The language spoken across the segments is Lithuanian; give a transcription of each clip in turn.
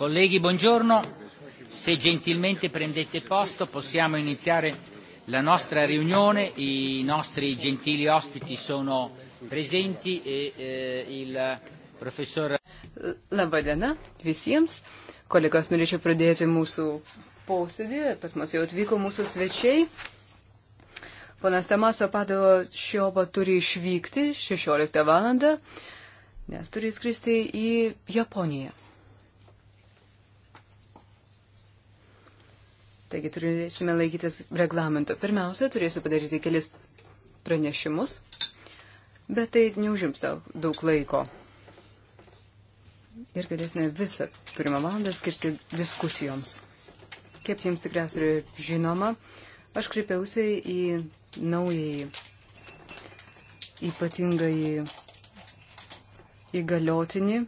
Colleghi, buongiorno. Se gentilmente prendete posto possiamo iniziare la nostra riunione. I nostri gentili ospiti sono presenti e eh, il professor. Labadiena visiems. Kolegos, norėčiau pradėti mūsų posėdį. Pas mus jau atvyko mūsų svečiai. Ponas Tamaso Padovo šioba turi išvykti 16 valandą, nes turi skristi į Japoniją. Taigi turėsime laikytis reglamento. Pirmiausia, turėsiu padaryti kelis pranešimus, bet tai neužims tau daug laiko. Ir galėsime visą turimą valandą skirti diskusijoms. Kaip jums tikriausiai žinoma, aš kreipiausi į naująjį ypatingai įgaliotinį,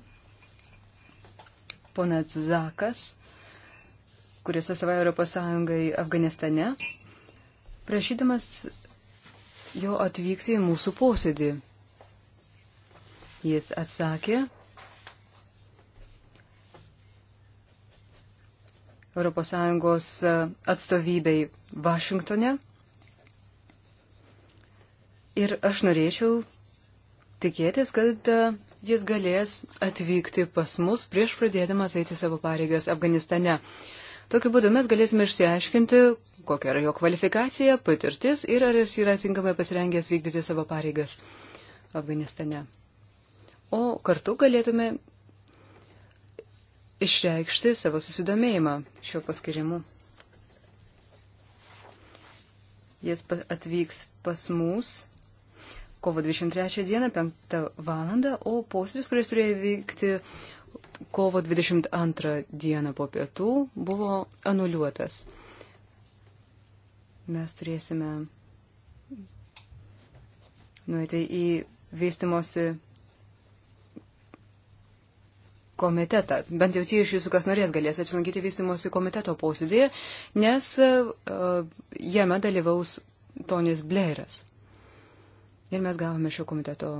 ponas Zakas kuris atstovauja Europos Sąjungai Afganistane, prašydamas jo atvykti į mūsų posėdį. Jis atsakė, ES atstovybei Vašingtone. Ir aš norėčiau tikėtis, kad jis galės atvykti pas mus prieš pradėdamas eiti savo pareigas Afganistane. Tokiu būdu mes galėsime išsiaiškinti, kokia yra jo kvalifikacija, patirtis ir ar jis yra tinkamai pasirengęs vykdyti savo pareigas Afganistane. O kartu galėtume išreikšti savo susidomėjimą šio paskirimu. Jis atvyks pas mus kovo 23 dieną 5 valandą, o posėdis, kuris turėjo vykti kovo 22 dieną po pietų buvo anuliuotas. Mes turėsime nuėti į vystimosi komitetą. Bent jau tie iš jūsų, kas norės, galės apsilankyti vystimosi komiteto posėdėje, nes uh, jame dalyvaus Tonis Blairas. Ir mes gavome šio komiteto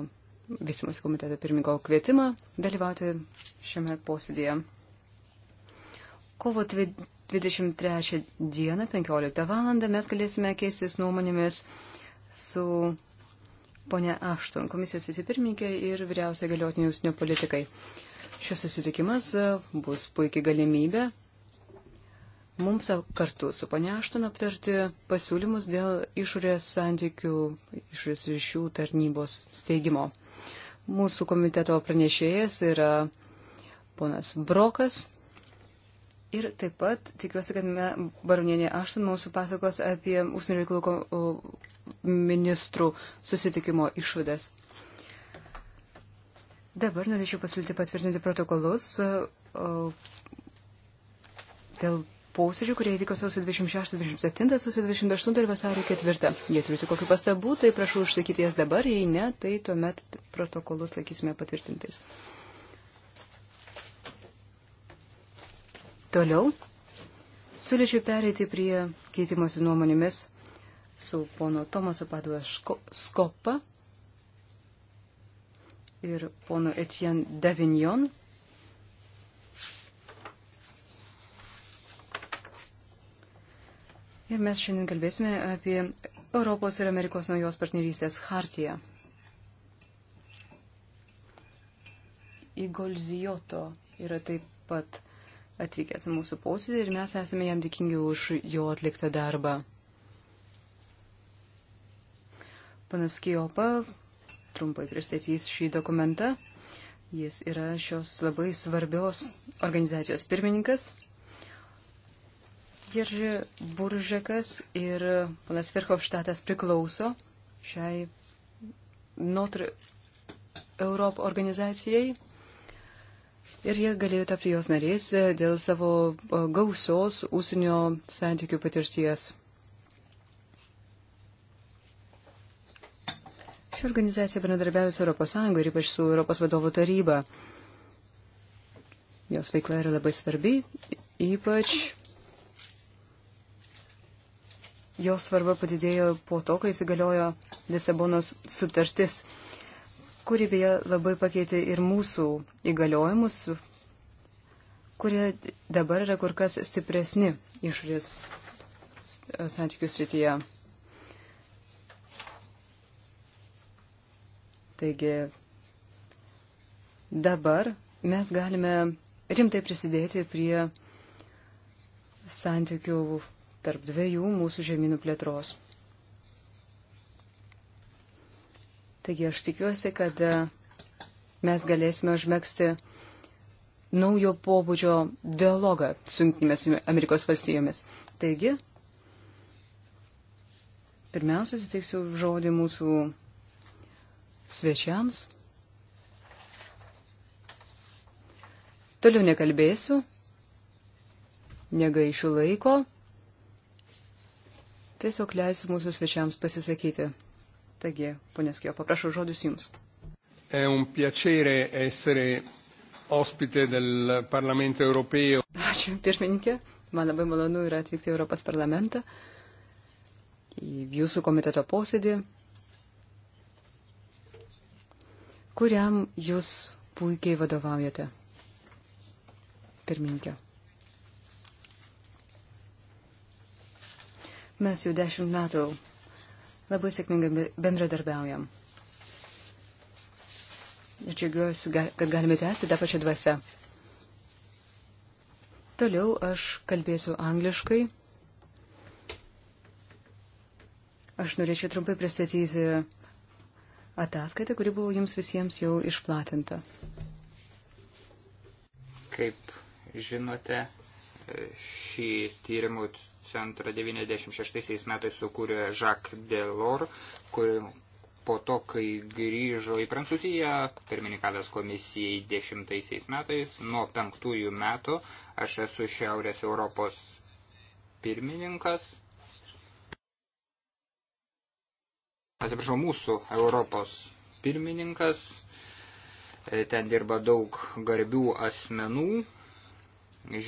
visimus komiteto pirmininko kvietimą dalyvauti šiame posėdėje. Kovo 23 dieną 15 val. mes galėsime keistis nuomonėmis su ponia Ašton, komisijos visipirmininkė ir vyriausia galiotinė užsienio politikai. Šis susitikimas e, bus puikiai galimybė mums kartu su ponia Ašton aptarti pasiūlymus dėl išorės santykių, išorės ryšių tarnybos steigimo. Mūsų komiteto pranešėjas yra ponas Brokas. Ir taip pat tikiuosi, kad baronienė Aštun mūsų pasakos apie užsienio reikalų ministrų susitikimo išvadas. Dabar norėčiau pasiūlyti patvirtinti protokolus dėl posėdžių, kurie vyko sausio 26, 27, sausio 28 ir vasario 4. Jei turite kokių pastabų, tai prašau užsakyti jas dabar, jei ne, tai tuomet protokolus laikysime patvirtintais. Toliau siūlyčiau pereiti prie keitimosi nuomonėmis su pono Tomaso Paduo Skopa ir pono Etienne Davignon Ir mes šiandien kalbėsime apie Europos ir Amerikos naujos partnerystės hartiją. Igolzijoto yra taip pat atvykęs į mūsų posėdį ir mes esame jam dėkingi už jo atliktą darbą. Panas Kijopa trumpai pristatys šį dokumentą. Jis yra šios labai svarbios organizacijos pirmininkas. Ir Buržekas ir panas Verhofštatas priklauso šiai Notre Europe organizacijai. Ir jie galėjo tapti jos nariais e, dėl savo e, gausios ūsinio santykių patirties. Ši organizacija bendradarbiavė su ES ir ypač su ES vadovų taryba. Jos veikla yra labai svarbi, ypač jos svarba padidėjo po to, kai įsigaliojo Lisabonos sutartis, kuri beje labai pakeitė ir mūsų įgaliojimus, kurie dabar yra kur kas stipresni išorės santykių srityje. Taigi dabar mes galime rimtai prisidėti prie santykių tarp dviejų mūsų žemynų plėtros. Taigi aš tikiuosi, kad e, mes galėsime užmėgsti naujo pobūdžio dialogą su Junktinėmis Amerikos valstijomis. Taigi, pirmiausia, suteiksiu žodį mūsų svečiams. Toliau nekalbėsiu, negaišiu laiko. Tiesiog leisiu mūsų svečiams pasisakyti. Taigi, ponės Kio, paprašau žodis jums. È un piacere essere ospite del Parlamento europeo. Ačiū, pirmininkė. Man labai malonu yra atvykti į Europos parlamentą, į jūsų komiteto posėdį, kuriam jūs puikiai vadovaujate. Pirmininkė. Mes jau dešimt metų labai sėkmingai bendradarbiaujam. Ir džiaugiuosi, kad galime tęsti tą pačią dvasę. Toliau aš kalbėsiu angliškai. Aš norėčiau trumpai pristatyti ataskaitą, kuri buvo jums visiems jau išplatinta. Kaip žinote, šį tyrimų centrą 96 metais sukūrė Jacques Delors, kur po to, kai grįžo į Prancūziją, pirmininkavęs komisijai 10 metais, nuo penktųjų metų aš esu Šiaurės Europos pirmininkas. Atsiprašau, mūsų Europos pirmininkas. E, ten dirba daug garbių asmenų,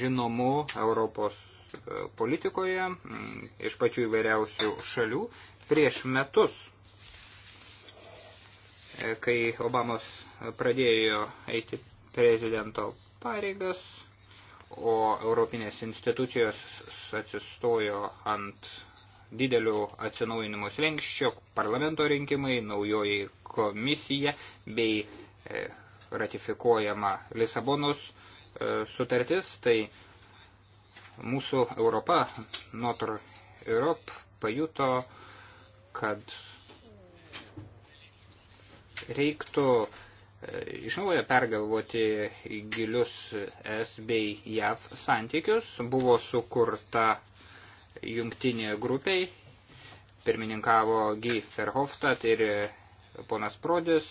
žinomų Europos politikoje mm, iš pačių įvairiausių šalių prieš metus, e, kai Obamos pradėjo eiti prezidento pareigas, o europinės institucijos atsistojo ant didelių atsinaujinimo slengščio, parlamento rinkimai, naujoji komisija bei e, ratifikuojama Lisabonos e, sutartis, tai mūsų Europa, Notre Europe, pajuto, kad reiktų e, iš naujo pergalvoti gilius S bei JAV santykius. Buvo sukurta jungtinė grupiai, pirmininkavo G. Ferhoftat ir ponas Prodis,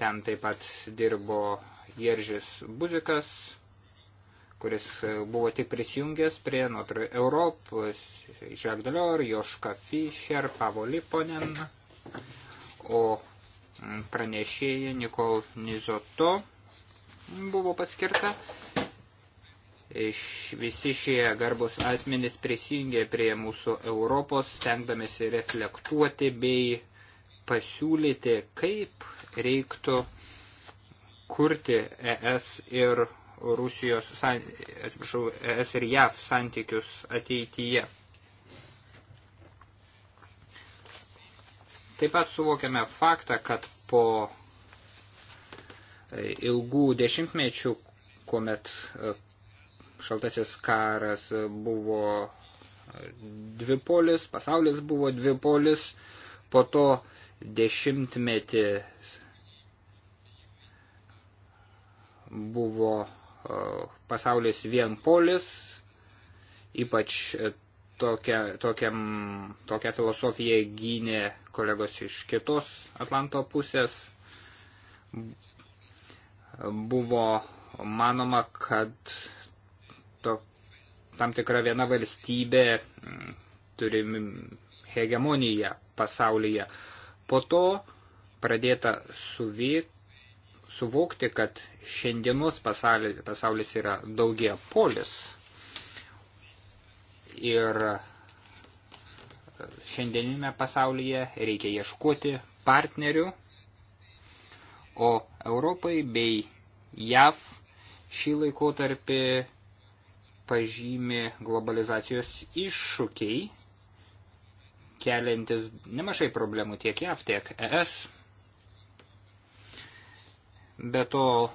ten taip pat dirbo Jeržis Buzikas kuris e, buvo tik prisijungęs prie Notre Europos, Jacques Delors, Joška Fischer, Pavo Liponen, o pranešėja Nikol Nizoto buvo paskirta. Iš visi šie garbus asmenys prisijungė prie mūsų Europos, stengdamėsi reflektuoti bei pasiūlyti, kaip reiktų kurti ES ir Rusijos, atsiprašau, ES ir JAV santykius ateityje. Taip pat suvokiame faktą, kad po ilgų dešimtmečių, kuomet e, šaltasis karas buvo dvipolis, pasaulis buvo dvipolis, po to dešimtmetį buvo pasaulis vienpolis, ypač tokią, tokiam, tokią filosofiją gynė kolegos iš kitos Atlanto pusės. Buvo manoma, kad to, tam tikra viena valstybė mm, turi hegemoniją pasaulyje. Po to pradėta suvik, suvokti, kad šiandienos pasaulis, pasaulis yra daugie polis. Ir šiandieninėme pasaulyje reikia ieškoti partnerių, o Europai bei JAV šį laikotarpį pažymi globalizacijos iššūkiai, keliantis nemažai problemų tiek JAV, tiek ES. Be to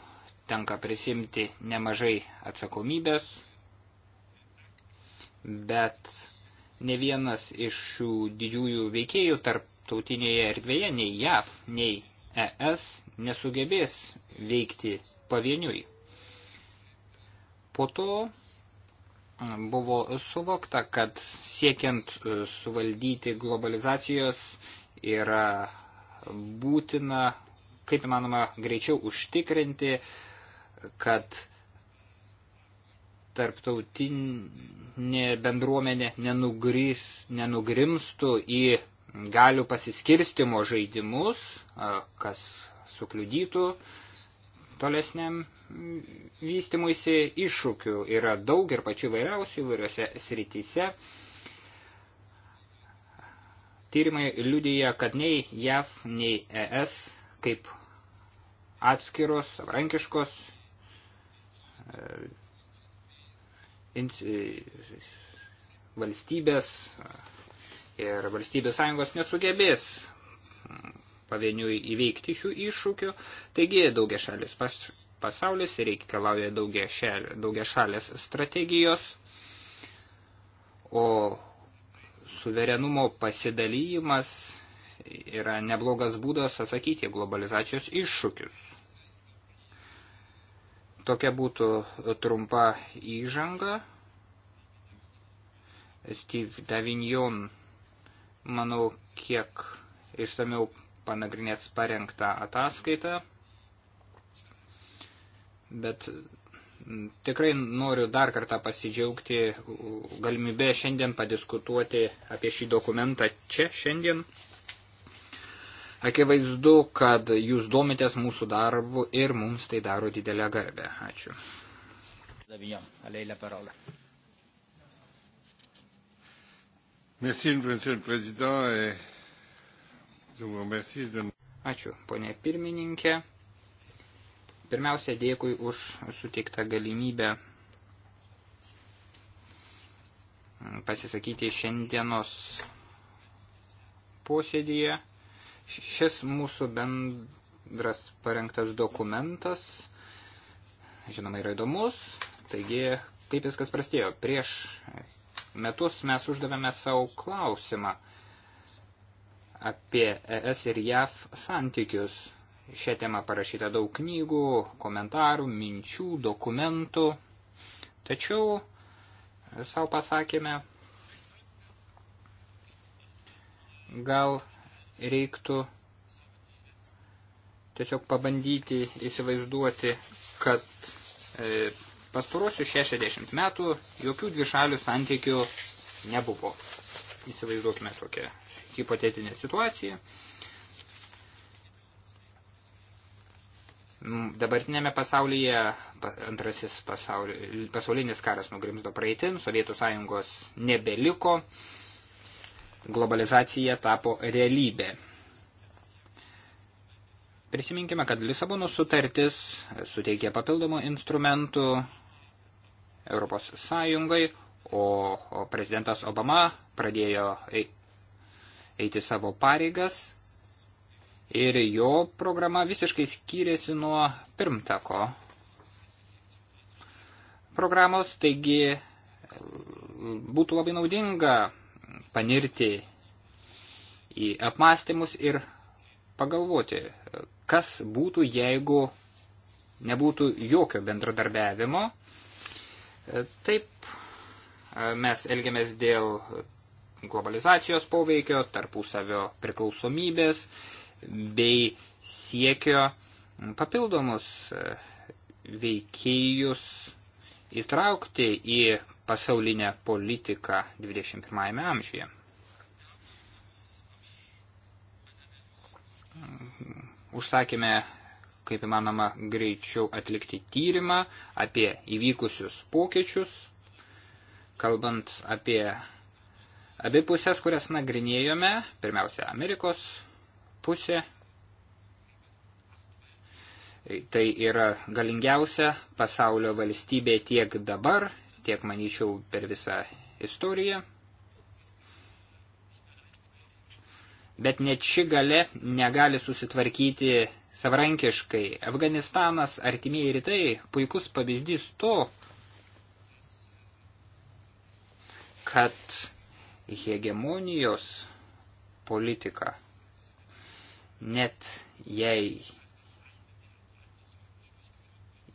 tenka prisimti nemažai atsakomybės, bet ne vienas iš šių didžiųjų veikėjų tarptautinėje erdvėje, nei JAV, nei ES, nesugebės veikti pavieniui. Po to mm, buvo suvokta, kad siekiant e, suvaldyti globalizacijos yra būtina kaip įmanoma greičiau užtikrinti, kad tarptautinė bendruomenė nenugris, nenugrimstų į galių pasiskirstimo žaidimus, kas sukliudytų tolesniam vystimuisi iššūkių yra daug ir pačių vairiausių įvairiose srityse. Tyrimai liudyja, kad nei JAV, nei ES kaip atskiros, savrankiškos e, e, valstybės e, ir valstybės sąjungos nesugebės mm, pavieniui įveikti šių iššūkių. Taigi daugia šalis pas, pasaulis reikalauja daugia, šal, daugia šalės strategijos, o suverenumo pasidalymas yra neblogas būdas atsakyti globalizacijos iššūkius. Tokia būtų trumpa įžanga. Steve Davignon, manau, kiek išsameu panagrinės parengtą ataskaitą, bet tikrai noriu dar kartą pasidžiaugti galimybę šiandien padiskutuoti apie šį dokumentą čia šiandien. Akivaizdu, kad jūs domitės mūsų darbu ir mums tai daro didelę garbę. Ačiū. Ačiū, ponė pirmininkė. Pirmiausia, dėkui už suteiktą galimybę pasisakyti šiandienos posėdėje. Šis mūsų bendras parengtas dokumentas, žinoma, yra įdomus, taigi kaip viskas prastėjo. Prieš metus mes uždavėme savo klausimą apie ES ir JAV santykius. Šią temą parašyta daug knygų, komentarų, minčių, dokumentų. Tačiau savo pasakėme, gal reiktų tiesiog pabandyti įsivaizduoti, kad e, pastaruosius 60 metų jokių dvišalių santykių nebuvo. Įsivaizduokime tokią hipotetinę situaciją. Dabartinėme pasaulyje antrasis pasaulio, pasaulinis karas nugrimzdo praeitin, Sovietų sąjungos nebeliko, globalizacija tapo realybė. Prisiminkime, kad Lisabono sutartis suteikė papildomų instrumentų Europos Sąjungai, o prezidentas Obama pradėjo eiti savo pareigas ir jo programa visiškai skyrėsi nuo pirmtako programos, taigi būtų labai naudinga panirti į apmąstymus ir pagalvoti, kas būtų, jeigu nebūtų jokio bendradarbiavimo. Taip mes elgiamės dėl globalizacijos poveikio, tarpusavio priklausomybės bei siekio papildomus veikėjus įtraukti į pasaulinę politiką 21 amžiuje. Užsakėme, kaip įmanoma, greičiau atlikti tyrimą apie įvykusius pokyčius, kalbant apie abi pusės, kurias nagrinėjome, pirmiausia, Amerikos pusė Tai yra galingiausia pasaulio valstybė tiek dabar, tiek, manyčiau, per visą istoriją. Bet net ši gale negali susitvarkyti savarankiškai. Afganistanas, artimieji rytai, puikus pavyzdys to, kad hegemonijos politika, net jei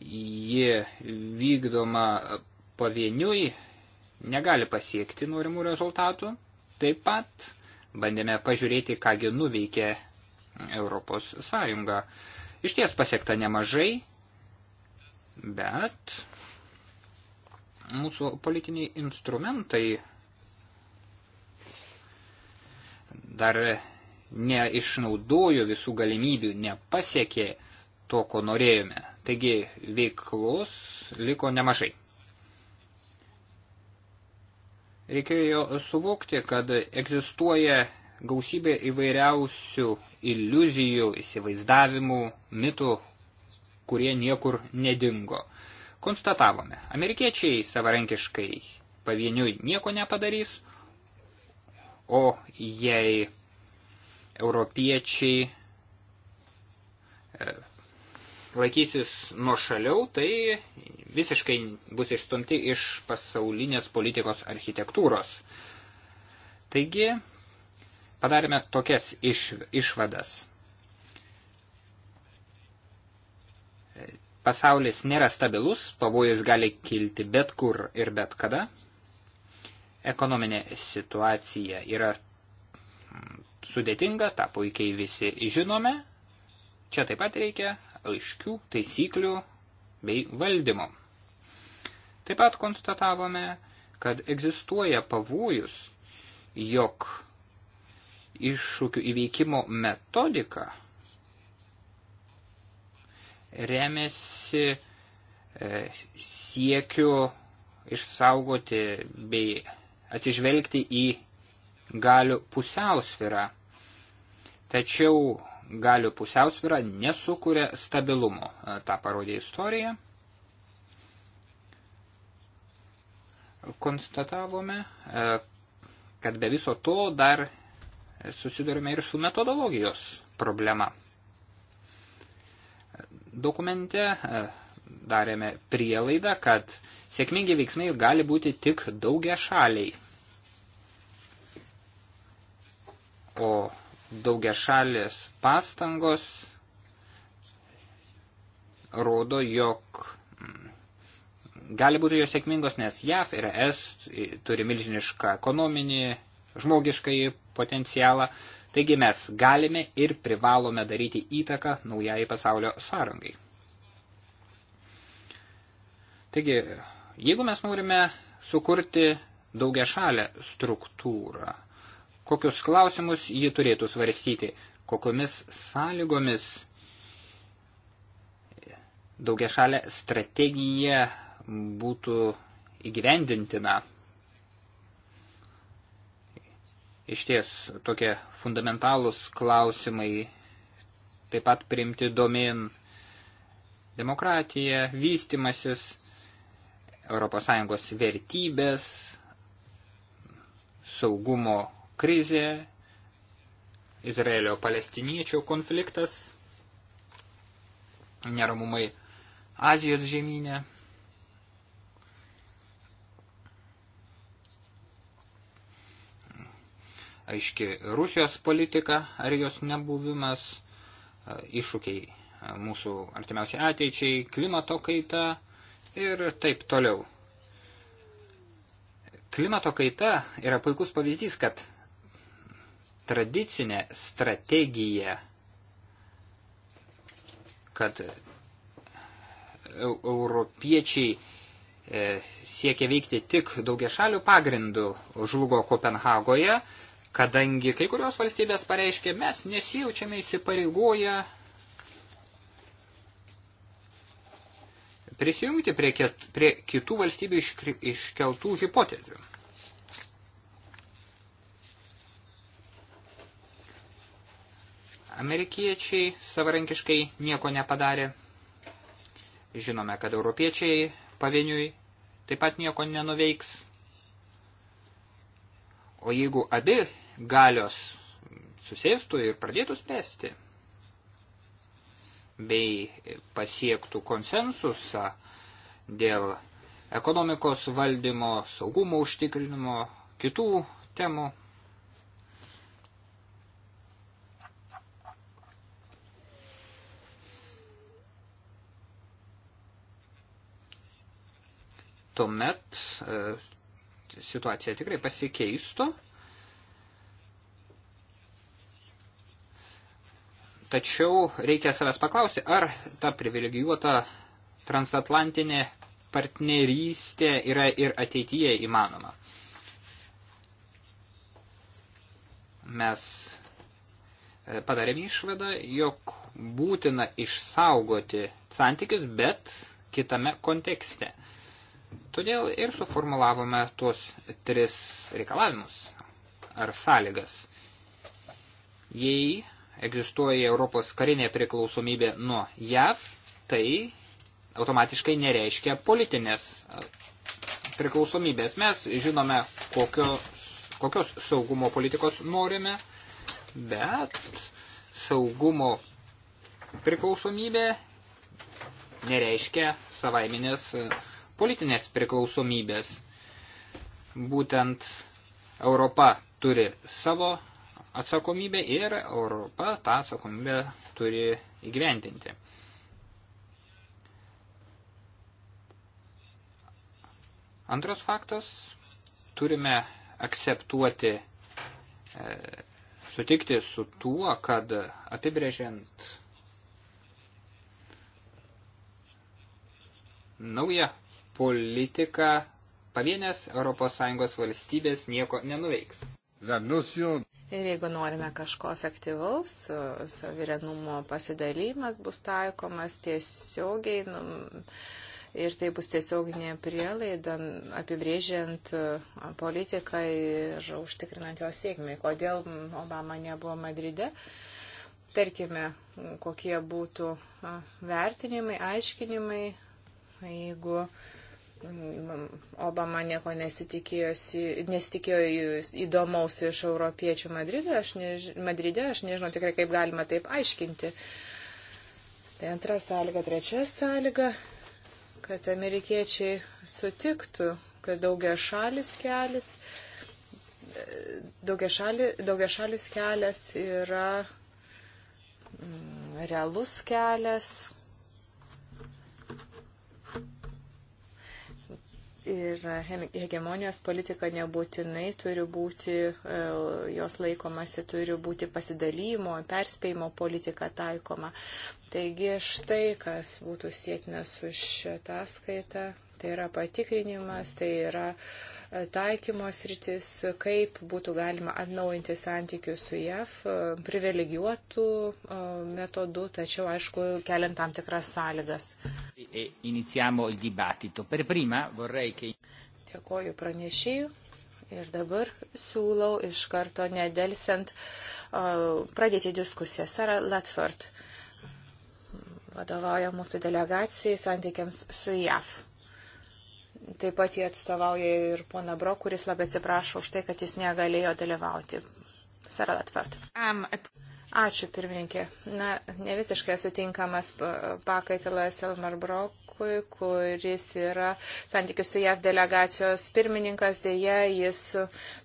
ji vykdoma pavieniui, negali pasiekti norimų rezultatų. Taip pat bandėme pažiūrėti, kągi nuveikė Europos Sąjunga. Iš ties pasiekta nemažai, bet mūsų politiniai instrumentai dar neišnaudojo visų galimybių, nepasiekė to, ko norėjome. Taigi veiklos liko nemažai. Reikėjo suvokti, kad egzistuoja gausybė įvairiausių iliuzijų, įsivaizdavimų, mitų, kurie niekur nedingo. Konstatavome, amerikiečiai savarankiškai pavieniui nieko nepadarys, o jei europiečiai e, laikysis nuo šaliau, tai visiškai bus išstumti iš pasaulinės politikos architektūros. Taigi, padarėme tokias iš, išvadas. Pasaulis nėra stabilus, pavojus gali kilti bet kur ir bet kada. Ekonominė situacija yra sudėtinga, tą puikiai visi žinome, Čia taip pat reikia aiškių taisyklių bei valdymo. Taip pat konstatavome, kad egzistuoja pavojus, jog iššūkių įveikimo metodika remiasi e, siekiu išsaugoti bei atsižvelgti į galių pusiausvirą. Tačiau galių pusiausvyrą nesukuria stabilumo. E, Ta parodė istorija. Konstatavome, e, kad be viso to dar susidurime ir su metodologijos problema. Dokumente e, darėme prielaidą, kad sėkmingi veiksmai gali būti tik daugia šaliai. O daugia šalės pastangos rodo, jog mm, gali būti jos sėkmingos, nes JAF ir ES turi milžinišką ekonominį, žmogiškai potencialą, taigi mes galime ir privalome daryti įtaką naujai pasaulio sąrangai. Taigi, jeigu mes norime sukurti daugia šalę struktūrą, kokius klausimus ji turėtų svarstyti, kokiomis sąlygomis daugia šalia strategija būtų įgyvendintina. Iš ties tokie fundamentalūs klausimai taip pat priimti domin demokratija, vystimasis, ES vertybės, saugumo krizė, Izraelio palestiniečių konfliktas, neramumai Azijos žemynė. Aiški Rusijos politika ar jos nebuvimas, iššūkiai mūsų artimiausiai ateičiai, klimato kaita ir taip toliau. Klimato kaita yra puikus pavyzdys, kad tradicinę strategiją, kad europiečiai e, siekia veikti tik daugiašalių pagrindų žlugo Kopenhagoje, kadangi kai kurios valstybės pareiškė, mes nesijaučiame įsipareigoję prisijungti prie, ket, prie kitų valstybių iš, iškeltų hipotezių. Amerikiečiai savarankiškai nieko nepadarė. Žinome, kad europiečiai pavieniui taip pat nieko nenuveiks. O jeigu abi galios susėstų ir pradėtų spręsti, bei pasiektų konsensusą dėl ekonomikos valdymo, saugumo užtikrinimo, kitų temų, tuomet e, situacija tikrai pasikeistų. Tačiau reikia savęs paklausti, ar ta privilegijuota transatlantinė partnerystė yra ir ateityje įmanoma. Mes e, padarėm išvadą, jog būtina išsaugoti santykius, bet kitame kontekste – Todėl ir suformulavome tuos tris reikalavimus ar sąlygas. Jei egzistuoja Europos karinė priklausomybė nuo JAV, tai automatiškai nereiškia politinės priklausomybės. Mes žinome, kokios, kokios saugumo politikos norime, bet saugumo priklausomybė nereiškia savaiminės uh, politinės priklausomybės. Būtent Europa turi savo atsakomybę ir Europa tą atsakomybę turi įgyventinti. Antras faktas, turime akceptuoti, e, sutikti su tuo, kad apibrėžiant naują politika pavienės ES valstybės nieko nenuveiks. Ir jeigu norime kažko efektyvaus, savirenumo pasidalymas bus taikomas tiesiogiai nu, ir tai bus tiesioginė prielaida apibrėžiant uh, politiką ir užtikrinant jos sėkmę. Kodėl Obama nebuvo Madride? Tarkime, kokie būtų uh, vertinimai, aiškinimai, jeigu uh, Mm, Obama nieko nesitikėjo įdomaus iš europiečių Madride, aš, než, Madride, aš nežinau tikrai, kaip galima taip aiškinti. Tai antra sąlyga, trečia sąlyga, kad amerikiečiai sutiktų, kad daugia šalis kelias, daugia, šali, daugia šalis kelias yra mm, realus kelias, Ir hegemonijos politika nebūtinai turi būti, e, jos laikomasi turi būti pasidalymo, perspėjimo politika taikoma. Taigi štai, kas būtų sėtina su šitą skaitą, Tai yra patikrinimas, tai yra e, taikymos rytis, kaip būtų galima atnaujinti santykius su JAV e, privilegijuotų e, metodų, tačiau, aišku, keliant tam tikras sąlygas. Dėkoju pranešėjų. Ir dabar siūlau iš karto nedelsiant pradėti diskusiją. Sara Latford vadovauja mūsų delegacijai santykiams su JAV. Taip pat jie atstovauja ir pona Bro, kuris labai atsiprašo už tai, kad jis negalėjo dalyvauti. Sara Latvart. Ačiū, pirmininkė. Na, ne visiškai sutinkamas pakaitalas Elmar Brok Barakui, kuris yra santykių su JAV delegacijos pirmininkas. Deja, jis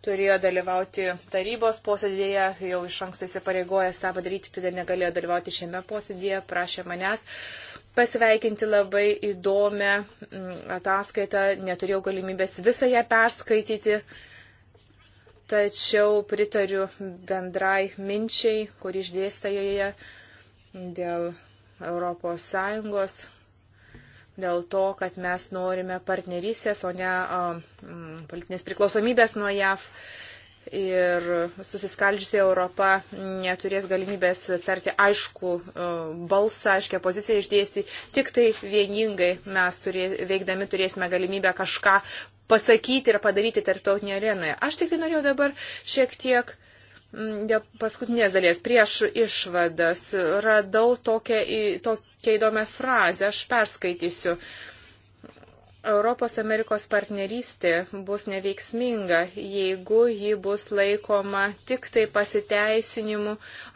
turėjo dalyvauti tarybos posėdėje, jau iš anksto įsipareigojęs tą padaryti, todėl negalėjo dalyvauti šiame posėdėje, prašė manęs pasveikinti labai įdomią mm, ataskaitą, neturėjau galimybės visą ją perskaityti, tačiau pritariu bendrai minčiai, kur išdėsta joje dėl ES, dėl to, kad mes norime partnerystės, o ne politinės priklausomybės nuo JAV ir susiskaldžiusi Europa neturės galimybės tarti aišku e, balsą, aiškę poziciją išdėsti. Tik tai vieningai mes turė, veikdami turėsime galimybę kažką pasakyti ir padaryti tarptautinėje arenoje. Aš tik tai norėjau dabar šiek tiek dėl paskutinės dalies, prieš išvadas, radau tokią, tokią įdomią frazę, aš perskaitysiu. Uh, Europos Amerikos partnerystė bus neveiksminga, jeigu ji bus laikoma tik tai pasiteisinimu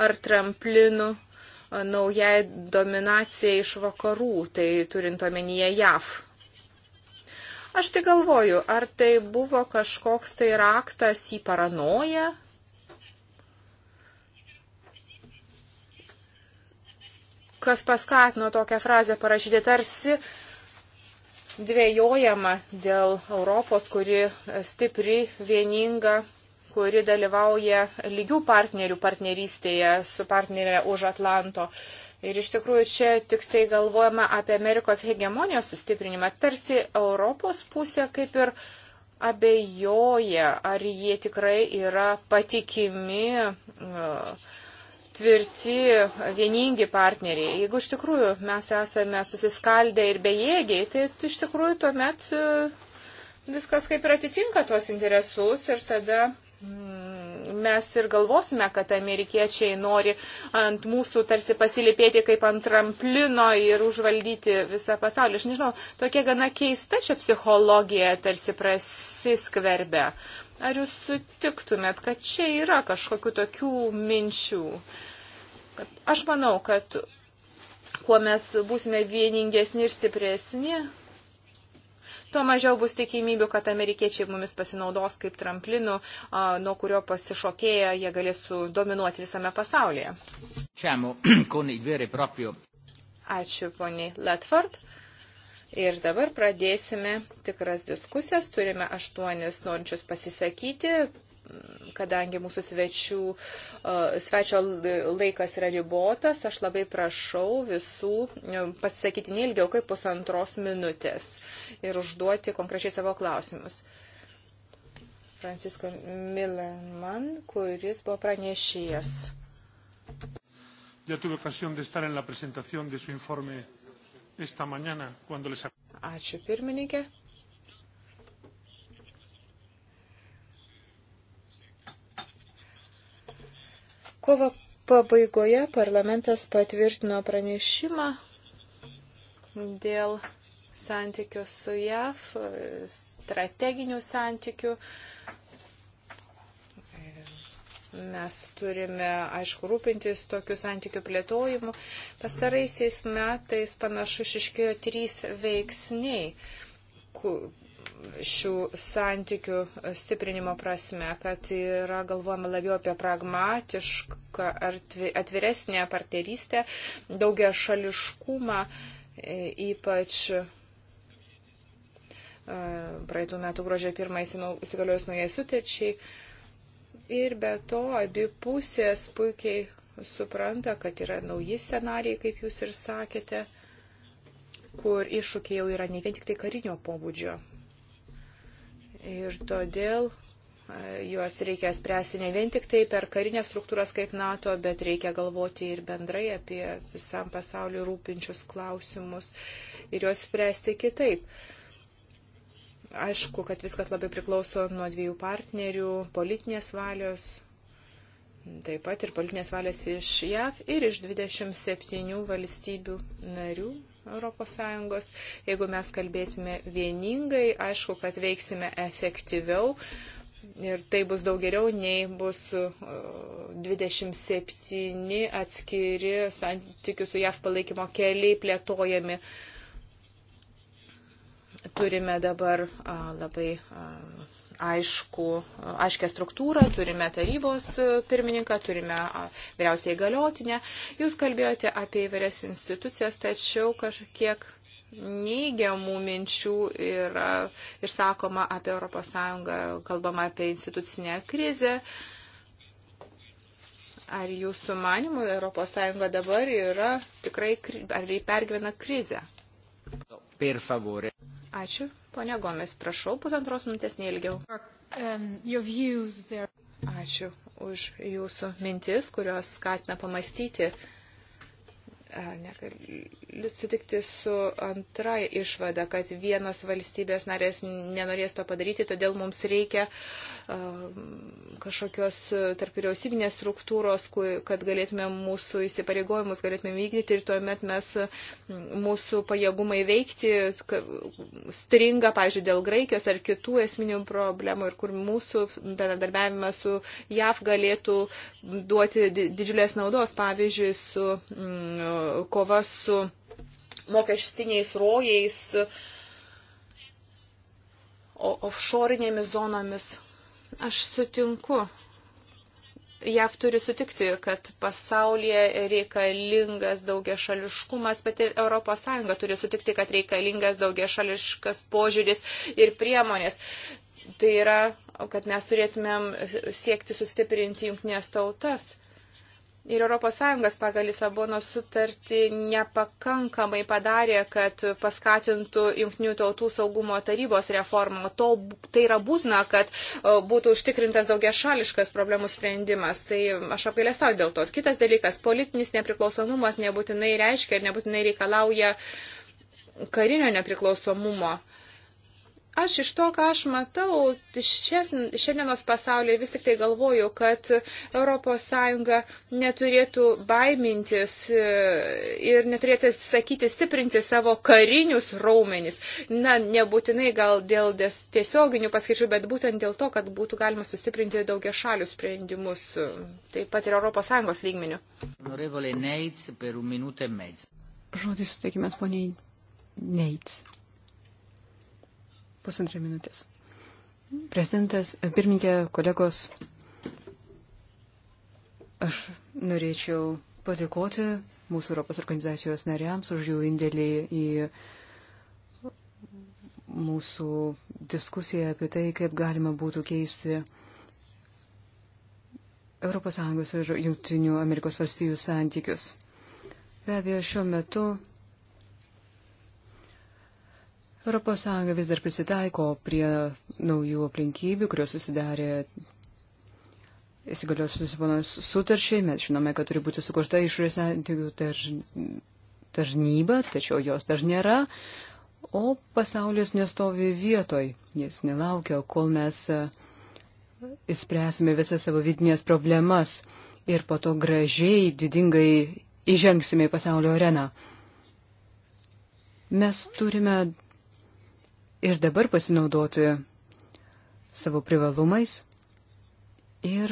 ar tramplinu naujai dominacijai iš vakarų, tai turint omenyje JAV. Aš tai galvoju, ar tai buvo kažkoks tai raktas į paranoją? Kas paskatino tokią frazę parašyti, tarsi uh, dvėjojama dėl Europos, kuri stipri, vieninga, kuri dalyvauja lygių partnerių partnerystėje su partnerė už Atlanto. Ir iš tikrųjų čia tik tai galvojama apie Amerikos hegemonijos sustiprinimą. Tarsi Europos pusė kaip ir abejoja, ar jie tikrai yra patikimi. Uh, tvirti, vieningi partneriai. Jeigu iš tikrųjų mes esame susiskaldę ir bejėgiai, tai iš tikrųjų tuomet e, viskas kaip ir atitinka tuos interesus ir tada mm, mes ir galvosime, kad amerikiečiai nori ant mūsų tarsi pasilipėti kaip ant tramplino ir užvaldyti visą pasaulį. Aš nežinau, tokia gana keista čia psichologija tarsi prasiskverbia. Uh, Ar jūs sutiktumėt, kad čia yra kažkokių tokių minčių? Aš manau, kad kuo mes būsime vieningesni ir stipresni, tuo mažiau bus tikimybių, kad amerikiečiai mumis pasinaudos kaip tramplinų, nuo kurio pasišokėję jie galės dominuoti visame pasaulyje. E Ačiū, poniai Letford. Ir dabar pradėsime tikras diskusijas. Turime aštuonis norinčius pasisakyti, kadangi mūsų svečių, e, svečio laikas yra ribotas, aš labai prašau visų e, pasisakyti neilgiau kaip pusantros minutės ir užduoti konkrečiai savo klausimus. Francisco Mileman, kuris buvo pranešėjas. Ya tuve ocasión de estar en la presentación de su informe esta mañana cuando les. Ačiū pirmininkė. Kovo pabaigoje parlamentas patvirtino pranešimą dėl santykių su JAV, strateginių santykių Mes turime, aišku, rūpintis tokių santykių plėtojimu. Pastaraisiais metais panašu išiškėjo trys veiksniai šių santykių stiprinimo prasme, kad yra galvojama labiau apie pragmatišką, atviresnę partnerystę, daugia šališkumą, e, ypač e, praeitų metų gruodžio pirmąjį įsigaliojus naujai sutarčiai. Ir be to abi pusės puikiai supranta, kad yra nauji scenarijai, kaip jūs ir sakėte, kur iššūkiai jau yra ne vien tik tai karinio pobūdžio. Ir todėl e, juos reikia spręsti ne vien tik tai per karinės struktūras kaip NATO, bet reikia galvoti ir bendrai apie visam pasauliu rūpinčius klausimus ir juos spręsti kitaip. Aišku, kad viskas labai priklauso nuo dviejų partnerių, politinės valios, taip pat ir politinės valios iš JAV ir iš 27 valstybių narių. ES. Jeigu mes kalbėsime vieningai, aišku, kad veiksime efektyviau ir tai bus daug geriau, nei bus 27 e, atskiri santykių su JAV palaikymo keliai plėtojami. Uh, Turime dabar labai aišku, aiškę struktūrą, turime tarybos pirmininką, turime vyriausiai galiotinę. Jūs kalbėjote apie įvairias institucijas, tačiau kažkiek neigiamų minčių yra išsakoma apie ES, kalbama apie institucinę krizę. Ar jūsų manimų ES dabar yra tikrai, ar pergyvena krizę? Per favore. Ačiū. Pone Gomes, prašau, pusantros minutės neilgiau. Um, Ačiū už jūsų mintis, kurios skatina pamastyti sutikti su antra išvada, kad vienos valstybės narės nenorės to padaryti, todėl mums reikia um, kažkokios e, tarp vyriausybinės struktūros, kad galėtume mūsų įsipareigojimus galėtume vykdyti ir tuomet mes mūsų pajėgumai veikti stringa, pavyzdžiui, dėl Graikijos ar kitų esminių problemų ir kur mūsų bendradarbiavimas su JAV galėtų duoti didžiulės naudos, pavyzdžiui, su mm, kova su mokestiniais rojais, offshore'inėmis zonomis. Aš sutinku. JAV turi sutikti, kad pasaulyje reikalingas daugiašališkumas, bet ir ES turi sutikti, kad reikalingas daugiašališkas požiūris ir priemonės. Tai yra, kad mes turėtumėm siekti sustiprinti jungtinės tautas ir ES pagal Lisabono sutartį nepakankamai padarė, kad paskatintų Junktinių tautų saugumo tarybos reformą. To, tai yra būtina, kad būtų užtikrintas daugia šališkas problemų sprendimas. Tai aš apgailėsau dėl to. Kitas dalykas, politinis nepriklausomumas nebūtinai reiškia ir nebūtinai reikalauja karinio nepriklausomumo. Uh, Aš iš to, ką aš matau, šias, šiandienos pasaulyje vis tik tai galvoju, kad ES neturėtų baimintis e, ir neturėtų sakyti stiprinti savo karinius raumenis. Na, nebūtinai gal dėl tiesioginių paskaičių, bet būtent dėl to, kad būtų galima sustiprinti daugia šalių sprendimus, e, taip pat ir ES lygmenių. E Žodis suteikime poniai Neits. Pusantrą minutės. Prezidentas, e, pirmininkė, kolegos, aš norėčiau padėkoti mūsų Europos organizacijos nariams už jų indėlį į mūsų diskusiją apie tai, kaip galima būtų keisti ES ir Junktinių Amerikos valstybių santykius. Be abejo, šiuo metu ES vis dar prisitaiko prie naujų aplinkybių, kurios susidarė įsigalios Lisabonos sutarčiai. Mes žinome, kad turi būti sukurta išorės santykių tar, tarnyba, tačiau jos dar nėra. O pasaulis nestovi vietoj, jis nelaukia, kol mes įspręsime e, visas savo vidinės problemas ir po to gražiai, didingai įžengsime į pasaulio areną. Mes turime ir dabar pasinaudoti savo privalumais. Ir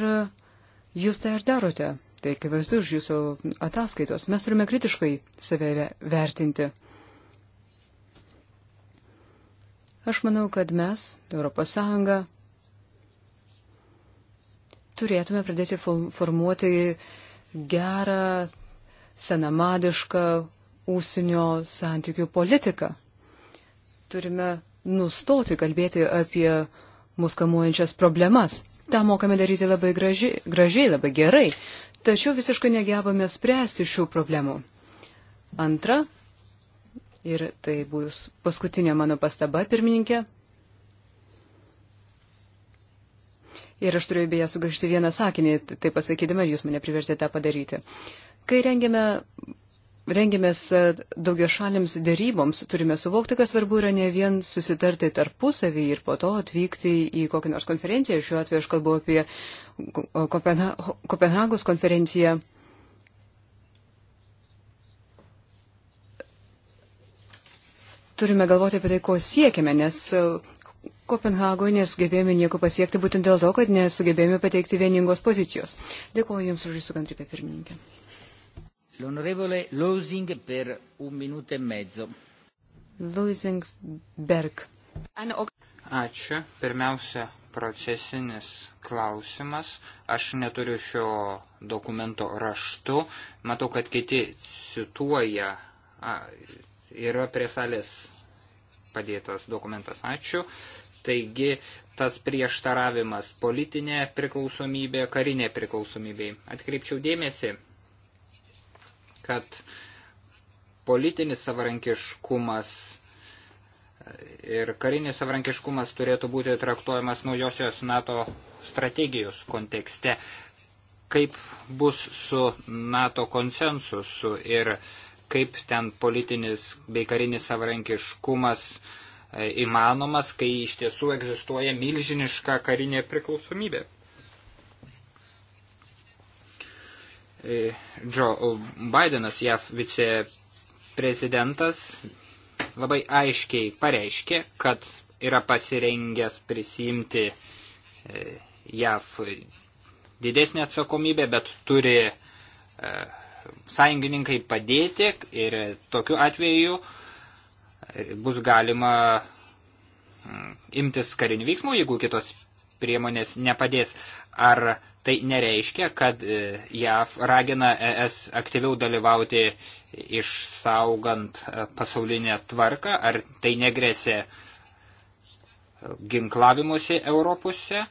jūs tai ir darote. Tai akivaizdu iš jūsų ataskaitos. Mes turime kritiškai save vertinti. Aš manau, kad mes, ES, turėtume pradėti formuoti gerą, senamadišką ūsinio santykių politiką. Turime nustoti kalbėti apie mus kamuojančias problemas. Ta mokame daryti labai graži, gražiai, labai gerai, tačiau visiškai negebame spręsti šių problemų. Antra, ir tai bus paskutinė mano pastaba, pirmininkė. Ir aš turiu beje sugašti vieną sakinį, tai pasakydama, jūs mane privertėte tą padaryti. Kai rengėme rengiamės e, daugia šalėms dėryboms, turime suvokti, kas svarbu yra ne vien susitarti tarpusavį ir po to atvykti į kokią nors konferenciją. Šiuo atveju aš kalbu apie Kopenha Kopenhagos konferenciją. Turime galvoti apie tai, ko siekime, nes e, Kopenhagoje nesugebėjome nieko pasiekti būtent dėl to, kad nesugebėjome pateikti vieningos pozicijos. Dėkuoju Jums už Jūsų kantrybę, pirmininkė. L'onorevole Losing per un minutę e mezzo. Losing Berg. Ačiū. Pirmiausia, procesinis klausimas. Aš neturiu šio dokumento raštu. Matau, kad kiti cituoja. A, yra prie salės padėtas dokumentas. Ačiū. Taigi tas prieštaravimas politinė priklausomybė, karinė priklausomybė. Atkreipčiau dėmesį kad politinis savarankiškumas ir karinis savarankiškumas turėtų būti traktuojamas naujosios NATO strategijos kontekste. Kaip bus su NATO konsensusu ir kaip ten politinis bei karinis savarankiškumas e, įmanomas, kai iš tiesų egzistuoja milžiniška karinė priklausomybė. E, Joe Bidenas, JAF viceprezidentas, labai aiškiai pareiškė, kad yra pasirengęs prisimti e, JAF didesnį atsakomybę, bet turi e, sąjungininkai padėti ir tokiu atveju bus galima mm, imtis karinių veiksmų, jeigu kitos priemonės nepadės. Ar Tai nereiškia, kad e, JAV ragina ES aktyviau dalyvauti išsaugant e, pasaulinę tvarką, ar tai negresė ginklavimuose Europose.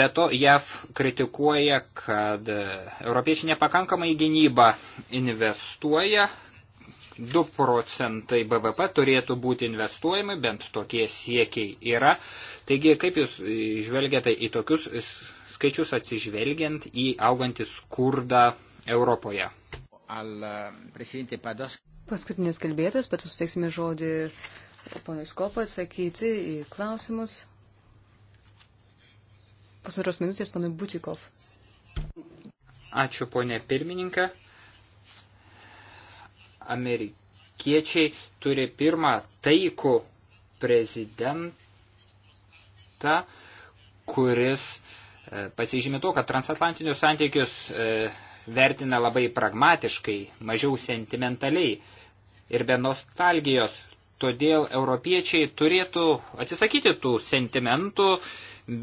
Be to, JAV kritikuoja, kad e, europiečiai nepakankamai gynybą investuoja, 2 procentai BVP turėtų būti investuojami, bent tokie siekiai yra. Taigi, kaip Jūs žvelgiate į tokius skaičius atsižvelgiant į augantį skurdą Europoje. Eh, Paskutinis kalbėtojas, bet suteiksime žodį ponui Skopą atsakyti į klausimus. Pusantros minutės ponui Butikov. Ačiū ponė pirmininkė. Amerikiečiai turi pirmą taikų prezidentą, kuris E, pasižymė to, kad transatlantinius santykius e, vertina labai pragmatiškai, mažiau sentimentaliai ir be nostalgijos. Todėl europiečiai turėtų atsisakyti tų sentimentų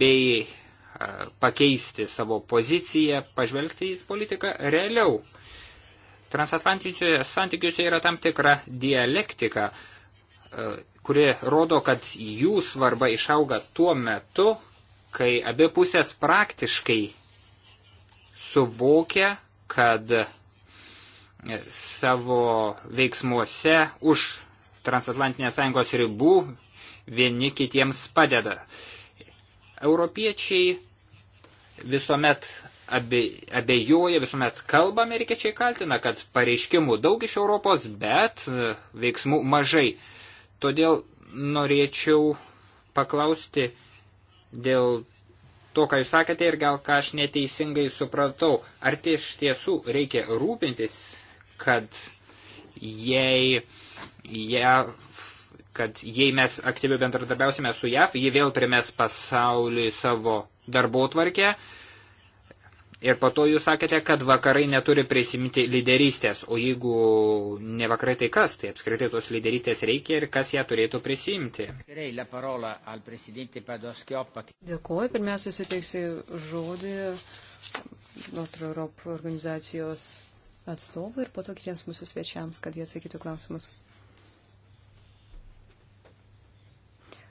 bei e, pakeisti savo poziciją, pažvelgti į politiką realiau. Transatlantiniuose santykiuose yra tam tikra dialektika, kuri rodo, kad jų svarba išauga tuo metu, kai abi pusės praktiškai suvokia, kad savo veiksmuose už transatlantinės sąjungos ribų vieni kitiems padeda. Europiečiai visuomet abejoja, visuomet kalba amerikiečiai kaltina, kad pareiškimų daug iš Europos, bet e, veiksmų mažai. Todėl norėčiau paklausti, dėl to, ką jūs sakėte ir gal ką aš neteisingai supratau. Ar tai iš tiesų reikia rūpintis, kad jei, ja, kad jei mes aktyviai bendradarbiausime su JAV, jie vėl primės pasauliui savo darbo tvarkę, uh, Ir po to jūs sakėte, kad vakarai neturi prisimti lyderystės, o jeigu ne vakarai, tai kas? Tai apskritai tos lyderystės reikia ir kas ją turėtų prisimti? Dėkuoju, pirmiausia, suteiksiu žodį Notre Europe organizacijos atstovui ir po to kitiems mūsų svečiams, kad jie atsakytų klausimus.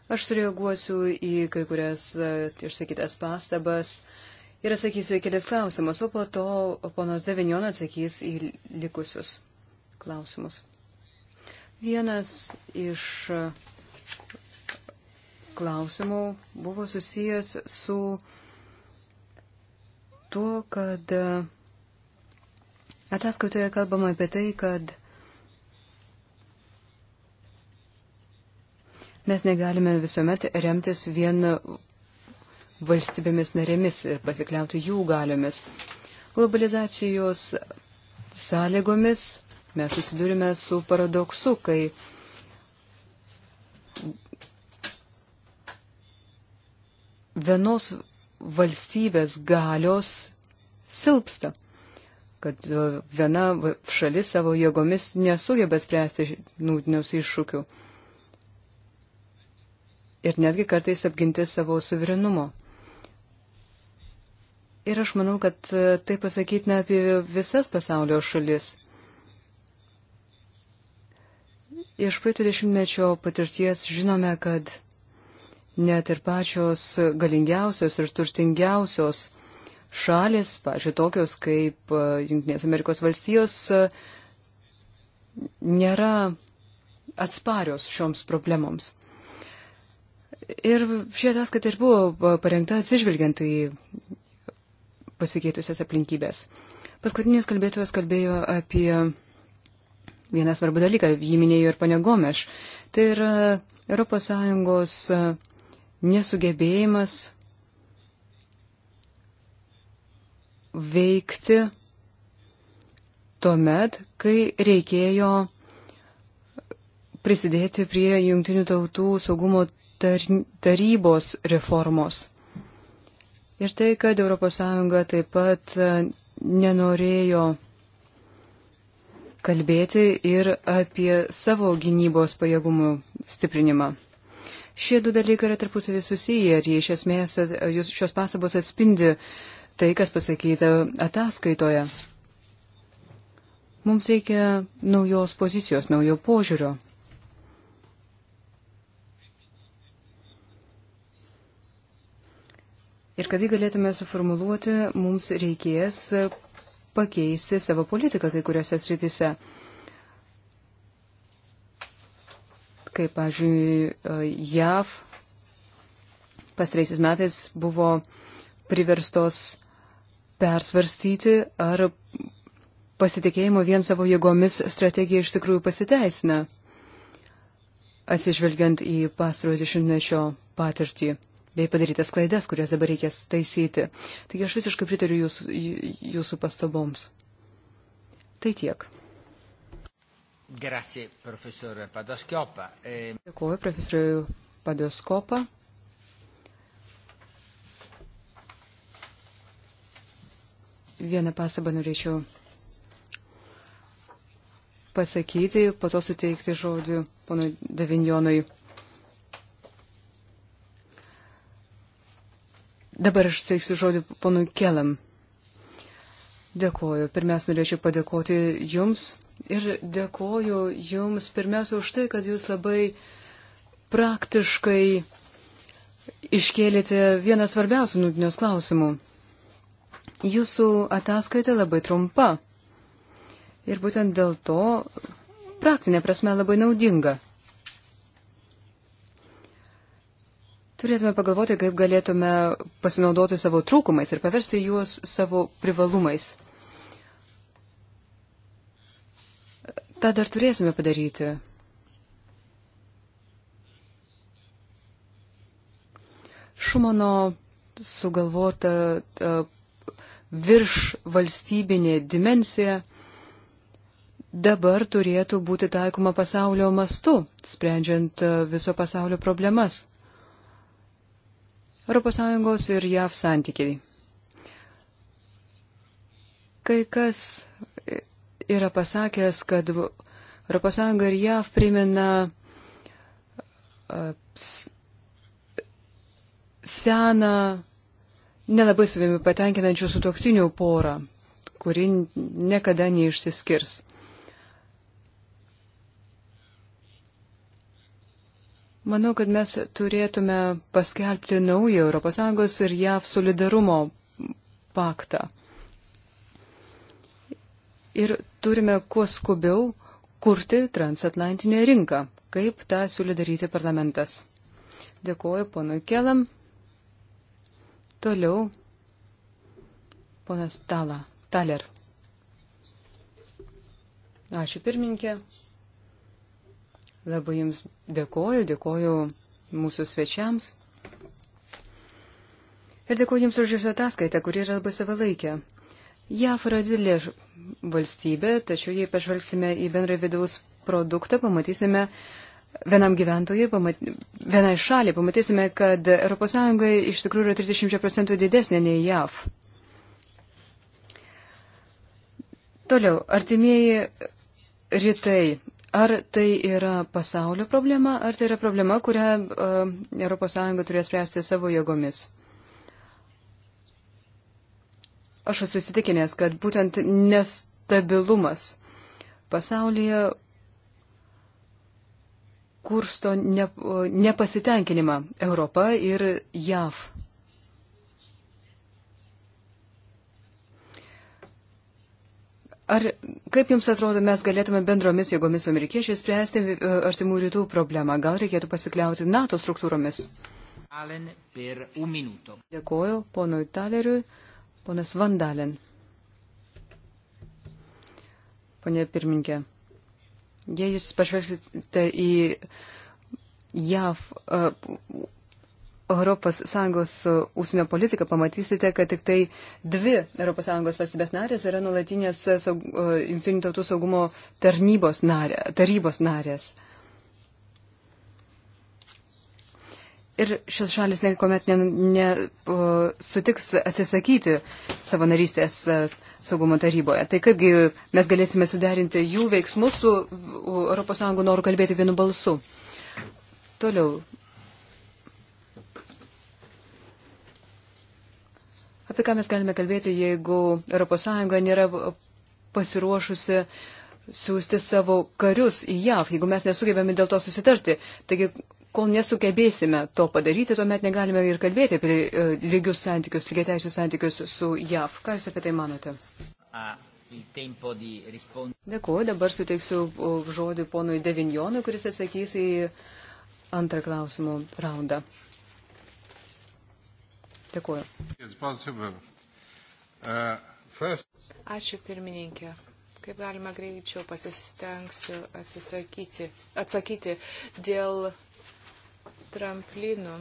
Aš sureaguosiu į kai kurias išsakytas pastabas. Uh, ir atsakysiu į kelias klausimus, o po to ponas Devinjon atsakys į likusius klausimus. Vienas iš klausimų buvo susijęs su tuo, kad ataskaitoje kalbama apie tai, kad mes negalime visuomet remtis vien valstybėmis narėmis ir pasikliauti jų galiomis. Globalizacijos sąlygomis mes susidurime su paradoksu, kai vienos valstybės galios silpsta, kad e, viena šalis savo jėgomis nesugeba spręsti nūtinius iššūkių ir netgi kartais apginti savo suverenumo. Ir aš manau, kad e, tai pasakytina apie visas pasaulio šalis. Iš praeitų dešimtmečio patirties žinome, kad net ir pačios galingiausios ir turtingiausios šalis, pažiūrėjau, tokios kaip e, Junktinės Amerikos valstijos, e, nėra atsparios šioms problemoms. Ir šie ataskaita ir buvo parengta atsižvelgiant į pasikeitusias aplinkybės. Paskutinis kalbėtojas kalbėjo apie vieną svarbų dalyką, jį minėjo ir pane Gomeš. Tai yra ES e, nesugebėjimas veikti tuomet, kai reikėjo prisidėti prie Junktinių tautų saugumo tarnybos reformos. Ir tai, kad ES taip pat e, nenorėjo kalbėti ir apie savo gynybos pajėgumų stiprinimą. Šie du dalykai yra tarpusavį susiję ir jie iš esmės e, jūs šios pastabos atspindi tai, kas pasakyta ataskaitoje. Mums reikia naujos pozicijos, naujo požiūrio. Ir kad jį galėtume suformuluoti, mums reikės pakeisti savo politiką kai kuriuose srityse. Kaip, pažiūrėjau, JAV pastaraisiais metais buvo priverstos persvarstyti, ar pasitikėjimo vien savo jėgomis strategija iš tikrųjų pasiteisina, atsižvelgiant į pastarojo dešimtmečio patirtį bei padarytas klaidas, kurias dabar reikės taisyti. Taigi aš visiškai pritariu jūsų, jūsų pastaboms. Tai tiek. Grazie, profesorė Padoskiopa. E... Dėkuoju, profesoriui Padoskopa. Vieną pastabą norėčiau pasakyti, po to suteikti žodį ponui Davinjonui. Dabar aš suteiksiu žodį ponui Kelam. Dėkoju. Pirmiausia, norėčiau padėkoti Jums ir dėkoju Jums pirmiausia už tai, kad Jūs labai praktiškai iškėlėte vieną svarbiausių nutinios klausimų. Jūsų ataskaita labai trumpa ir būtent dėl to praktinė prasme labai naudinga. Turėtume pagalvoti, kaip galėtume pasinaudoti savo trūkumais ir paversti juos savo privalumais. tą dar turėsime padaryti. Šumano sugalvota virš valstybinė dimensija dabar turėtų būti taikoma pasaulio mastu, sprendžiant e, viso pasaulio problemas. ES ir JAV santykiai. Kai kas yra pasakęs, kad ES ir JAV primena seną, nelabai savimi patenkinančių sutoktinių porą, kuri niekada neišsiskirs. Manau, kad mes turėtume paskelbti naują ES ir JAV solidarumo paktą. Ir turime kuo skubiau kurti transatlantinę rinką, kaip tą siūlė daryti parlamentas. Dėkuoju ponui Kelam. Toliau ponas Tala, Taler. Ačiū pirmininkė. Labai Jums dėkoju, dėkoju mūsų svečiams. Ir dėkoju Jums už Jūsų ataskaitą, kuri yra labai savalaikė. JAF yra didelė valstybė, tačiau jei pažvelgsime į bendrą vidaus produktą, pamatysime, vienam gyventojui, pamat, vienai šaliai, pamatysime, kad ES iš tikrųjų yra 30 procentų didesnė nei JAV. Toliau, artimieji rytai. Ar tai yra pasaulio problema, ar tai yra problema, kurią ES turės spręsti savo jėgomis? Aš esu įsitikinęs, kad būtent nestabilumas pasaulyje kursto ne, e, nepasitenkinimą Europą ir JAV. Ar, kaip Jums atrodo, mes galėtume bendromis jėgomis su amerikiečiais spręsti e, artimų rytų problemą? Gal reikėtų pasikliauti NATO struktūromis? Dėkoju ponui Taleriui, ponas Vandalen. Pone pirminkė, jei Jūs pažvelgsite į JAV uh, ES ūsinio e, politiką, pamatysite, kad tik tai dvi ES valstybės narės yra nuolatinės e, e, Junktinių tautų saugumo tarnybos narė, tarybos narės. Ir šios šalis niekuomet nesutiks ne, ne, atsisakyti savo narystės saugumo taryboje. Tai kaipgi mes galėsime suderinti jų veiksmus su ES noru kalbėti vienu balsu. Toliau, Apie ką mes galime kalbėti, jeigu ES nėra pasiruošusi siūsti savo karius į JAV, jeigu mes nesugebėme dėl to susitarti. Taigi, kol nesugebėsime to padaryti, tuomet negalime ir kalbėti apie e, lygius santykius, lygiai teisės santykius su JAV. Ką Jūs apie tai manote? Dėkuoju, dabar suteiksiu žodį ponui Devinjonui, kuris atsakys į antrą klausimų raundą. Dėkuoju. Uh, Ačiū pirmininkė. Kaip galima greičiau pasistengsiu atsisakyti, atsakyti dėl tramplinų.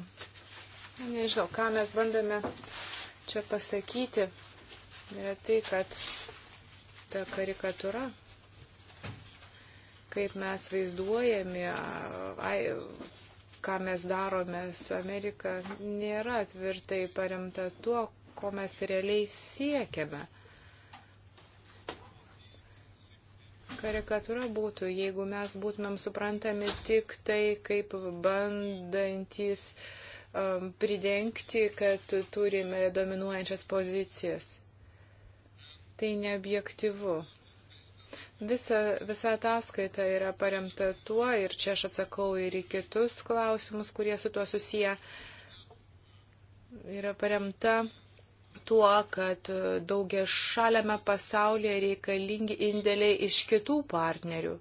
Nežinau, ką mes bandome čia pasakyti. Yra tai, kad ta karikatūra, kaip mes vaizduojami, ai, ką mes darome su Amerika, nėra tvirtai paremta tuo, ko mes realiai siekiame. Karikatūra būtų, jeigu mes būtumėm suprantami tik tai, kaip bandantis um, pridengti, kad turime dominuojančias pozicijas. Tai neobjektivu. Visa, visa ataskaita yra paremta tuo ir čia aš atsakau ir į kitus klausimus, kurie su tuo susiję. Yra paremta tuo, kad daugia šaliame pasaulyje reikalingi indėliai iš kitų partnerių.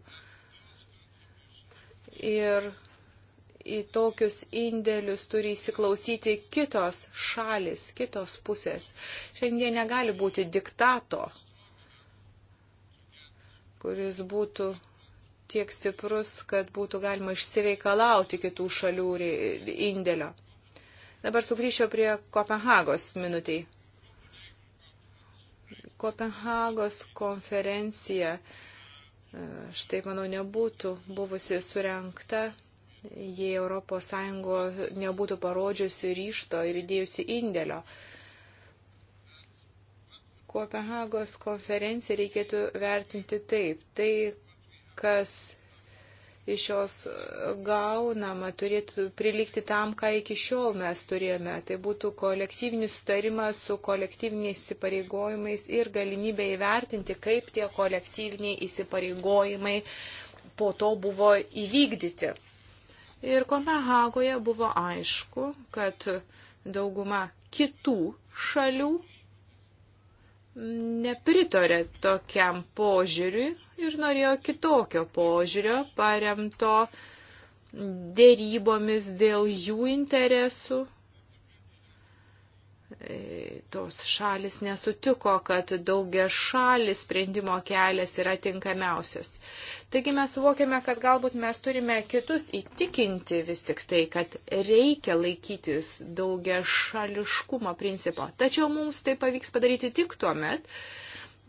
Ir į tokius indėlius turi įsiklausyti kitos šalis, kitos pusės. Šiandien negali būti diktato kuris būtų tiek stiprus, kad būtų galima išsireikalauti kitų šalių indėlio. Dabar sugrįšiu prie Kopenhagos minutiai. Kopenhagos konferencija, e, štai manau, nebūtų buvusi surenkta, jei ES nebūtų parodžiusi ryšto ir įdėjusi indėlio. Kopenhagos konferenciją reikėtų vertinti taip. Tai, kas iš jos gaunama, turėtų prilikti tam, ką iki šiol mes turėjome. Tai būtų kolektyvinis sutarimas su kolektyviniais įsipareigojimais ir galimybė įvertinti, kaip tie kolektyviniai įsipareigojimai po to buvo įvykdyti. Ir Kopenhagoje buvo aišku, kad dauguma kitų šalių nepritorė tokiam požiūriui ir norėjo kitokio požiūrio paremto dėrybomis dėl jų interesų, E, tos šalis nesutiko, kad daugia šalis sprendimo kelias yra tinkamiausias. Taigi mes suvokiame, kad galbūt mes turime kitus įtikinti vis tik tai, kad reikia laikytis daugia šališkumo principo. Tačiau mums tai pavyks padaryti tik tuo met,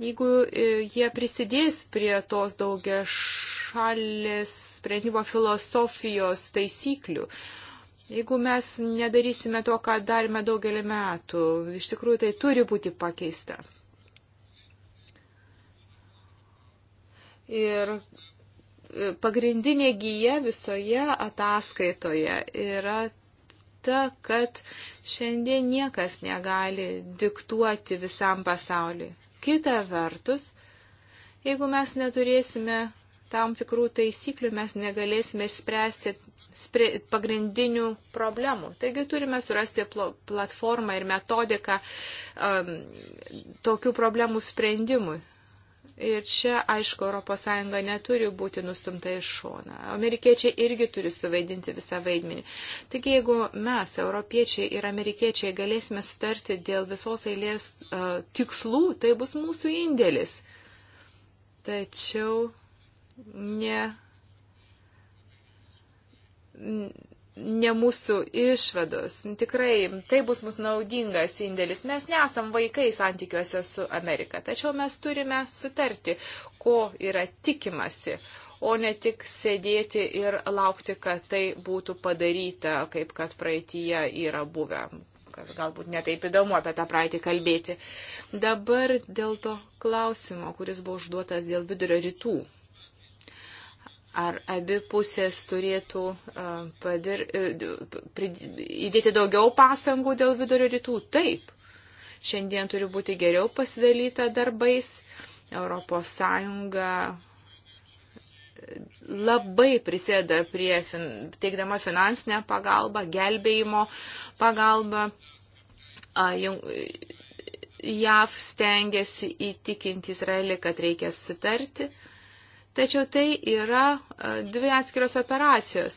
jeigu e, jie prisidės prie tos daugia šalės sprendimo filosofijos taisyklių. Uh, Jeigu mes nedarysime to, ką darime daugelį metų, iš tikrųjų tai turi būti pakeista. Ir e, pagrindinė gyja visoje ataskaitoje yra ta, kad šiandien niekas negali diktuoti visam pasauliu. Kita vertus, jeigu mes neturėsime tam tikrų taisyklių, mes negalėsime išspręsti pagrindinių problemų. Taigi turime surasti pl platformą ir metodiką um, tokių problemų sprendimui. Ir čia, aišku, ES neturi būti nustumta iš šona. Amerikiečiai irgi turi suvaidinti visą vaidmenį. Tik jeigu mes, europiečiai ir amerikiečiai, galėsime sutarti dėl visos eilės uh, tikslų, tai bus mūsų indėlis. Tačiau ne ne mūsų išvados. Tikrai tai bus mūsų naudingas indėlis. Mes nesam vaikai santykiuose su Amerika, tačiau mes turime sutarti, ko yra tikimasi, o ne tik sėdėti ir laukti, kad tai būtų padaryta, kaip kad praeitie yra buvę kas galbūt netaip įdomu apie tą praeitį kalbėti. Dabar dėl to klausimo, kuris buvo užduotas dėl vidurio rytų. Ar abi pusės turėtų padir, e, įdėti daugiau pasangų dėl vidurio rytų? Taip. Šiandien turi būti geriau pasidalyta darbais. Europos Sąjunga e, labai prisėda prie fin, teikdama finansinę pagalbą, gelbėjimo pagalbą. E, JAV stengiasi įtikinti Izraelį, kad reikia sutarti. Uh, Tačiau tai yra e, dvi atskiros operacijos.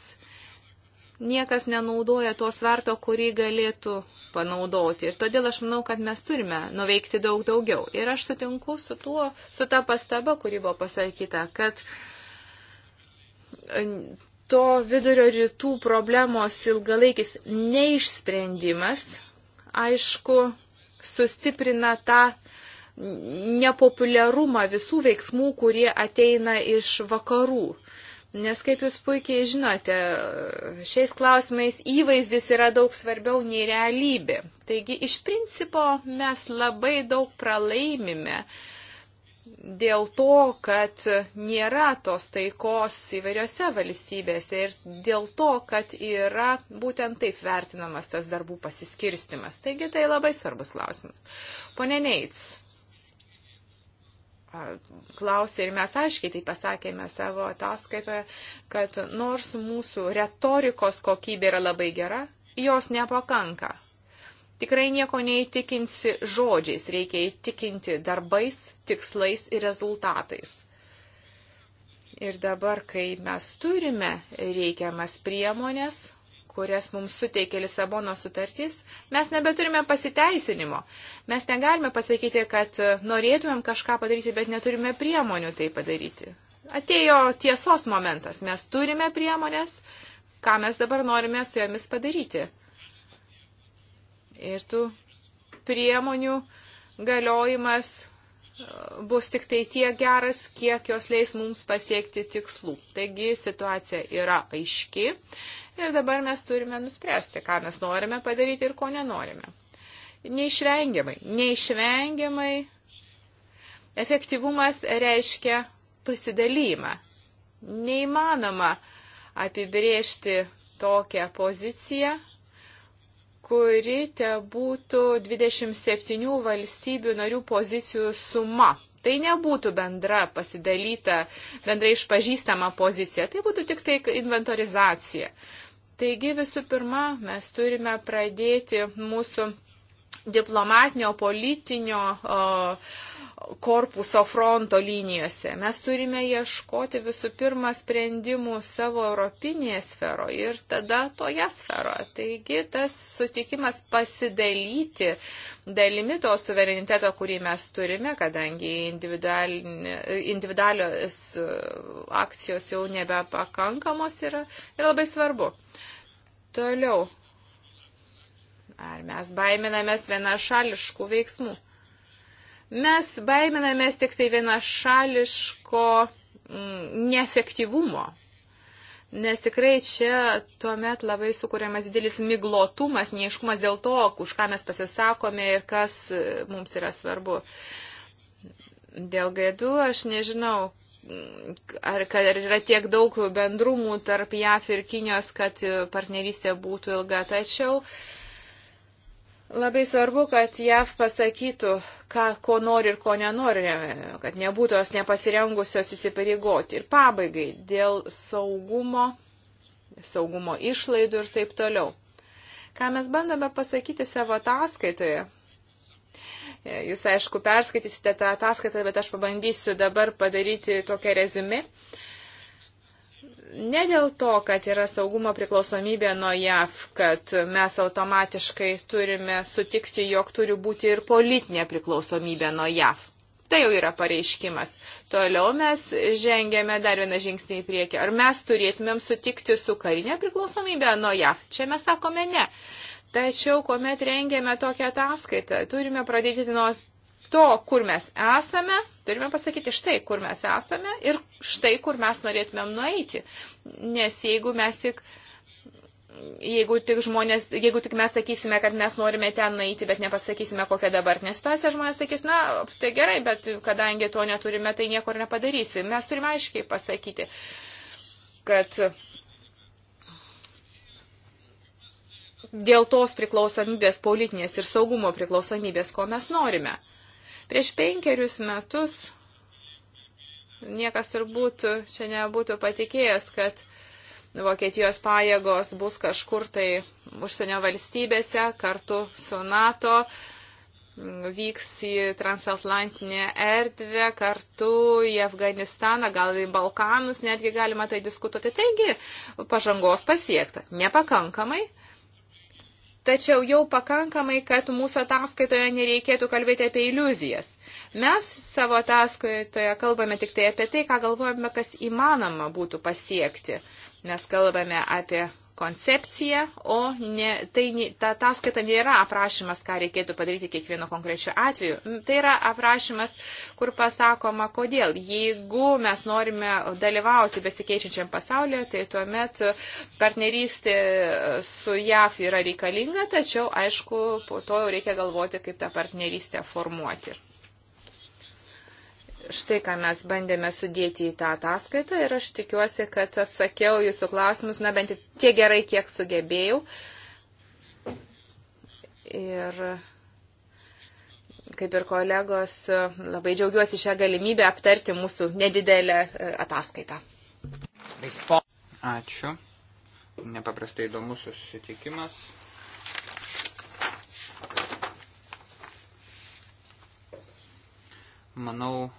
Niekas nenaudoja to sverto, kurį galėtų panaudoti. Ir todėl aš manau, kad mes turime nuveikti daug daugiau. Ir aš sutinku su, tuo, su ta pastaba, kuri buvo pasakyta, kad e, to vidurio rytų problemos ilgalaikis neišsprendimas, aišku, sustiprina tą nepopuliarumą visų veiksmų, kurie ateina iš vakarų. Nes kaip jūs puikiai žinote, šiais klausimais įvaizdis yra daug svarbiau nei realybė. Taigi iš principo mes labai daug pralaimime dėl to, kad nėra tos taikos įvairiose valstybėse ir dėl to, kad yra būtent taip vertinamas tas darbų pasiskirstimas. Taigi tai labai svarbus klausimas. Pone Neits, klausė ir mes aiškiai tai pasakėme savo ataskaitoje, kad nors mūsų retorikos kokybė yra labai gera, jos nepakanka. Tikrai nieko neįtikinsi žodžiais, reikia įtikinti darbais, tikslais ir rezultatais. Ir dabar, kai mes turime reikiamas priemonės, kurias mums suteikė Lisabono sutartys, mes nebeturime pasiteisinimo. Mes negalime pasakyti, kad norėtumėm kažką padaryti, bet neturime priemonių tai padaryti. Atėjo tiesos momentas. Mes turime priemonės, ką mes dabar norime su jomis padaryti. Ir tų priemonių galiojimas e, bus tik tai tiek geras, kiek jos leis mums pasiekti tikslų. Taigi situacija yra aiški, Ir dabar mes turime nuspręsti, ką mes norime padaryti ir ko nenorime. Neišvengiamai, neišvengiamai efektyvumas reiškia pasidalymą. Neįmanoma apibriežti tokią poziciją, kuri te būtų 27 valstybių narių pozicijų suma tai nebūtų bendra pasidalyta, bendrai išpažįstama pozicija, tai būtų tik tai inventorizacija. Taigi visų pirma, mes turime pradėti mūsų diplomatinio, politinio uh, korpuso fronto linijose. Mes turime ieškoti visų pirma sprendimų savo europinėje sferoje ir tada toje sferoje. Taigi tas sutikimas pasidalyti dalimi to suvereniteto, kurį mes turime, kadangi individualios uh, akcijos jau nebepakankamos yra, yra labai svarbu. Toliau. Ar mes baiminamės vienašališkų veiksmų? Mes baiminamės tik tai vienašališko mm, neefektyvumo. Nes tikrai čia tuomet labai sukūriamas didelis miglotumas, neiškumas dėl to, už ką mes pasisakome ir kas e, mums yra svarbu. Dėl gaidų aš nežinau, mm, ar, ar yra tiek daug bendrumų tarp JAF ir Kinijos, kad e, partnerystė būtų ilga. Tačiau uh, Labai svarbu, kad JAV pasakytų, ką, ko nori ir ko nenori, kad nebūtų jos nepasirengusios įsipareigoti. Ir pabaigai dėl saugumo, saugumo išlaidų ir taip toliau. Ką mes bandome pasakyti savo ataskaitoje? Jūs, aišku, perskaitysite tą ataskaitą, bet aš pabandysiu dabar padaryti tokią rezumį ne dėl to, kad yra saugumo priklausomybė nuo JAV, kad mes automatiškai turime sutikti, jog turi būti ir politinė priklausomybė nuo JAV. Tai jau yra pareiškimas. Toliau mes žengėme dar vieną žingsnį į priekį. Ar mes turėtumėm sutikti su karinė priklausomybė nuo JAV? Čia mes sakome ne. Tačiau, kuomet rengėme tokią ataskaitą, turime pradėti nuo to, kur mes esame, turime pasakyti štai, kur mes esame ir štai, kur mes norėtumėm nueiti. Nes jeigu mes tik jeigu tik, žmonės, jeigu tik mes sakysime, kad mes norime ten nueiti, bet nepasakysime, kokia dabartinė situacija, žmonės sakys, na, tai gerai, bet kadangi to neturime, tai nieko ir nepadarysim. Mes turime aiškiai pasakyti, kad dėl tos priklausomybės politinės ir saugumo priklausomybės, ko mes norime. Prieš penkerius metus niekas turbūt čia nebūtų patikėjęs, kad Vokietijos pajėgos bus kažkur tai užsienio valstybėse kartu su NATO, vyks į transatlantinę erdvę, kartu į Afganistaną, gal į Balkanus, netgi galima tai diskutuoti. Taigi, pažangos pasiekta. Nepakankamai, Tačiau jau pakankamai, kad mūsų ataskaitoje nereikėtų kalbėti apie iliuzijas. Mes savo ataskaitoje kalbame tik tai apie tai, ką galvojame, kas įmanoma būtų pasiekti. Mes kalbame apie koncepciją, o ne, tai, ta ataskaita nėra aprašymas, ką reikėtų padaryti kiekvieno konkrečio atveju. Tai yra aprašymas, kur pasakoma, kodėl. Jeigu mes norime dalyvauti besikeičiančiam pasaulyje, tai tuomet partnerystė su JAF yra reikalinga, tačiau, aišku, po to jau reikia galvoti, kaip tą partnerystę formuoti štai ką mes bandėme sudėti į tą ataskaitą ir aš tikiuosi, kad atsakiau jūsų klausimus, na bent tiek gerai, kiek sugebėjau. Ir kaip ir kolegos, labai džiaugiuosi šią galimybę aptarti mūsų nedidelę e, ataskaitą. Ačiū. Nepaprastai įdomus susitikimas. Manau,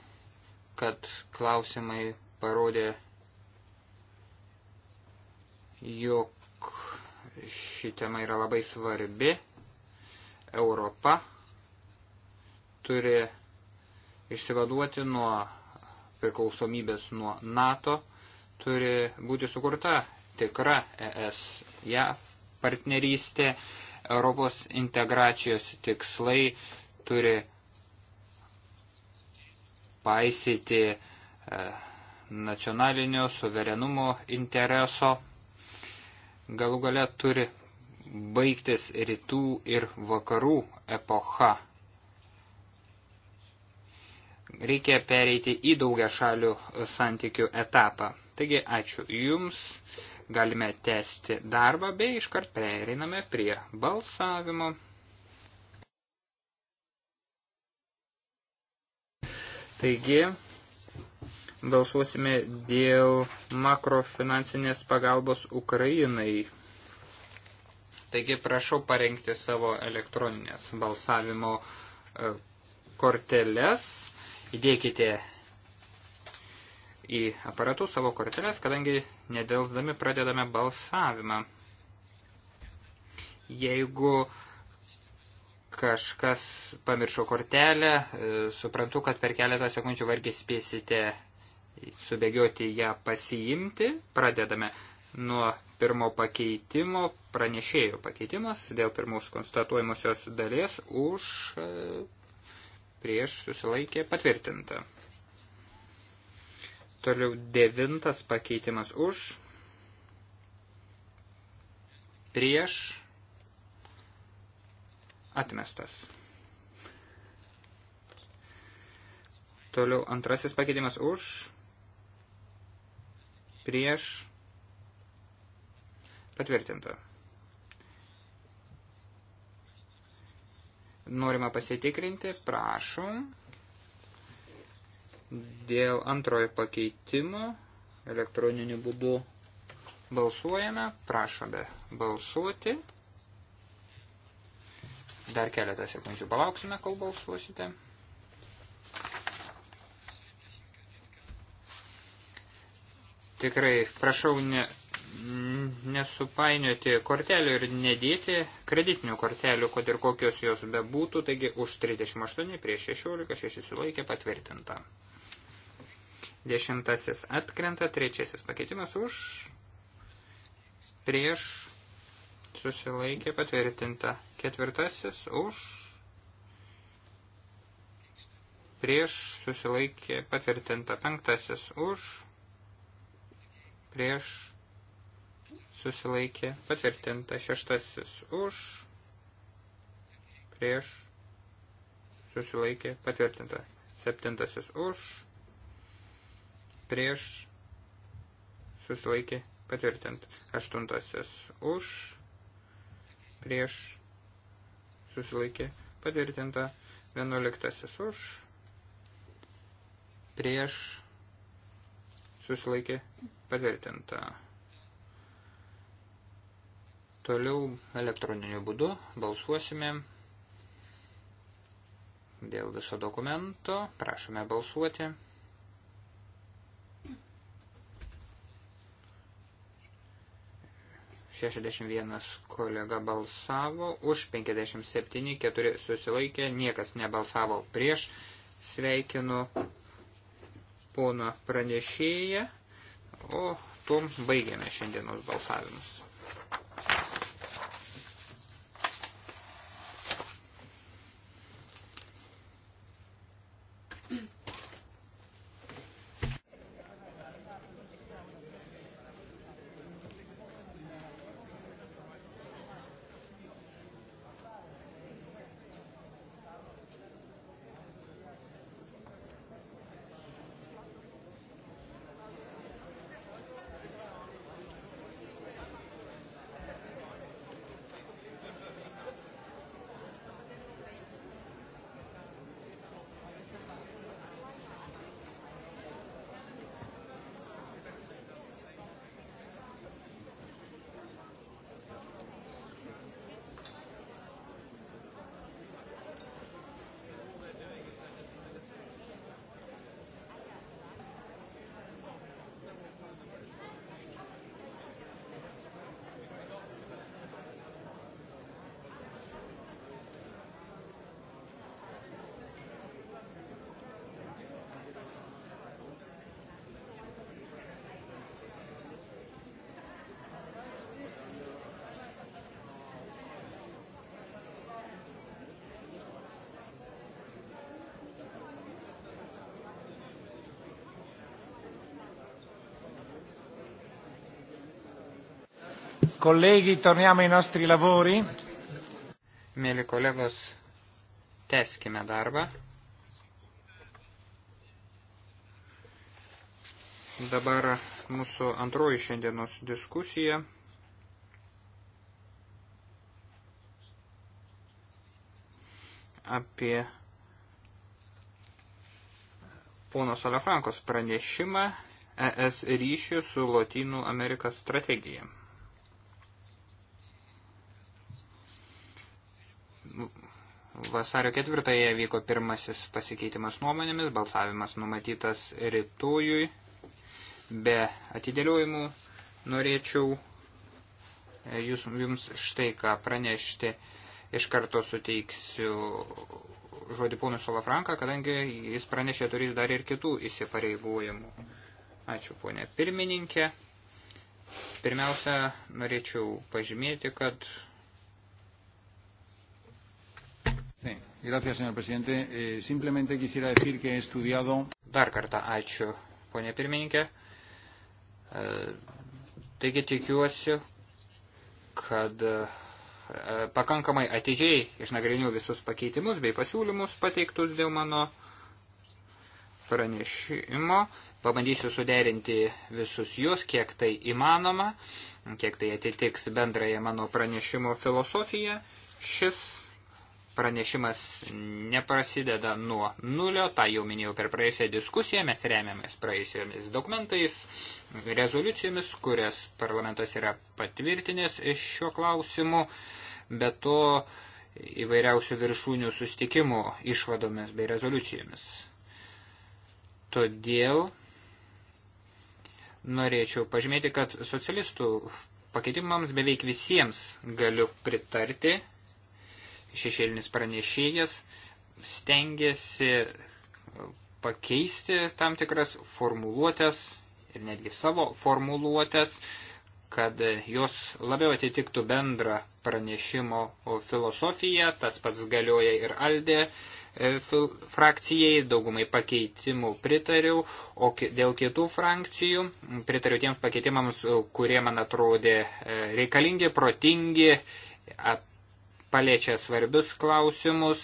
kad klausimai parodė, jog ši tema yra labai svarbi. Europa turi išsivaduoti nuo priklausomybės nuo NATO, turi būti sukurta tikra ES ja, partnerystė, Europos integracijos tikslai turi paisyti e, nacionalinio suverenumo intereso. Galų gale turi baigtis rytų ir vakarų epocha. Reikia pereiti į daugia šalių santykių etapą. Taigi, ačiū Jums, galime tęsti darbą bei iškart pereiname prie balsavimo. Taigi, balsuosime dėl makrofinansinės pagalbos Ukrainai. Taigi, prašau parengti savo elektroninės balsavimo e, korteles. Įdėkite į aparatus savo korteles, kadangi nedelsdami pradedame balsavimą. Jeigu uh, kažkas pamiršo kortelę, e, suprantu, kad per keletą sekundžių vargiai spėsite subėgioti ją pasiimti. Pradedame nuo pirmo pakeitimo, pranešėjo pakeitimas dėl pirmos konstatuojamosios dalies už e, prieš susilaikė patvirtinta. Toliau devintas pakeitimas už prieš Atmestas. Toliau antrasis pakeitimas už, prieš, patvirtinta. Norima pasitikrinti, prašom, dėl antrojo pakeitimo elektroniniu būdu balsuojame, prašome balsuoti. Dar keletą sekundžių palauksime, kol balsuosite. Tikrai prašau ne, nesupainioti kortelių ir nedėti kreditinių kortelių, kod ir kokios jos bebūtų, taigi už 38 prieš 16, 6 sulaikė patvirtinta. Dešimtasis atkrenta, trečiasis pakeitimas už, prieš, susilaikė patvirtinta. Ketvirtasis už prieš susilaikė patvirtinta. Penktasis už prieš susilaikė patvirtinta. Šeštasis už prieš susilaikė patvirtinta. Septintasis už prieš susilaikė patvirtinta. Aštuntasis už prieš susilaikė patvirtinta. 11 už, prieš, susilaikė patvirtinta. Toliau elektroniniu būdu balsuosime dėl viso dokumento. Prašome balsuoti. 61 kolega balsavo, už 57, 4 susilaikė, niekas nebalsavo prieš. Sveikinu pono pranešėją, o tom baigiame šiandienos balsavimus. Colleghi, torniamo ai nostri lavori. Mėly kolegos, teskime darbą. Dabar mūsų antroji šiandienos diskusija. apie pono Salafrankos pranešimą ES ryšių su Latinų Amerikos strategija. Vasario ketvirtąją vyko pirmasis pasikeitimas nuomonėmis, balsavimas numatytas rytujui. Be atidėliojimų norėčiau e, jūs, jums štai ką pranešti. Iš karto suteiksiu žodį ponui Solafranką, kadangi jis pranešė turės dar ir kitų įsipareigojimų. Ačiū, ponė pirmininkė. Pirmiausia, norėčiau pažymėti, kad Sí, gracias, señor presidente. Eh, simplemente quisiera decir que he estudiado. Dar kartą ačiū, ponė pirmininkė. E, taigi tikiuosi, kad e, pakankamai atidžiai išnagrinėjau visus pakeitimus bei pasiūlymus pateiktus dėl mano pranešimo. Pabandysiu suderinti visus juos, kiek tai įmanoma, kiek tai atitiks bendrąją mano pranešimo filosofiją. Šis pranešimas neprasideda nuo nulio, tą jau minėjau per praėjusią diskusiją, mes remiamės praėjusiomis dokumentais, rezoliucijomis, kurias parlamentas yra patvirtinęs šiuo klausimu, bet to įvairiausių viršūnių sustikimų išvadomis bei rezoliucijomis. Todėl norėčiau pažymėti, kad socialistų pakeitimams beveik visiems galiu pritarti šešėlinis pranešėjas stengiasi e, pakeisti tam tikras formuluotės ir netgi savo formuluotės, kad jos labiau atitiktų bendrą pranešimo filosofiją, tas pats galioja ir Aldė e, frakcijai, daugumai pakeitimų pritariau, o dėl kitų frakcijų pritariu tiems pakeitimams, kurie man atrodė e, reikalingi, protingi, paliečia svarbius klausimus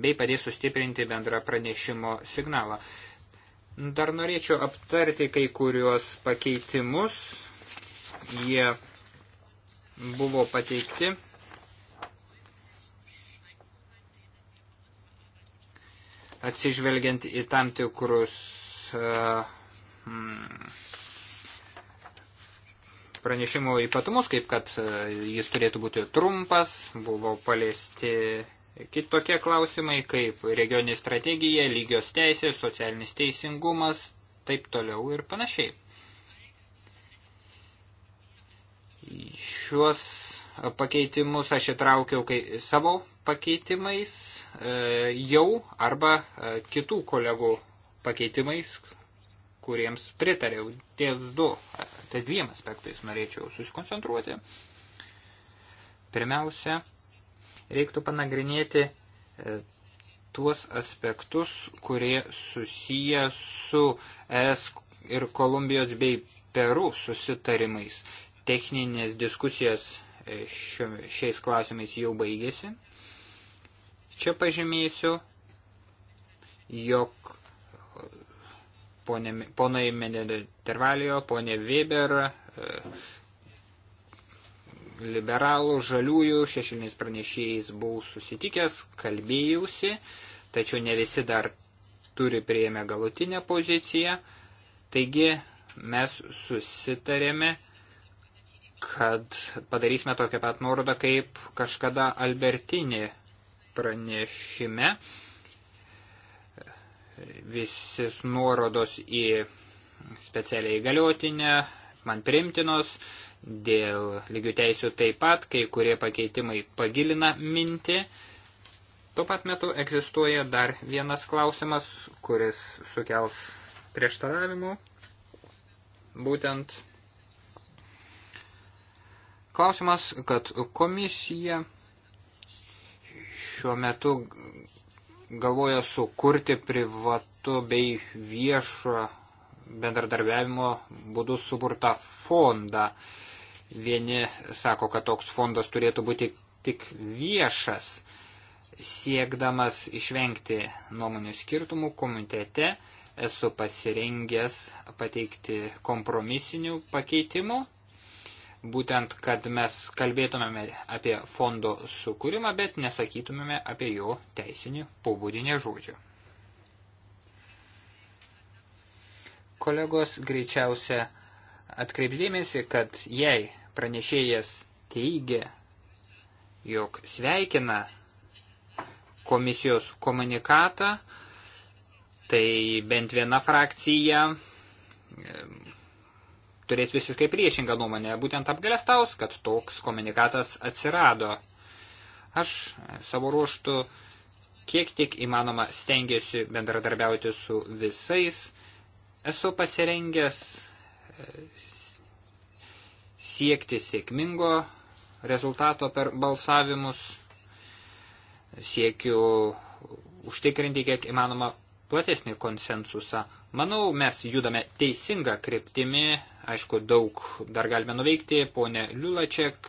bei padės sustiprinti bendrą pranešimo signalą. Dar norėčiau aptarti kai kuriuos pakeitimus. Jie buvo pateikti. Atsižvelgiant į tam tikrus uh, hmm, pranešimo ypatumus, kaip kad e, jis turėtų būti trumpas, buvo paliesti kitokie klausimai, kaip regioninė strategija, lygios teisės, socialinis teisingumas, taip toliau ir panašiai. Šiuos pakeitimus aš įtraukiau kai, savo pakeitimais e, jau arba e, kitų kolegų pakeitimais, kuriems pritariau. Ties du, ties dviem aspektais norėčiau susikoncentruoti. Pirmiausia, reiktų panagrinėti e, tuos aspektus, kurie susiję su ES ir Kolumbijos bei Peru susitarimais. Techninės diskusijas e, šiais klausimais jau baigėsi. Čia pažymėsiu, jog ponai Menetervalijo, ponė Weber, e, liberalų, žaliųjų, šešiliniais pranešėjais buvau susitikęs, kalbėjausi, tačiau ne visi dar turi prieėmę galutinę poziciją. Taigi mes susitarėme, kad padarysime tokią pat nuorodą kaip kažkada Albertinį pranešime visis nuorodos į specialiai įgaliotinę, man primtinos, dėl lygių teisių taip pat, kai kurie pakeitimai pagilina mintį. Tuo pat metu egzistuoja dar vienas klausimas, kuris sukels prieštaravimų. Būtent klausimas, kad komisija šiuo metu galvoja sukurti privatu bei viešo bendradarbiavimo būdu suburtą fondą. Vieni sako, kad toks fondas turėtų būti tik viešas, siekdamas išvengti nuomonių skirtumų komitete esu pasirengęs pateikti kompromisinių pakeitimų būtent, kad mes kalbėtumėme apie fondo sukūrimą, bet nesakytumėme apie jo teisinį pobūdį nežodžio. Kolegos greičiausia atkreipdėmėsi, kad jei pranešėjas teigia, jog sveikina komisijos komunikatą, tai bent viena frakcija turės visiškai priešingą nuomonę, būtent apgalestaus, kad toks komunikatas atsirado. Aš savo ruoštų kiek tik įmanoma stengiuosi bendradarbiauti su visais, esu pasirengęs e, siekti sėkmingo rezultato per balsavimus, siekiu užtikrinti kiek įmanoma platesnį konsensusą. Manau, mes judame teisinga kryptimi, Aišku, daug dar galime nuveikti. Pone Liulačiak,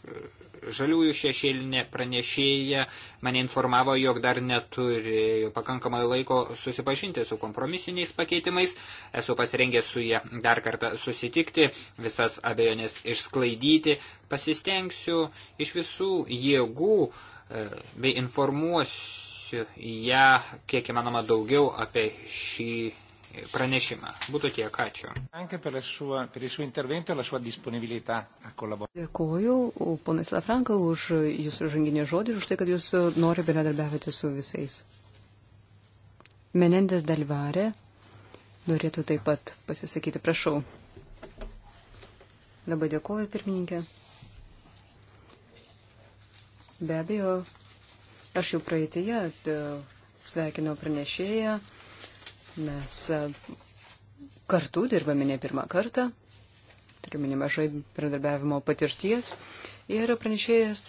žaliųjų šešėlinė pranešėja, mane informavo, jog dar neturi pakankamai laiko susipažinti su kompromisiniais pakeitimais. Esu pasirengęs su jie dar kartą susitikti, visas abejonės išsklaidyti. Pasistengsiu iš visų jėgų e, bei informuosiu ją, kiek įmanoma, daugiau apie šį pranešimą. Būtų tiek, ačiū. Dėkuoju, ponas Lafranka, už jūsų žanginį žodį ir už tai, kad jūs nori bendradarbiavate su visais. Menendės Dalvarė norėtų taip pat pasisakyti, prašau. Labai dėkuoju, pirmininkė. Be abejo, aš jau praeitėje e, sveikinau pranešėją Mes e, kartu dirbame ne pirmą kartą, turime nemažai bendradarbiavimo patirties ir pranešėjas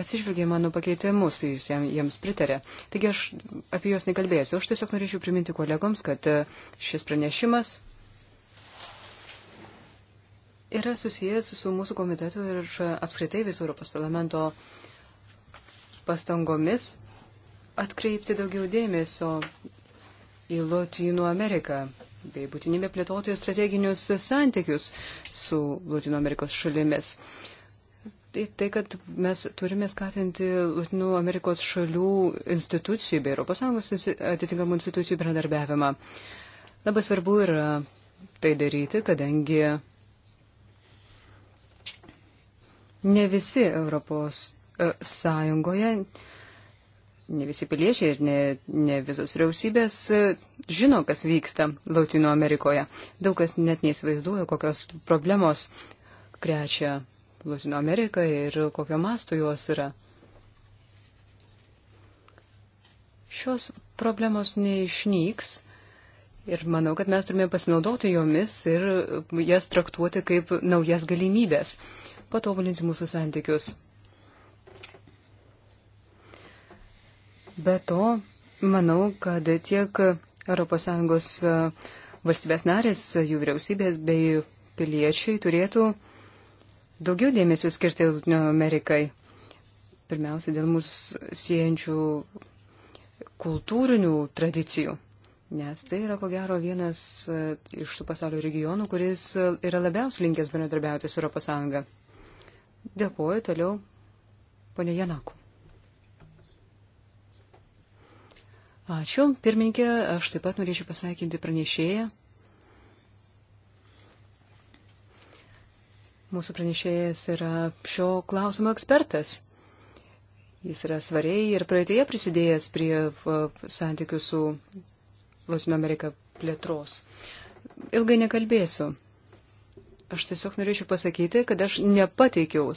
atsižvelgė mano pakeitimus, jis jam, jiems pritarė. Taigi aš apie juos nekalbėsiu, aš tiesiog norėčiau priminti kolegoms, kad e, šis pranešimas yra susijęs su mūsų komitetu ir apskritai viso Europos parlamento pastangomis atkreipti daugiau dėmesio į Lotynų Ameriką bei būtinybė plėtoti strateginius santykius su Lotynų Amerikos šalimis. Tai, tai, kad mes turime skatinti Lotynų Amerikos šalių institucijų bei ES atitinkamų institucijų bendradarbiavimą. Labai svarbu yra tai daryti, kadangi ne visi Europos e, Sąjungoje uh, ne visi piliečiai ir ne, ne visos vyriausybės e, žino, kas vyksta Latino Amerikoje. Daug kas net neįsivaizduoja, kokios problemos krečia Latino Ameriką ir kokio masto jos yra. Šios problemos neišnyks ir manau, kad mes turime pasinaudoti jomis ir jas traktuoti kaip naujas galimybės patobulinti mūsų santykius Be to, manau, kad tiek ES e, valstybės narės, jų vyriausybės bei piliečiai turėtų daugiau dėmesio skirti Latino Amerikai. Pirmiausia, dėl mūsų siejančių kultūrinių tradicijų. Nes tai yra, ko gero, vienas e, iš tų pasaulio regionų, kuris e, yra labiausiai linkęs bendradarbiauti su ES. Dėkuoju toliau, ponė Janaku. Ačiū, pirmininkė. Aš taip pat norėčiau pasveikinti pranešėją. Mūsų pranešėjas yra šio klausimo ekspertas. Jis yra svariai ir praeitėje prisidėjęs prie santykių su Latino Amerika plėtros. Ilgai nekalbėsiu. Aš tiesiog norėčiau pasakyti, kad aš nepateikiau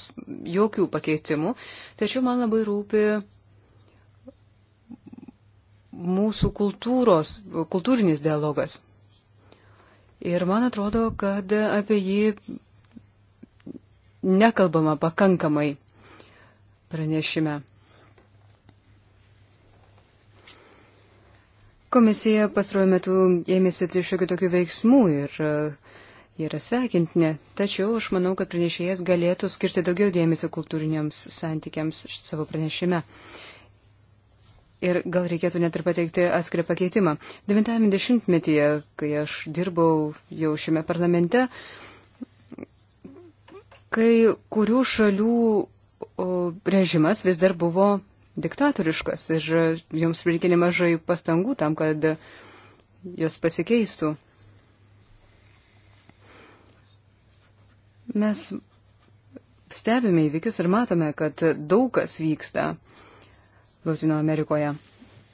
jokių pakeitimų, tačiau man labai rūpi mūsų kultūros, kultūrinis dialogas. Ir man atrodo, kad apie jį nekalbama pakankamai pranešime. Komisija pastaruoju metu ėmėsi tai šiokių tokių veiksmų ir e, yra sveikintinė, tačiau aš manau, kad pranešėjas galėtų skirti daugiau dėmesio kultūriniams santykiams savo pranešime. Uh, Ir gal reikėtų net ir pateikti atskirą pakeitimą. 90-metyje, kai aš dirbau jau šiame parlamente, kai kurių šalių režimas vis dar buvo diktatoriškas ir joms reikia nemažai pastangų tam, kad jos pasikeistų. Mes stebime įvykius ir matome, kad daug kas vyksta Latino Amerikoje.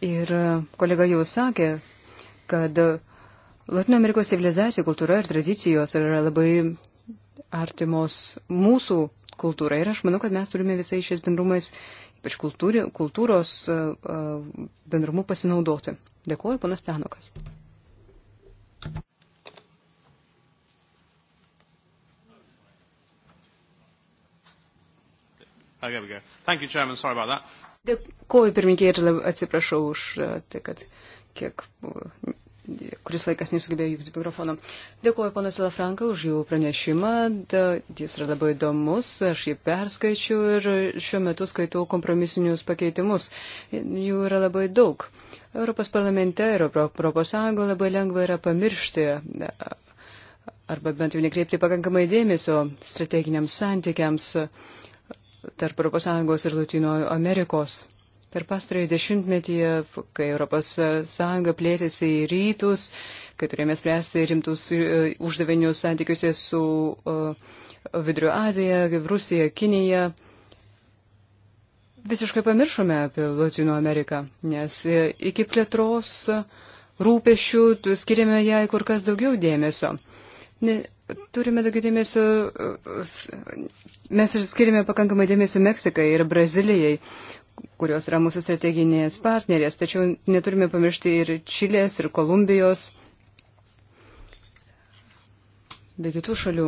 Ir kolega jau sakė, kad Latino Amerikos civilizacija, kultūra ir tradicijos yra labai artimos mūsų kultūrai. Ir aš manau, kad mes turime visai šiais bendrumais, ypač kultūri, kultūros bendrumu pasinaudoti. Dėkuoju, ponas Tenukas. Oh, there we go. Thank you, Chairman. Sorry about that. Dėkuoju pirminkė ir atsiprašau už e, tai, kad kiek kuris laikas nesugebėjo jungti mikrofono. Dėkuoju pono Silafranką už jų pranešimą. Da, jis yra labai įdomus, aš jį perskaičiu ir šiuo metu skaitau kompromisinius pakeitimus. Jų yra labai daug. Europos parlamente ir Europos Sąjungo labai lengva yra pamiršti e, arba bent jau nekreipti pakankamai dėmesio strateginiams santykiams tarp ES ir Latino Amerikos. Per pastarąjį dešimtmetį, kai ES plėtėsi į rytus, kai turėjome spręsti rimtus e, uždavinius santykiuose su e, Vidurio Azija, Rusija, Kinija, visiškai pamiršome apie Latino Ameriką, nes e, iki plėtros rūpešių skiriame jai kur kas daugiau dėmesio. Ne, turime daugiau dėmesio, mes ir skirime pakankamai dėmesio Meksikai ir Brazilijai, kurios yra mūsų strateginės partnerės, tačiau neturime pamiršti ir Čilės, ir Kolumbijos, bei kitų šalių.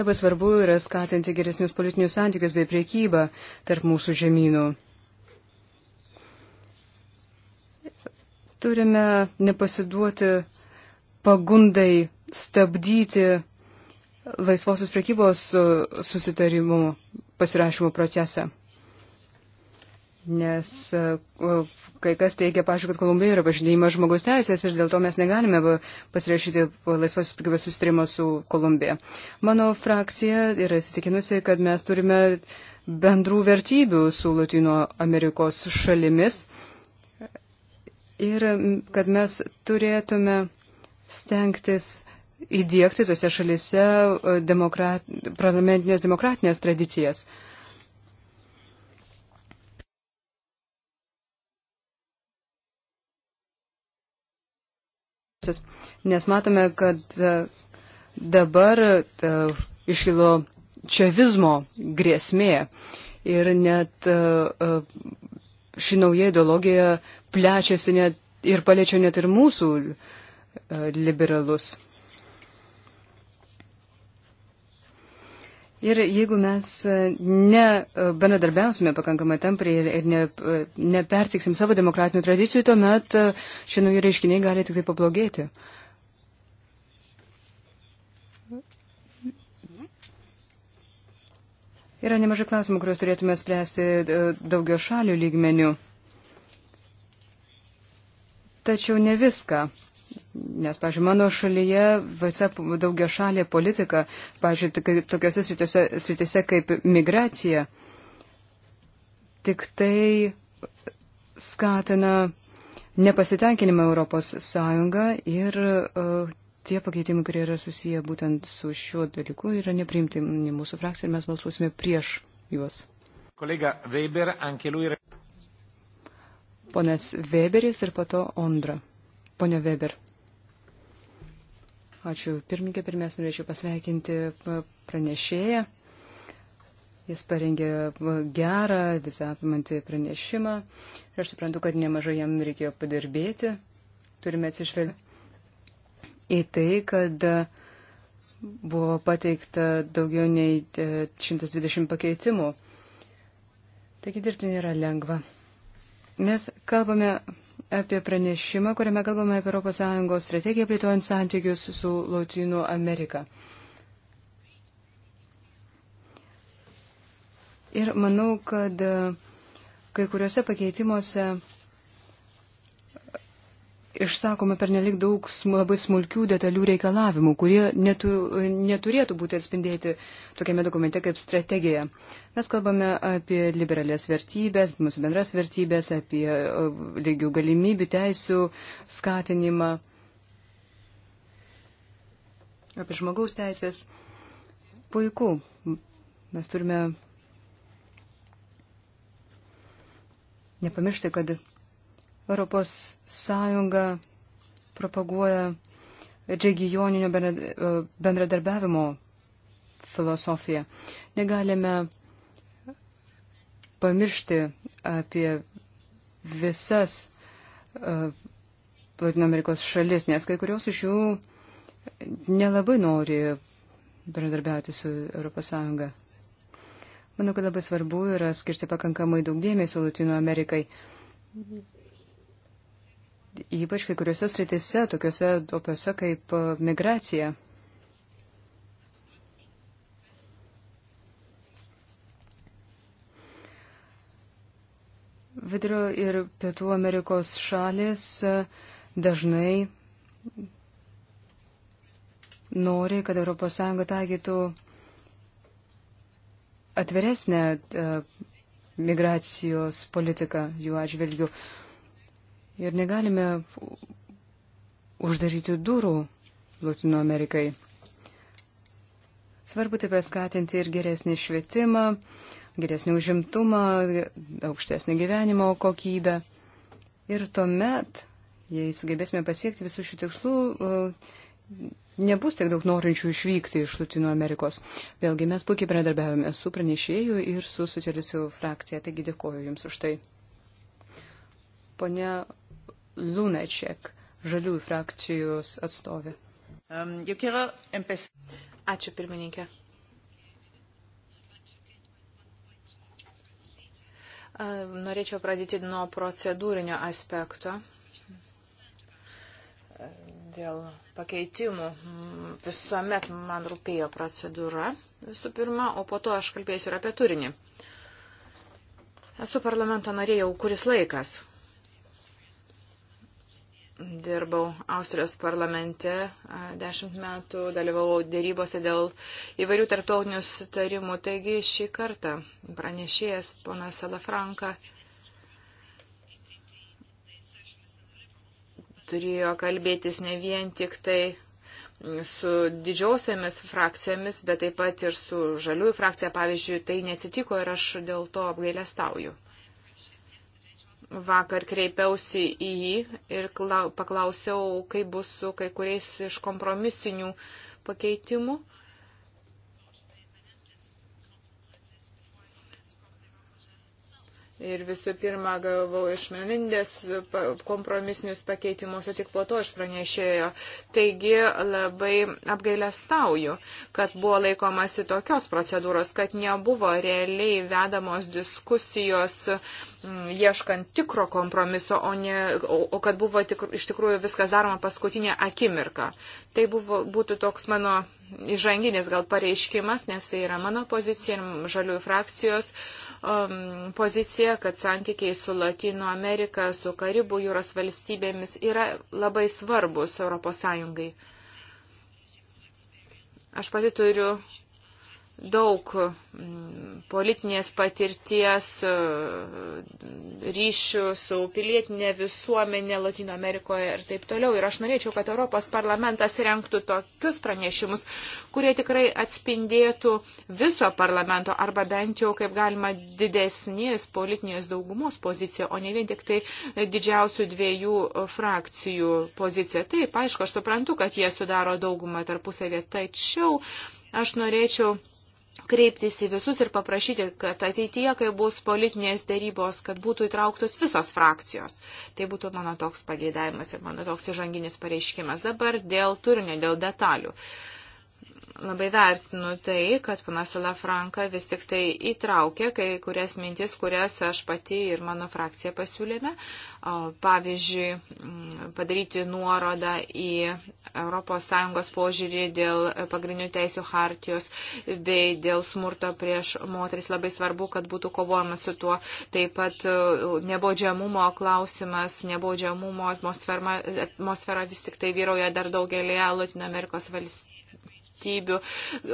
Labai svarbu yra skatinti geresnius politinius santykius bei priekybą tarp mūsų žemynų. Turime nepasiduoti pagundai stabdyti laisvosios prekybos e, susitarimų pasirašymo procesą. Nes e, kai kas teigia, pažiūrėjau, kad Kolumbijoje yra pažydėjimas žmogaus teisės ir dėl to mes negalime pasirašyti laisvosios prekybos susitarimo su Kolumbija. Mano frakcija yra įsitikinusi, kad mes turime bendrų vertybių su Latino Amerikos šalimis ir kad mes turėtume stengtis įdėkti tose šalise e, demokrat, parlamentinės demokratinės tradicijas. Nes matome, kad e, dabar e, iškilo čiavizmo grėsmė ir net ši nauja ideologija plečiasi net ir paliečia net ir mūsų liberalus. Ir jeigu mes e, nebenadarbiausime e, pakankamai tampriai ir ne, e, nepertiksim savo demokratinių tradicijų, tuomet šie nauji reiškiniai gali tik tai pablogėti. Yra nemažai klausimų, kuriuos turėtume spręsti daugio šalių lygmenių. Tačiau ne viską Nes, pažiūrėjau, mano šalyje visa daugia šalė politika, pažiūrėjau, tokiuose sritise, sritise kaip migracija, tik tai skatina nepasitenkinimą Europos Sąjungą ir uh, tie pakeitimai, kurie yra susiję būtent su šiuo dalyku, yra nepriimtini mūsų frakcija ir mes balsuosime prieš juos. Kolega Weber, anche lui. Ponas Weberis ir po to Ondra. Pone Weber. Ačiū pirmininkė, pirmiausia, norėčiau pasveikinti pranešėją. Jis parengė gerą, visą apimantį pranešimą. Ir aš suprantu, kad nemažai jam reikėjo padirbėti. Turime atsižvelgti į tai, kad buvo pateikta daugiau nei 120 e, pakeitimų. Taigi dirbti nėra lengva. Mes kalbame apie pranešimą, kuriame kalbame apie ES strategiją plėtojant santykius su Lotynų Amerika. Ir manau, kad e, kai kuriuose pakeitimuose išsakoma per nelik daug labai smulkių detalių reikalavimų, kurie netu, neturėtų būti atspindėti tokiame dokumente kaip strategija. Mes kalbame apie liberalės vertybės, mūsų bendras vertybės, apie e, lygių galimybių, teisų skatinimą, apie žmogaus teisės. Puiku, mes turime nepamiršti, kad Europos Sąjunga propaguoja regioninio e, bendradarbiavimo filosofiją. Negalime pamiršti apie visas e, Latino Amerikos šalis, nes kai kurios iš jų nelabai nori bendradarbiauti su ES. Manau, kad labai svarbu yra skirti pakankamai daug dėmesio Latino Amerikai ypač kai kuriuose sritise, tokiuose opiuose kaip e, migracija. Vidurio ir Pietų Amerikos šalis e, dažnai nori, kad ES taikytų atviresnę e, migracijos politiką jų atžvilgių ir negalime uždaryti durų Latino Amerikai. Svarbu taip paskatinti ir geresnį švietimą, geresnį užimtumą, aukštesnį gyvenimo kokybę. Ir tuomet, jei sugebėsime pasiekti visų šių tikslų, e, nebus tiek daug norinčių išvykti iš Latino Amerikos. Vėlgi mes puikiai bendradarbiavome su pranešėju ir su socialistų frakcija, taigi dėkoju Jums už tai. Pone Lunaček, žaliųjų frakcijos atstovė. Um, Ačiū pirmininkė. Norėčiau pradėti nuo procedūrinio aspekto dėl pakeitimų. Visuomet man rūpėjo procedūra visų pirma, o po to aš kalbėsiu ir apie turinį. Esu parlamento narė jau kuris laikas dirbau Austrijos parlamente dešimt metų, dalyvavau dėrybose dėl įvairių tarptautinių sutarimų. Taigi šį kartą pranešėjas ponas Salafranka turėjo kalbėtis ne vien tik tai su didžiausiamis frakcijomis, bet taip pat ir su žaliųjų frakcija. Pavyzdžiui, tai neatsitiko ir aš dėl to apgailestauju. Vakar kreipiausi į jį ir klau, paklausiau, kaip bus su kai kuriais iš kompromisinių pakeitimų. Ir visų pirma, gavau iš Melindės kompromisinius pakeitimus, o tik po to aš pranešėjo. Taigi labai apgailę stauju, kad buvo laikomasi tokios procedūros, kad nebuvo realiai vedamos diskusijos m, mm, ieškant tikro kompromiso, o, ne, o, o kad buvo tik, iš tikrųjų viskas daroma paskutinė akimirka. Tai buvo, būtų toks mano įžanginis gal pareiškimas, nes tai yra mano pozicija ir žaliųjų frakcijos. Uh, um, poziciją, kad santykiai su Latino Amerika, su Karibų jūros valstybėmis yra labai svarbus ES. Aš pati turiu daug mm, politinės patirties, e, ryšių su pilietinė visuomenė Latino Amerikoje ir taip toliau. Ir aš norėčiau, kad Europos parlamentas renktų tokius pranešimus, kurie tikrai atspindėtų viso parlamento arba bent jau kaip galima didesnės politinės daugumos poziciją, o ne vien tik tai didžiausių dviejų frakcijų poziciją. Taip, aišku, aš suprantu, kad jie sudaro daugumą tarpusavė, tačiau aš norėčiau kreiptis į visus ir paprašyti, kad ateityje, kai bus politinės dėrybos, kad būtų įtrauktos visos frakcijos. Tai būtų mano toks pageidavimas ir mano toks įžanginis pareiškimas. Dabar dėl turinio, dėl detalių. Uh, labai vertinu tai, kad panas Lafranka vis tik tai įtraukė kai kurias mintis, kurias aš pati ir mano frakcija pasiūlėme. Pavyzdžiui, padaryti nuorodą į ES požiūrį dėl pagrindinių teisų hartijos bei dėl smurto prieš moteris. Labai svarbu, kad būtų kovojama su tuo. Taip pat e, nebaudžiamumo klausimas, nebaudžiamumo atmosfera, atmosfera vis tik tai vyrauja dar daugelėje Latino Amerikos valstybių valstybių.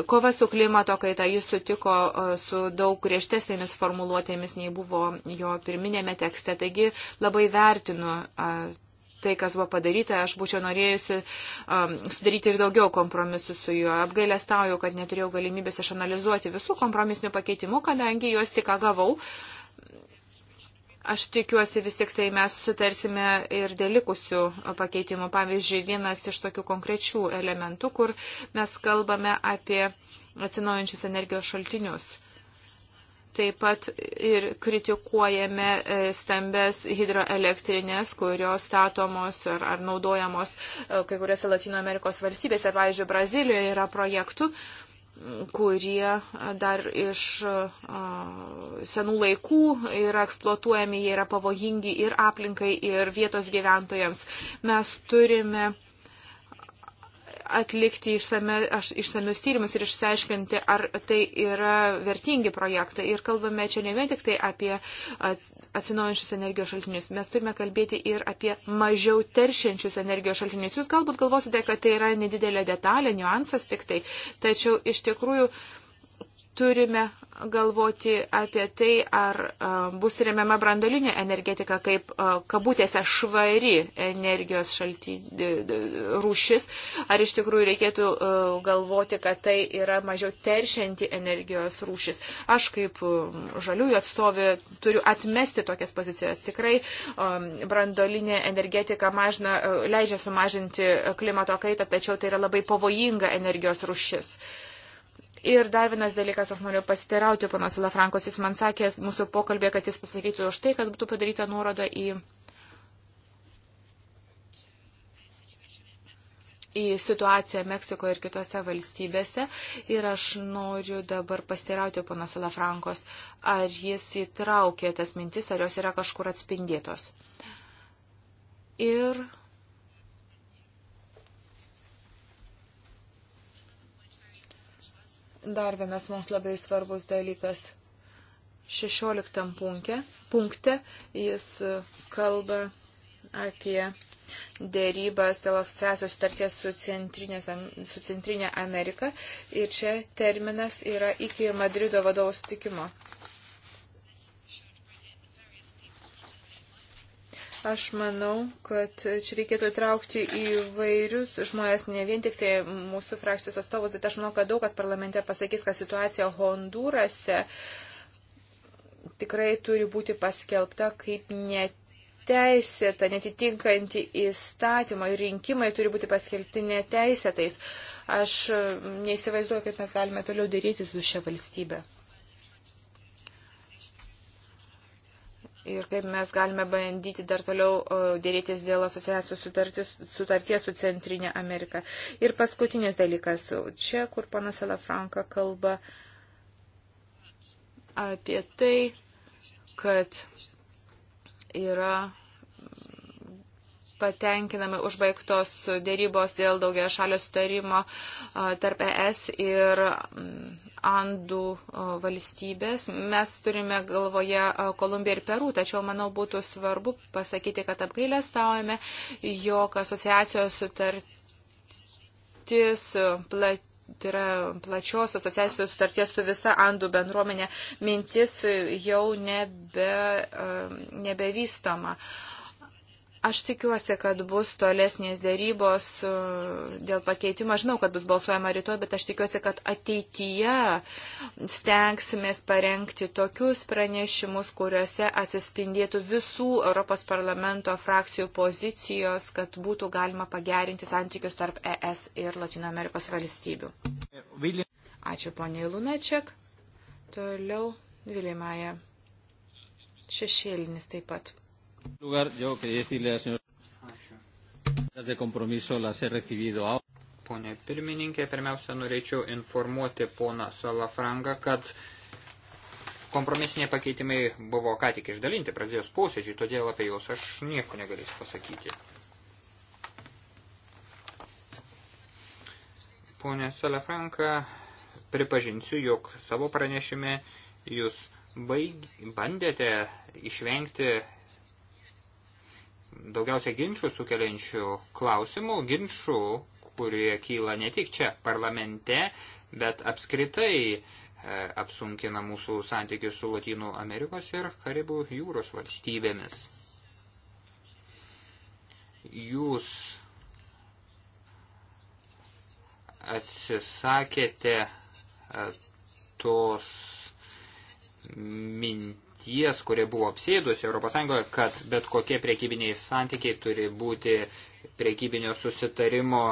Kova su klimato kaita jis sutiko e, su daug griežtesnėmis formuluotėmis nei buvo jo pirminėme tekste. Taigi labai vertinu e, tai, kas buvo padaryta, aš būčiau norėjusi um, sudaryti ir daugiau kompromisų su juo. Apgailestauju, kad neturėjau galimybės išanalizuoti visų kompromisinių pakeitimų, kadangi juos tik gavau. Uh, Aš tikiuosi vis tik tai mes sutarsime ir dėl likusių pakeitimų. Pavyzdžiui, vienas iš tokių konkrečių elementų, kur mes kalbame apie atsinaujančius energijos šaltinius. Taip pat ir kritikuojame e, stambes hidroelektrinės, kurios statomos ar, ar naudojamos e, kai kuriuose Latino Amerikos valstybėse. Pavyzdžiui, Brazilijoje yra projektų, kurie dar iš senų laikų yra eksploatuojami, jie yra pavojingi ir aplinkai, ir vietos gyventojams. Mes turime atlikti išsame, aš, išsamius tyrimus ir išsiaiškinti, ar tai yra vertingi projektai. Ir kalbame čia ne vien tik tai apie atsinaujančius energijos šaltinius, mes turime kalbėti ir apie mažiau teršiančius energijos šaltinius. Jūs galbūt galvosite, kad tai yra nedidelė detalė, niuansas tik tai, tačiau iš tikrųjų turime galvoti apie tai, ar bus remiama brandolinė energetika kaip kabutėse švari energijos šalty, rūšis, ar iš tikrųjų reikėtų galvoti, kad tai yra mažiau teršianti energijos rūšis. Aš kaip žaliųjų atstovė turiu atmesti tokias pozicijas. Tikrai brandolinė energetika mažna, leidžia sumažinti klimato kaitą, tačiau tai yra labai pavojinga energijos rūšis. Ir dar vienas dalykas, aš noriu pasiteirauti, panas Lafrankos, jis man sakė mūsų pokalbė, kad jis pasakytų už tai, kad būtų padaryta nuoroda į, į situaciją Meksikoje ir kitose valstybėse. Ir aš noriu dabar pasiteirauti, panas Lafrankos, ar jis įtraukė tas mintis, ar jos yra kažkur atspindėtos. Ir Dar vienas mums labai svarbus dalykas. 16 punkte, punkte jis e, kalba apie dėrybas dėl asociacijos sutarties su, su Centrinė Amerika ir čia terminas yra iki Madrido vadovų sutikimo. Aš manau, kad čia reikėtų įtraukti įvairius žmonės, ne vien tik tai mūsų frakcijos atstovus, bet aš manau, kad daug kas parlamente pasakys, kad situacija Hondūrase tikrai turi būti paskelbta kaip neteisėta, netitinkanti įstatymą ir rinkimai turi būti paskelbti neteisėtais. Aš neįsivaizduoju, kaip mes galime toliau daryti su šia valstybe. ir kaip mes galime bandyti dar toliau dėrėtis dėl asociacijos sutartis, sutarties su Centrinė Amerika. Ir paskutinis dalykas, čia, kur panas Elefranka kalba apie tai, kad yra patenkinami užbaigtos dėrybos dėl daugia šalio sutarimo tarp ES ir mm, Andų valstybės. Mes turime galvoje Kolumbiją ir Perų, tačiau manau būtų svarbu pasakyti, kad apgailę staujame, jog asociacijos sutartis plat tai yra plačios asociacijos sutarties su visa Andų bendruomenė mintis jau nebe, nebevystoma. Uh, Aš tikiuosi, kad bus tolesnės dėrybos e, dėl pakeitimo. Aš žinau, kad bus balsuojama rytoj, bet aš tikiuosi, kad ateityje stengsimės parengti tokius pranešimus, kuriuose atsispindėtų visų Europos parlamento frakcijų pozicijos, kad būtų galima pagerinti santykius tarp ES ir Latino Amerikos valstybių. Ačiū poniai Lunačiak. Toliau Vilimaja. Šešėlinis taip pat. Lugar, yo quería decirle al señor. Ačiū. De compromiso las he recibido ahora. Pone pirmininkė, pirmiausia, norėčiau informuoti poną Salafrangą, kad kompromisiniai pakeitimai buvo ką tik išdalinti pradėjus posėdžiui, todėl apie juos aš nieko negalėsiu pasakyti. Pone Salafranka, pripažinsiu, jog savo pranešime jūs baig... bandėte išvengti daugiausia ginčių sukeliančių klausimų, ginčių, kurie kyla ne tik čia parlamente, bet apskritai e, apsunkina mūsų santykius su Latinų Amerikos ir Karibų jūros valstybėmis. Jūs atsisakėte e, tos minties minties, kurie buvo apsėdusi ES, kad bet kokie priekybiniai santykiai turi būti priekybinio susitarimo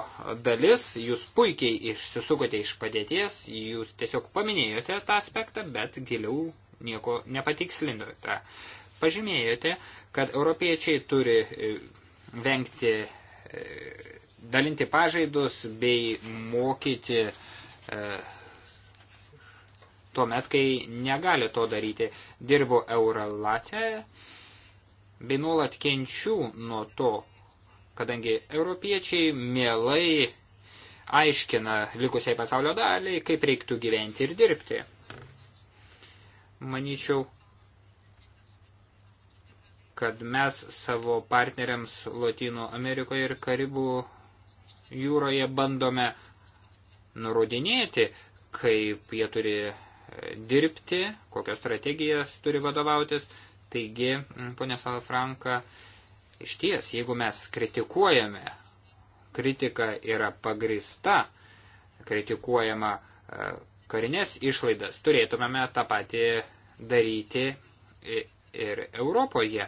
dalis. Jūs puikiai išsisukote iš padėties, jūs tiesiog paminėjote tą aspektą, bet giliau nieko nepatikslinote. Pažymėjote, kad europiečiai turi e, vengti e, dalinti pažaidus bei mokyti e, tuomet, kai negali to daryti. Dirbu Euralate bei nuolat kenčiu nuo to, kadangi europiečiai mielai aiškina likusiai pasaulio daliai, kaip reiktų gyventi ir dirbti. Manyčiau, kad mes savo partneriams Latino Amerikoje ir Karibų jūroje bandome nurodinėti, kaip jie turi dirbti, kokios strategijas turi vadovautis. Taigi, ponė Salafranka, iš ties, jeigu mes kritikuojame, kritika yra pagrista, kritikuojama e, karinės išlaidas, turėtumėme tą patį daryti ir Europoje.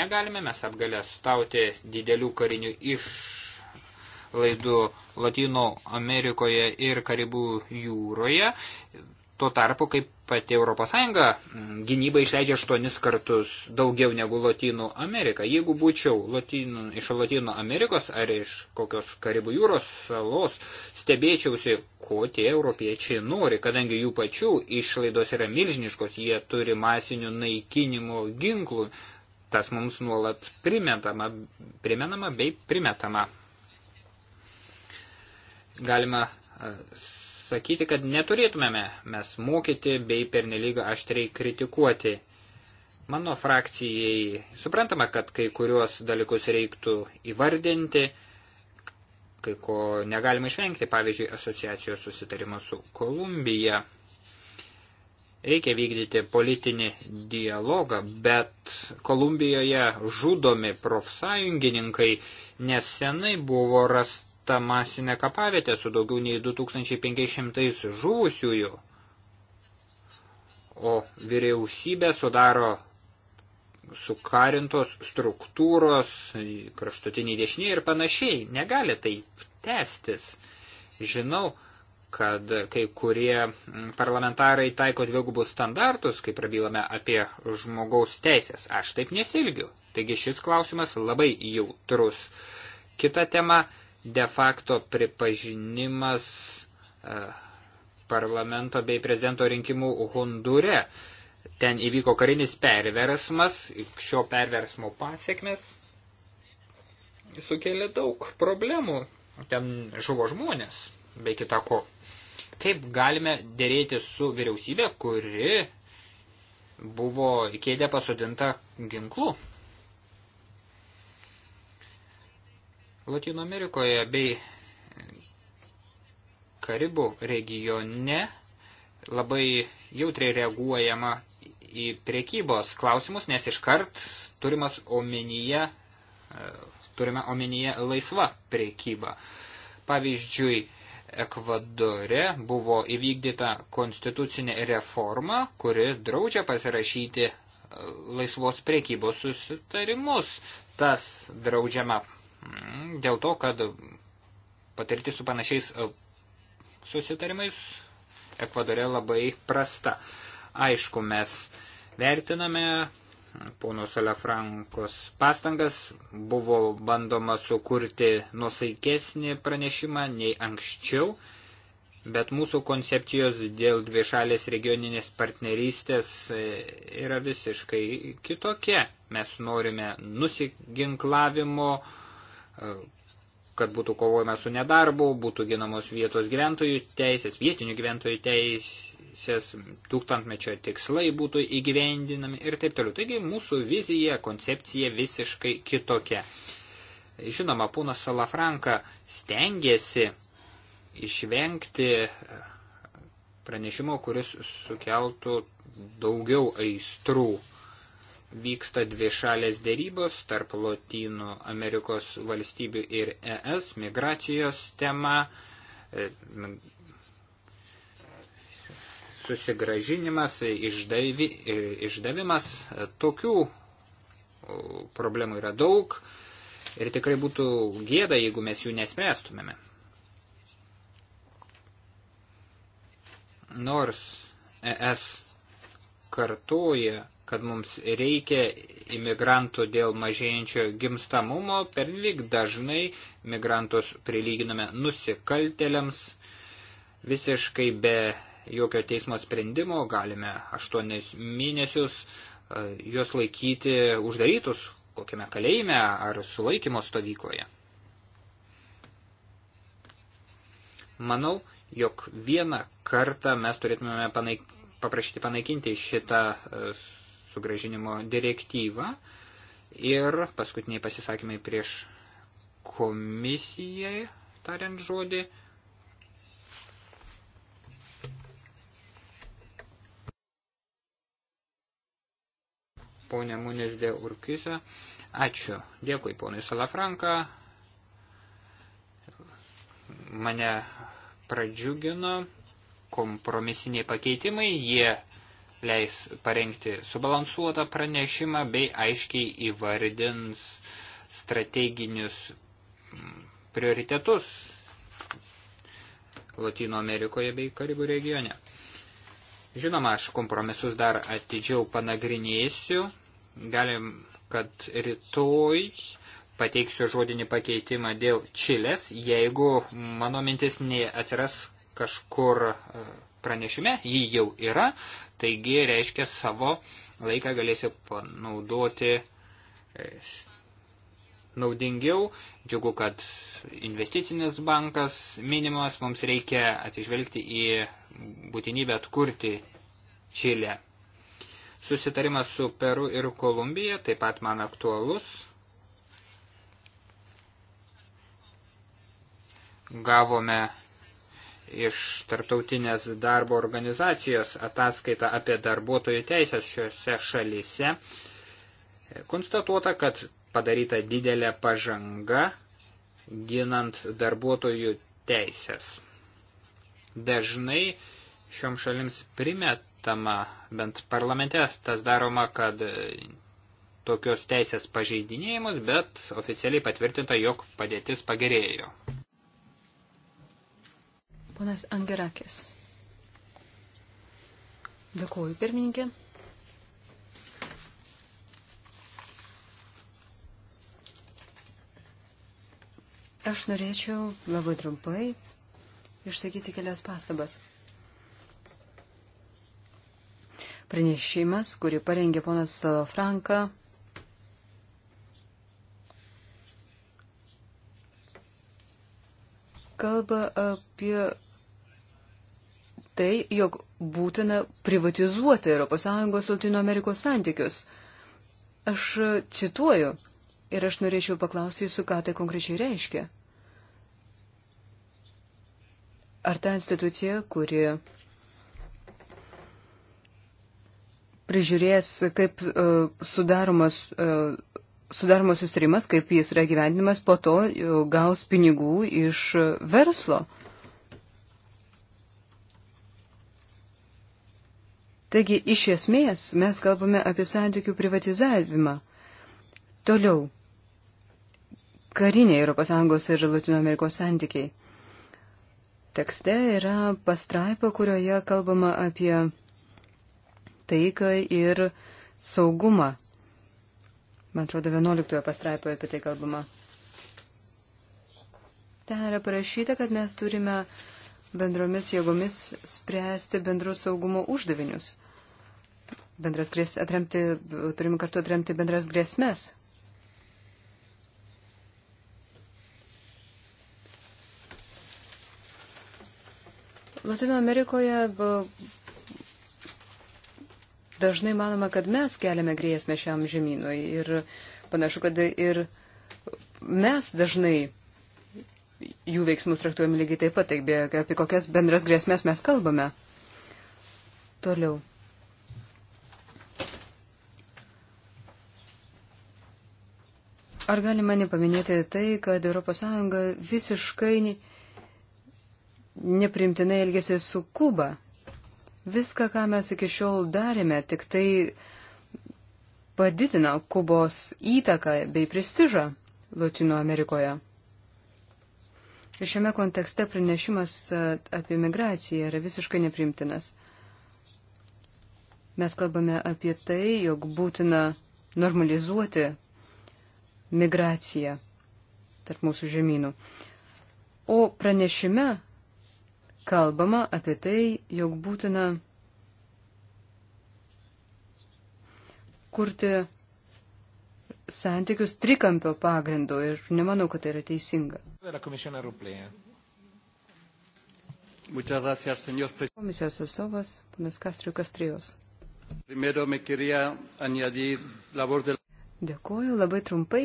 Negalime mes apgalėstauti didelių karinių išlaidų Latino Amerikoje ir Karibų jūroje. Tuo tarpu, kaip pati ES gynyba išleidžia aštuonis kartus daugiau negu Latinų Amerika. Jeigu būčiau Latinų, iš Latino Amerikos ar iš kokios Karibų jūros salos, stebėčiausi, ko tie europiečiai nori, kadangi jų pačių išlaidos yra milžiniškos, jie turi masinių naikinimo ginklų. Tas mums nuolat primetama, primenama bei primetama. Galima sakyti, kad neturėtumėme mes mokyti bei pernelygą aštriai kritikuoti. Mano frakcijai suprantama, kad kai kuriuos dalykus reiktų įvardinti, kai ko negalima išvengti, pavyzdžiui, asociacijos susitarimo su Kolumbija. Reikia vykdyti politinį dialogą, bet Kolumbijoje žudomi profsąjungininkai, nes senai buvo rasta ta masinė kapavietė su daugiau nei 2500 žuvusiųjų, o vyriausybė sudaro sukarintos struktūros, kraštutiniai dešiniai ir panašiai. Negali taip tęstis. Žinau, kad kai kurie mm, parlamentarai taiko dvigubus standartus, kai prabylame apie žmogaus teisės. Aš taip nesilgiu. Taigi šis klausimas labai jautrus. Kita tema de facto pripažinimas e, parlamento bei prezidento rinkimų Hondūre. Ten įvyko karinis perversmas, šio perversmo pasiekmes sukėlė daug problemų. Ten žuvo žmonės, bei kita ko. Kaip galime dėrėti su vyriausybė, kuri buvo kėdė pasodinta ginklu? Latino Amerikoje bei Karibų regione labai jautriai reaguojama į priekybos klausimus, nes iškart turimas omenyje, e, turime omenyje laisva priekyba. Pavyzdžiui, Ekvadore buvo įvykdyta konstitucinė reforma, kuri draudžia pasirašyti e, laisvos priekybos susitarimus. Tas draudžiama Mm, dėl to, kad patirti su panašiais e, susitarimais Ekvadore labai prasta. Aišku, mes vertiname pono Salafrankos pastangas, buvo bandoma sukurti nusaikesnį pranešimą nei anksčiau, bet mūsų koncepcijos dėl dvišalės regioninės partnerystės e, yra visiškai kitokia. Mes norime nusiginklavimo, kad būtų kovojama su nedarbu, būtų ginamos vietos gyventojų teisės, vietinių gyventojų teisės, tūkstantmečio tikslai būtų įgyvendinami ir taip toliau. Taigi mūsų vizija, koncepcija visiškai kitokia. Žinoma, ponas Salafranka stengiasi išvengti pranešimo, kuris sukeltų daugiau aistrų vyksta dvišalės dėrybos tarp Lotynų Amerikos valstybių ir ES migracijos tema, e, susigražinimas, išdavi, e, išdavimas. Tokių problemų yra daug ir tikrai būtų gėda, jeigu mes jų nespręstumėme. Nors ES kartuoja kad mums reikia imigrantų dėl mažėjančio gimstamumo, per lyg dažnai migrantus prilyginame nusikaltėliams, visiškai be jokio teismo sprendimo galime aštuonis mėnesius e, juos laikyti uždarytus kokiame kalėjime ar sulaikymo stovykloje. Manau, jog vieną kartą mes turėtume panaik paprašyti panaikinti šitą e, sugražinimo direktyvą ir paskutiniai pasisakymai prieš komisijai, tariant žodį. Pone Munės de Urkisa, ačiū. Dėkui, ponui Salafranka. Mane pradžiugino kompromisiniai pakeitimai, jie leis parengti subalansuotą pranešimą bei aiškiai įvardins strateginius mm, prioritetus Latino Amerikoje bei Karibų regione. Žinoma, aš kompromisus dar atidžiau panagrinėsiu. Galim, kad rytoj pateiksiu žodinį pakeitimą dėl Čilės, jeigu mano mintis neatsiras kažkur uh, pranešime, ji jau yra, taigi reiškia savo laiką galėsiu panaudoti e, naudingiau. Džiugu, kad investicinis bankas minimas, mums reikia atsižvelgti į būtinybę atkurti Čilę. Susitarimas su Peru ir Kolumbija taip pat man aktualus. Gavome iš tarptautinės darbo organizacijos ataskaita apie darbuotojų teisės šiuose šalyse, konstatuota, kad padaryta didelė pažanga ginant darbuotojų teisės. Dažnai šioms šalims primetama, bent parlamente tas daroma, kad tokios teisės pažeidinėjimus, bet oficialiai patvirtinta, jog padėtis pagerėjo. Ponas Angerakis. Dėkuoju, pirmininkė. Aš norėčiau labai trumpai išsakyti kelias pastabas. Pranešimas, kurį parengė ponas Franka, kalba apie tai, jog būtina privatizuoti ES Latino Amerikos santykius. Aš cituoju ir aš norėčiau paklausti jūsų, ką tai konkrečiai reiškia. Ar ta institucija, kuri prižiūrės, kaip uh, sudaromas, uh, sudaromas sustarimas, kaip jis yra gyvenimas, po to uh, gaus pinigų iš verslo. Uh, Taigi, iš esmės, mes kalbame apie santykių privatizavimą. Toliau. Kariniai ES ir Latino Amerikos santykiai. Tekste yra pastraipa, kurioje kalbama apie taiką ir saugumą. Man atrodo, 11 pastraipoje apie tai kalbama. Ten yra parašyta, kad mes turime bendromis jėgomis spręsti bendrus saugumo uždavinius bendras grės, atremti, turime kartu atremti bendras grėsmės. Latino Amerikoje dažnai manoma, kad mes keliame grėsmę šiam žemynui ir panašu, kad ir mes dažnai jų veiksmus traktuojame lygiai taip pat, taigi apie kokias bendras grėsmės mes kalbame. Toliau. Ar galima nepaminėti tai, kad ES visiškai neprimtinai elgėsi su Kuba? Viską, ką mes iki šiol darėme, tik tai padidino Kubos įtaką bei prestižą Latino Amerikoje. Ir šiame kontekste pranešimas apie migraciją yra visiškai neprimtinas. Mes kalbame apie tai, jog būtina normalizuoti migraciją tarp mūsų žemynų. O pranešime kalbama apie tai, jog būtina kurti santykius trikampio pagrindu ir nemanau, kad tai yra teisinga. Komisijos atstovas, panas Kastriu Kastrijos. Dėkuoju labai trumpai.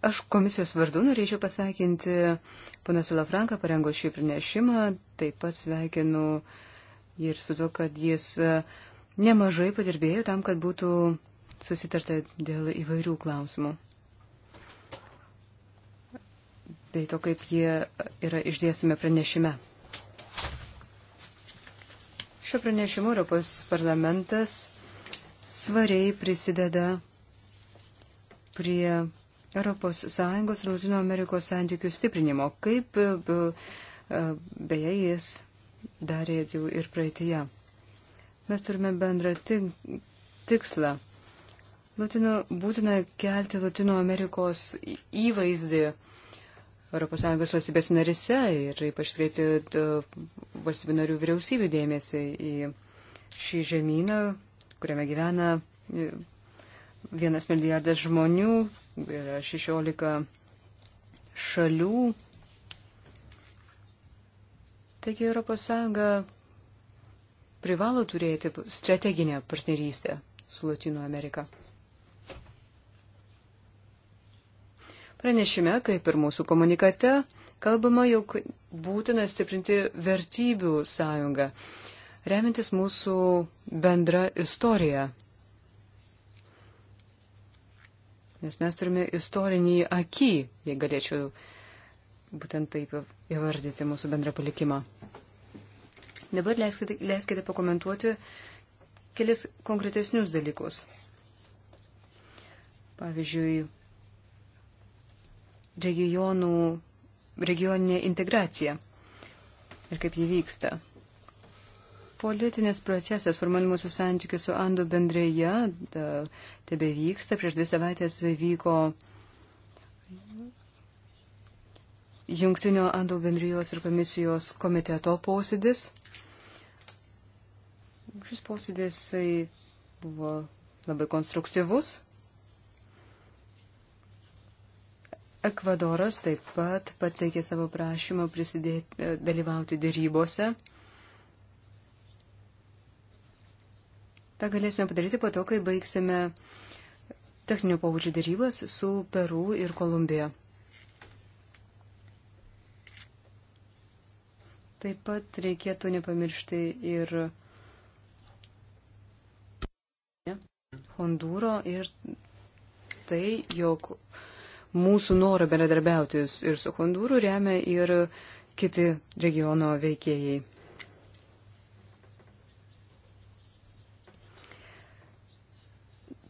Aš komisijos vardu norėčiau pasveikinti pana Silafranką, parengo šį pranešimą, taip pat sveikinu ir su to, kad jis e, nemažai padirbėjo tam, kad būtų susitarta dėl įvairių klausimų. Tai to, kaip jie yra išdėstume pranešime. Šio pranešimu Europos parlamentas svariai prisideda prie ES ir Latino Amerikos santykių stiprinimo, kaip e, e, beje jis darė jau ir praeitėje. Mes turime bendrą tikslą. Latino, būtina kelti Latino Amerikos įvaizdį ES valstybės narise ir ypač kreipti e, valstybių narių vyriausybių dėmesį į šį žemyną, kuriame gyvena vienas milijardas žmonių, yra 16 šalių. Taigi ES privalo turėti strateginę partnerystę su Latino Amerika. Pranešime, kaip ir mūsų komunikate, kalbama, jog būtina stiprinti vertybių sąjungą, remintis mūsų bendrą istoriją. Nes mes turime istorinį akį, jei galėčiau būtent taip įvardyti mūsų bendrą palikimą. Dabar leiskite, leiskite pakomentuoti kelis konkretesnius dalykus. Pavyzdžiui, regionų, regioninė integracija ir kaip ji vyksta. Politinis procesas, formuojant mūsų santykius su Andų bendrėje, tebe vyksta. Prieš dvi savaitės vyko Jungtinio Andų bendrijos ir komisijos komiteto posėdis. Šis posėdis buvo labai konstruktyvus. Ekvadoras taip pat pateikė savo prašymą prisidėti, dalyvauti dėrybose. Ta galėsime padaryti po to, kai baigsime techninio pobūdžio darybas su Peru ir Kolumbija. Taip pat reikėtų nepamiršti ir Hondūro ir tai, jog mūsų norą bendradarbiautis ir su Hondūru remia ir kiti regiono veikėjai.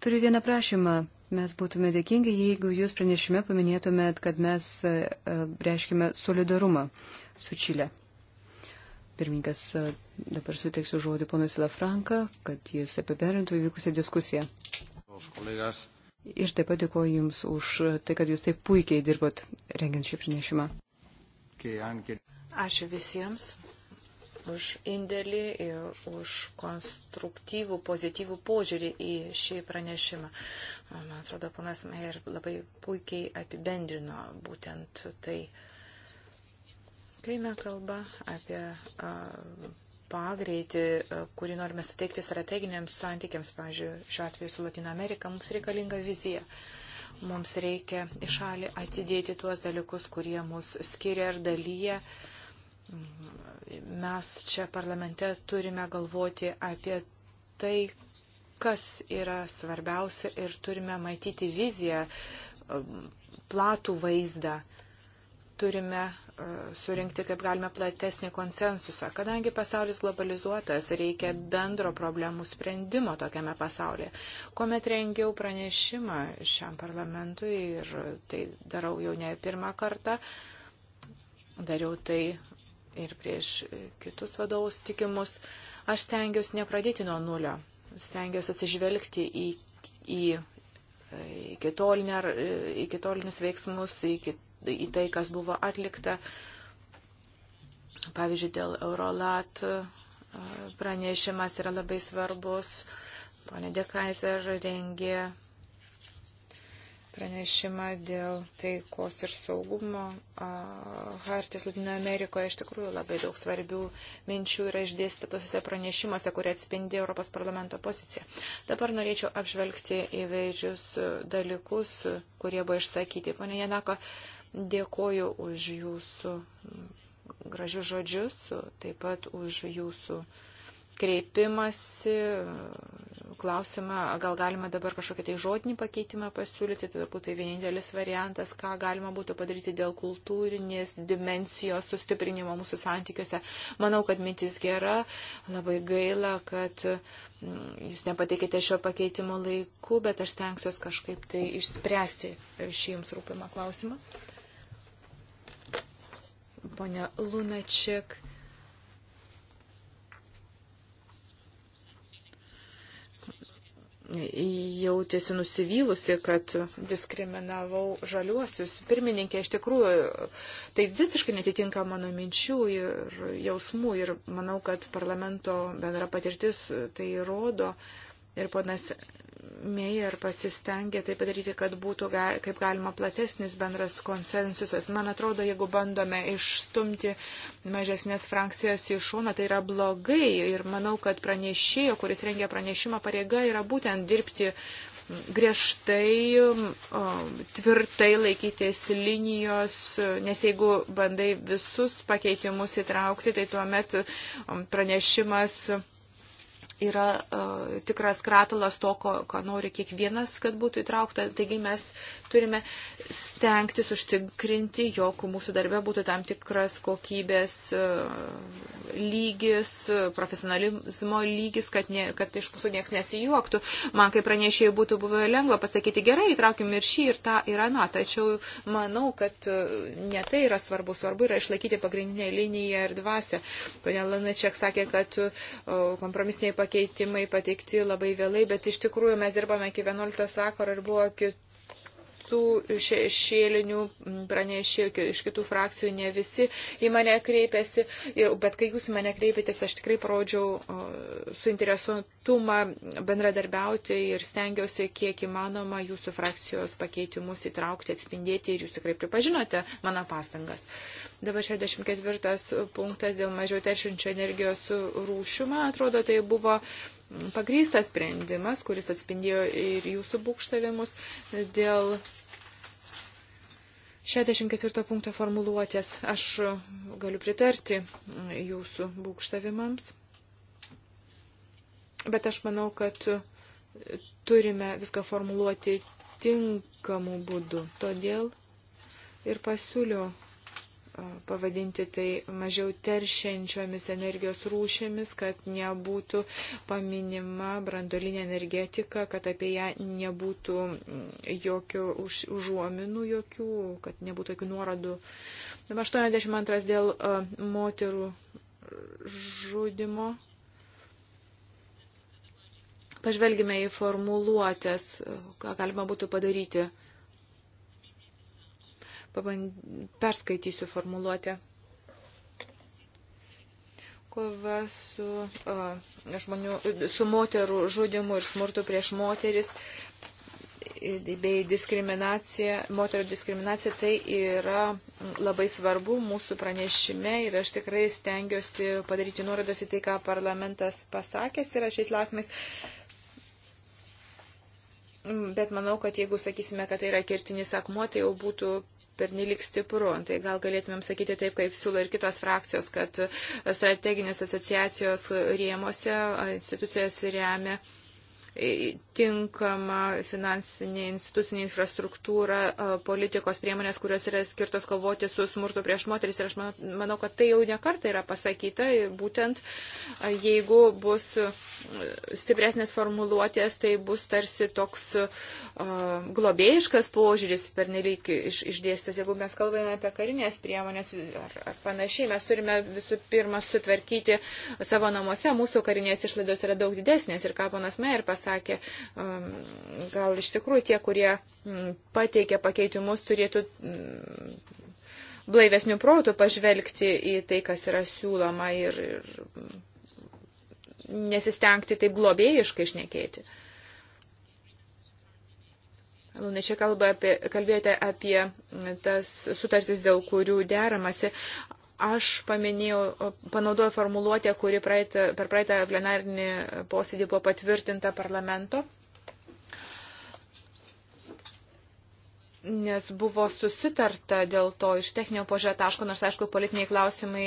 Turiu vieną prašymą. Mes būtume dėkingi, jeigu jūs pranešime paminėtumėt, kad mes e, e, reiškime solidarumą su Čilė. Pirmininkas e, dabar suteiksiu žodį ponui Silafranka, kad jis apibendrintų įvykusią diskusiją. Ir taip pat dėkoju Jums už tai, kad Jūs taip puikiai dirbot rengiant šį pranešimą. Ačiū visiems už indėlį ir už konstruktyvų, pozityvų požiūrį į šį pranešimą. Man atrodo, panas Meir labai puikiai apibendrino būtent tai. Kai eina kalba apie a, pagreitį, kurį norime suteikti strateginiams santykiams, pavyzdžiui, šiuo atveju su Latino Amerika, mums reikalinga vizija. Mums reikia į šalį atidėti tuos dalykus, kurie mus skiria ir dalyje mes čia parlamente turime galvoti apie tai, kas yra svarbiausia ir turime matyti viziją, platų vaizdą. Turime e, surinkti kaip galime platesnį konsensusą. Kadangi pasaulis globalizuotas, reikia bendro problemų sprendimo tokiame pasaulyje. Komet rengiau pranešimą šiam parlamentui ir tai darau jau ne pirmą kartą, dariau tai ir prieš kitus vadovus tikimus, aš stengiuosi nepradėti nuo nulio. Stengiuosi atsižvelgti į, į, į, kitolinę, į kitolinius veiksmus, į, į tai, kas buvo atlikta. Pavyzdžiui, dėl Eurolat e, pranešimas yra labai svarbus. Pone Dekaiser rengė pranešimą dėl taikos ir saugumo Hartijos Latino Amerikoje. Iš tikrųjų labai daug svarbių minčių yra išdėstytose pranešimuose, kurie atspindi Europos parlamento poziciją. Dabar norėčiau apžvelgti įveidžius dalykus, kurie buvo išsakyti. Pone Janako, dėkoju už jūsų gražius žodžius, taip pat už jūsų uh, kreipimasi, klausimą, gal galima dabar kažkokį tai žodinį pakeitimą pasiūlyti, tai būtų tai vienintelis variantas, ką galima būtų padaryti dėl kultūrinės dimensijos sustiprinimo mūsų santykiuose. Manau, kad mintis gera, labai gaila, kad mm, jūs nepateikite šio pakeitimo laiku, bet aš stengsiuos kažkaip tai išspręsti šį jums rūpimą klausimą. Pone Lunačik jautėsi nusivylusi, kad diskriminavau žaliuosius. Pirmininkė, iš tikrųjų, tai visiškai netitinka mano minčių ir jausmų ir manau, kad parlamento bendra patirtis tai rodo. Ir ponas Meijer pasistengė tai padaryti, kad būtų ga, kaip galima platesnis bendras konsensusas. Man atrodo, jeigu bandome išstumti mažesnės frakcijas į šoną, tai yra blogai. Ir manau, kad pranešėjo, kuris rengia pranešimą, pareiga yra būtent dirbti griežtai, tvirtai laikytis linijos, nes jeigu bandai visus pakeitimus įtraukti, tai tuomet pranešimas yra uh, tikras kratalas to, ko, ko nori kiekvienas, kad būtų įtraukta. Taigi mes turime stengtis užtikrinti, jog mūsų darbė būtų tam tikras kokybės uh, lygis, profesionalizmo lygis, kad, ne, kad iš mūsų niekas nesijuoktų. Man kaip pranešėjai būtų buvę lengva pasakyti gerai, įtraukim ir šį, ir tą, ir aną. Tačiau manau, kad uh, ne tai yra svarbu. Svarbu yra išlaikyti pagrindinę liniją ir dvasę. Pane Lanačiak sakė, kad uh, kompromisiniai pakeitimai pakeitimai pateikti labai vėlai, bet iš tikrųjų mes dirbame iki 11 vakaro ir buvo kitų kitų šešėlinių pranešėjų, iš kitų frakcijų, ne visi į mane kreipiasi, bet kai jūs į mane kreipėtės, aš tikrai parodžiau suinteresuotumą bendradarbiauti ir stengiausi kiek įmanoma jūsų frakcijos pakeitimus įtraukti, atspindėti ir jūs tikrai pripažinote mano pastangas. Dabar 64 punktas dėl mažiau teršinčio energijos rūšių, man atrodo, tai buvo pagrystas sprendimas, kuris atspindėjo ir jūsų būkštavimus dėl 64 punkto formuluotės. Aš galiu pritarti jūsų būkštavimams, bet aš manau, kad turime viską formuluoti tinkamu būdu. Todėl ir pasiūliau pavadinti tai mažiau teršiančiomis energijos rūšėmis, kad nebūtų paminima brandolinė energetika, kad apie ją nebūtų mm, jokių už, užuominų, jokių, kad nebūtų jokių nuorodų. Dabar 82 dėl uh, moterų žudimo. Pažvelgime į formuluotės, ką galima būtų padaryti. Uh, paband... perskaitysiu formuluotę kova su, a, žmonių, su moterų žudimu ir smurtu prieš moteris bei diskriminacija, moterio diskriminacija, tai yra labai svarbu mūsų pranešime ir aš tikrai stengiuosi padaryti nuorodas į tai, ką parlamentas pasakęs tai yra šiais lasmais. Bet manau, kad jeigu sakysime, kad tai yra kertinis akmuo, tai jau būtų pernelik stipru. Tai gal galėtumėm sakyti taip, kaip siūlo ir kitos frakcijos, kad strateginės asociacijos rėmose institucijas remia tinkamą finansinį institucinį infrastruktūrą, politikos priemonės, kurios yra skirtos kovoti su smurtu prieš moteris. Ir aš manau, kad tai jau nekarta yra pasakyta, būtent jeigu bus stipresnės formuluotės, tai bus tarsi toks globėjiškas požiūris per nelik iš, išdėstas. Jeigu mes kalbame apie karinės priemonės ar, ar panašiai, mes turime visų pirma sutvarkyti savo namuose. Mūsų karinės išlaidos yra daug didesnės ir ką panas Meir pasakė pasakė, um, gal iš tikrųjų tie, kurie mm, pateikė pakeitimus, turėtų mm, blaivesnių protų pažvelgti į tai, kas yra siūloma ir, ir nesistengti taip globėjiškai išnekėti. Lūna, čia kalba apie, kalbėjote apie tas sutartis, dėl kurių deramasi. Aš paminėjau, panaudojau formuluotę, kuri praeitą, per praeitą plenarinį posėdį buvo patvirtinta parlamento, nes buvo susitarta dėl to iš techninio požiūrė taško, nors aišku, politiniai klausimai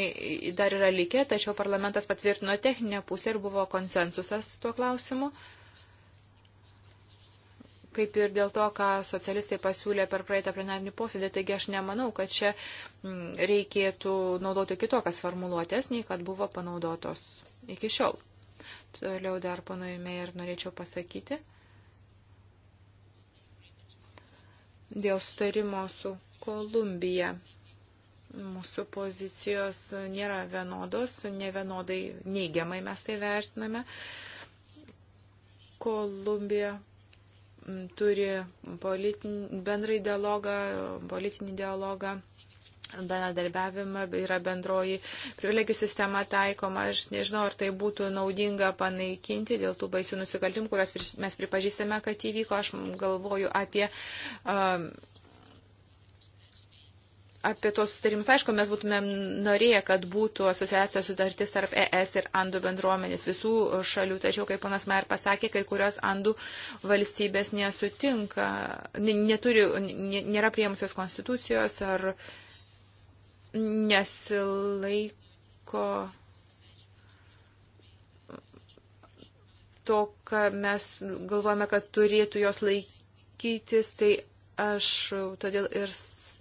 dar yra likę, tačiau parlamentas patvirtino techninę pusę ir buvo konsensusas tuo klausimu. Uh, kaip ir dėl to, ką socialistai pasiūlė per praeitą plenarinį posėdį. Taigi aš nemanau, kad čia mm, reikėtų naudoti kitokias formuluotės, nei kad buvo panaudotos iki šiol. Toliau dar panojume ir norėčiau pasakyti. Dėl sutarimo su Kolumbija mūsų pozicijos nėra vienodos, ne vienodai neigiamai mes tai vertiname. Kolumbija turi politin, bendrai dialogą, politinį dialogą bendradarbiavimą, yra bendroji privilegijų sistema taikoma. Aš nežinau, ar tai būtų naudinga panaikinti dėl tų baisių nusikaltimų, kuriuos mes pripažįstame, kad įvyko. Aš galvoju apie. Um, uh, apie tos sutarimus. Aišku, mes būtumėm norėję, kad būtų asociacijos sutartis tarp ES ir Andų bendruomenės visų šalių, tačiau, kaip ponas Mair pasakė, kai kurios Andų valstybės nesutinka, neturi, nėra priemusios konstitucijos ar nesilaiko to, ką mes galvojame, kad turėtų jos laikytis, tai aš todėl ir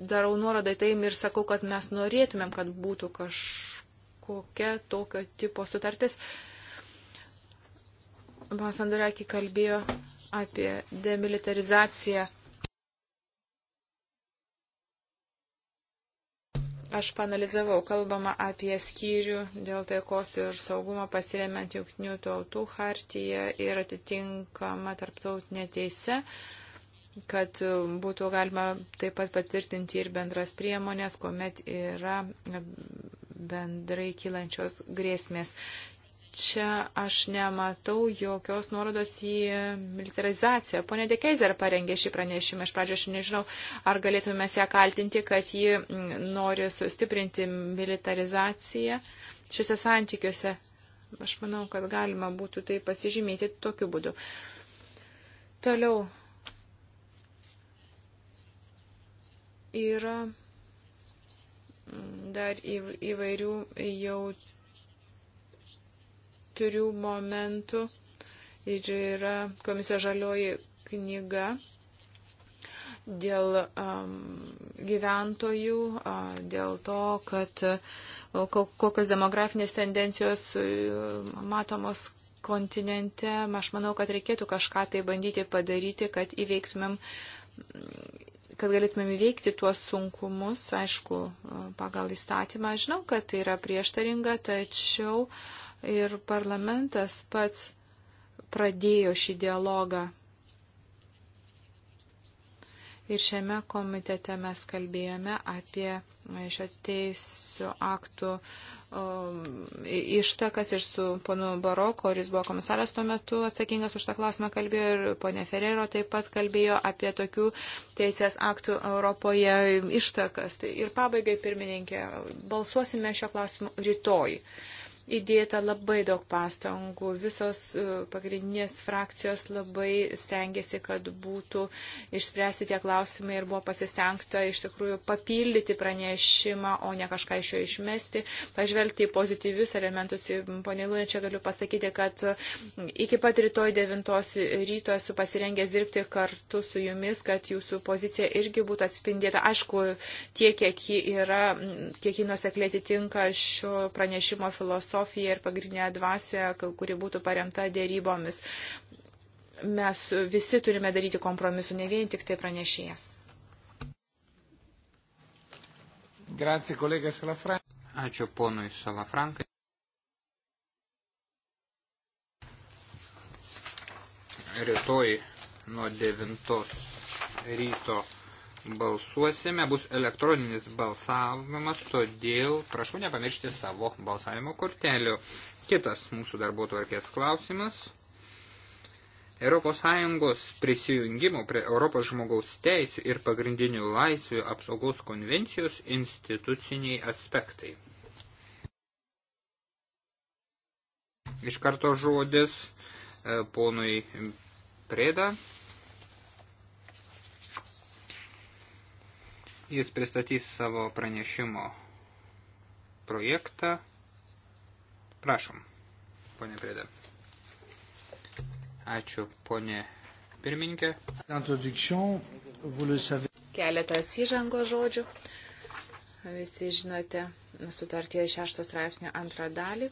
darau nuorodą į tai ir sakau, kad mes norėtumėm, kad būtų kažkokia tokio tipo sutartis. Masanduraki kalbėjo apie demilitarizaciją. Aš panalizavau kalbama apie skyrių dėl taikos ir saugumo pasiremiant jungtinių tautų hartiją ir atitinkamą tarptautinę teisę. Uh, kad e, būtų galima taip pat patvirtinti ir bendras priemonės, kuomet yra bendrai kylančios grėsmės. Čia aš nematau jokios nuorodos į militarizaciją. Pone Dekeizer parengė šį pranešimą. Iš pradžio aš nežinau, ar galėtume mes ją kaltinti, kad ji mm, nori sustiprinti militarizaciją šiuose santykiuose. Aš manau, kad galima būtų tai pasižymėti tokiu būdu. Toliau yra dar įvairių jautrių momentų ir yra komisijos žalioji knyga dėl um, gyventojų, uh, dėl to, kad uh, kokios demografinės tendencijos uh, matomos kontinente. Aš manau, kad reikėtų kažką tai bandyti padaryti, kad įveiktumėm kad galėtumėm įveikti tuos sunkumus, aišku, pagal įstatymą. Žinau, kad tai yra prieštaringa, tačiau ir parlamentas pats pradėjo šį dialogą. Ir šiame komitete mes kalbėjome apie šio teisų aktų uh, Um, ištakas ir su ponu Baroko, kuris buvo komisaras tuo metu atsakingas už tą klausimą kalbėjo ir ponė Ferrero taip pat kalbėjo apie tokių teisės aktų Europoje ištakas. Tai ir pabaigai, pirmininkė, balsuosime šio klausimu rytoj įdėta labai daug pastangų. Visos e, pagrindinės frakcijos labai stengiasi, kad būtų išspręsti tie klausimai ir buvo pasistengta iš tikrųjų papildyti pranešimą, o ne kažką iš jo išmesti, pažvelgti į pozityvius elementus. Pone Lūnė, čia galiu pasakyti, kad iki pat rytoj 9 ryto esu pasirengęs dirbti kartu su jumis, kad jūsų pozicija irgi būtų atspindėta. Aišku, tiek, kiek ji yra, kiek ji nuoseklėti tinka šio pranešimo filosofijos filosofiją ir pagrindinę dvasę, kuri būtų paremta dėrybomis. Mes visi turime daryti kompromisu, ne vien tik tai pranešėjas. Grazie, kolega Salafranka. Ačiū ponui Salafrankai. Rytoj nuo 9 ryto balsuosime, bus elektroninis balsavimas, todėl prašau nepamiršti savo balsavimo kortelių. Kitas mūsų darbo tvarkės klausimas. ES prisijungimo prie Europos žmogaus teisų ir pagrindinių laisvių apsaugos konvencijos instituciniai aspektai. Iš karto žodis e, ponui Prėda. Jis pristatys savo pranešimo projektą. Prašom, ponė Prėda. Ačiū, ponė pirmininkė. Keletas įžango žodžių. Visi žinote sutarties šešto straipsnio antrą dalį.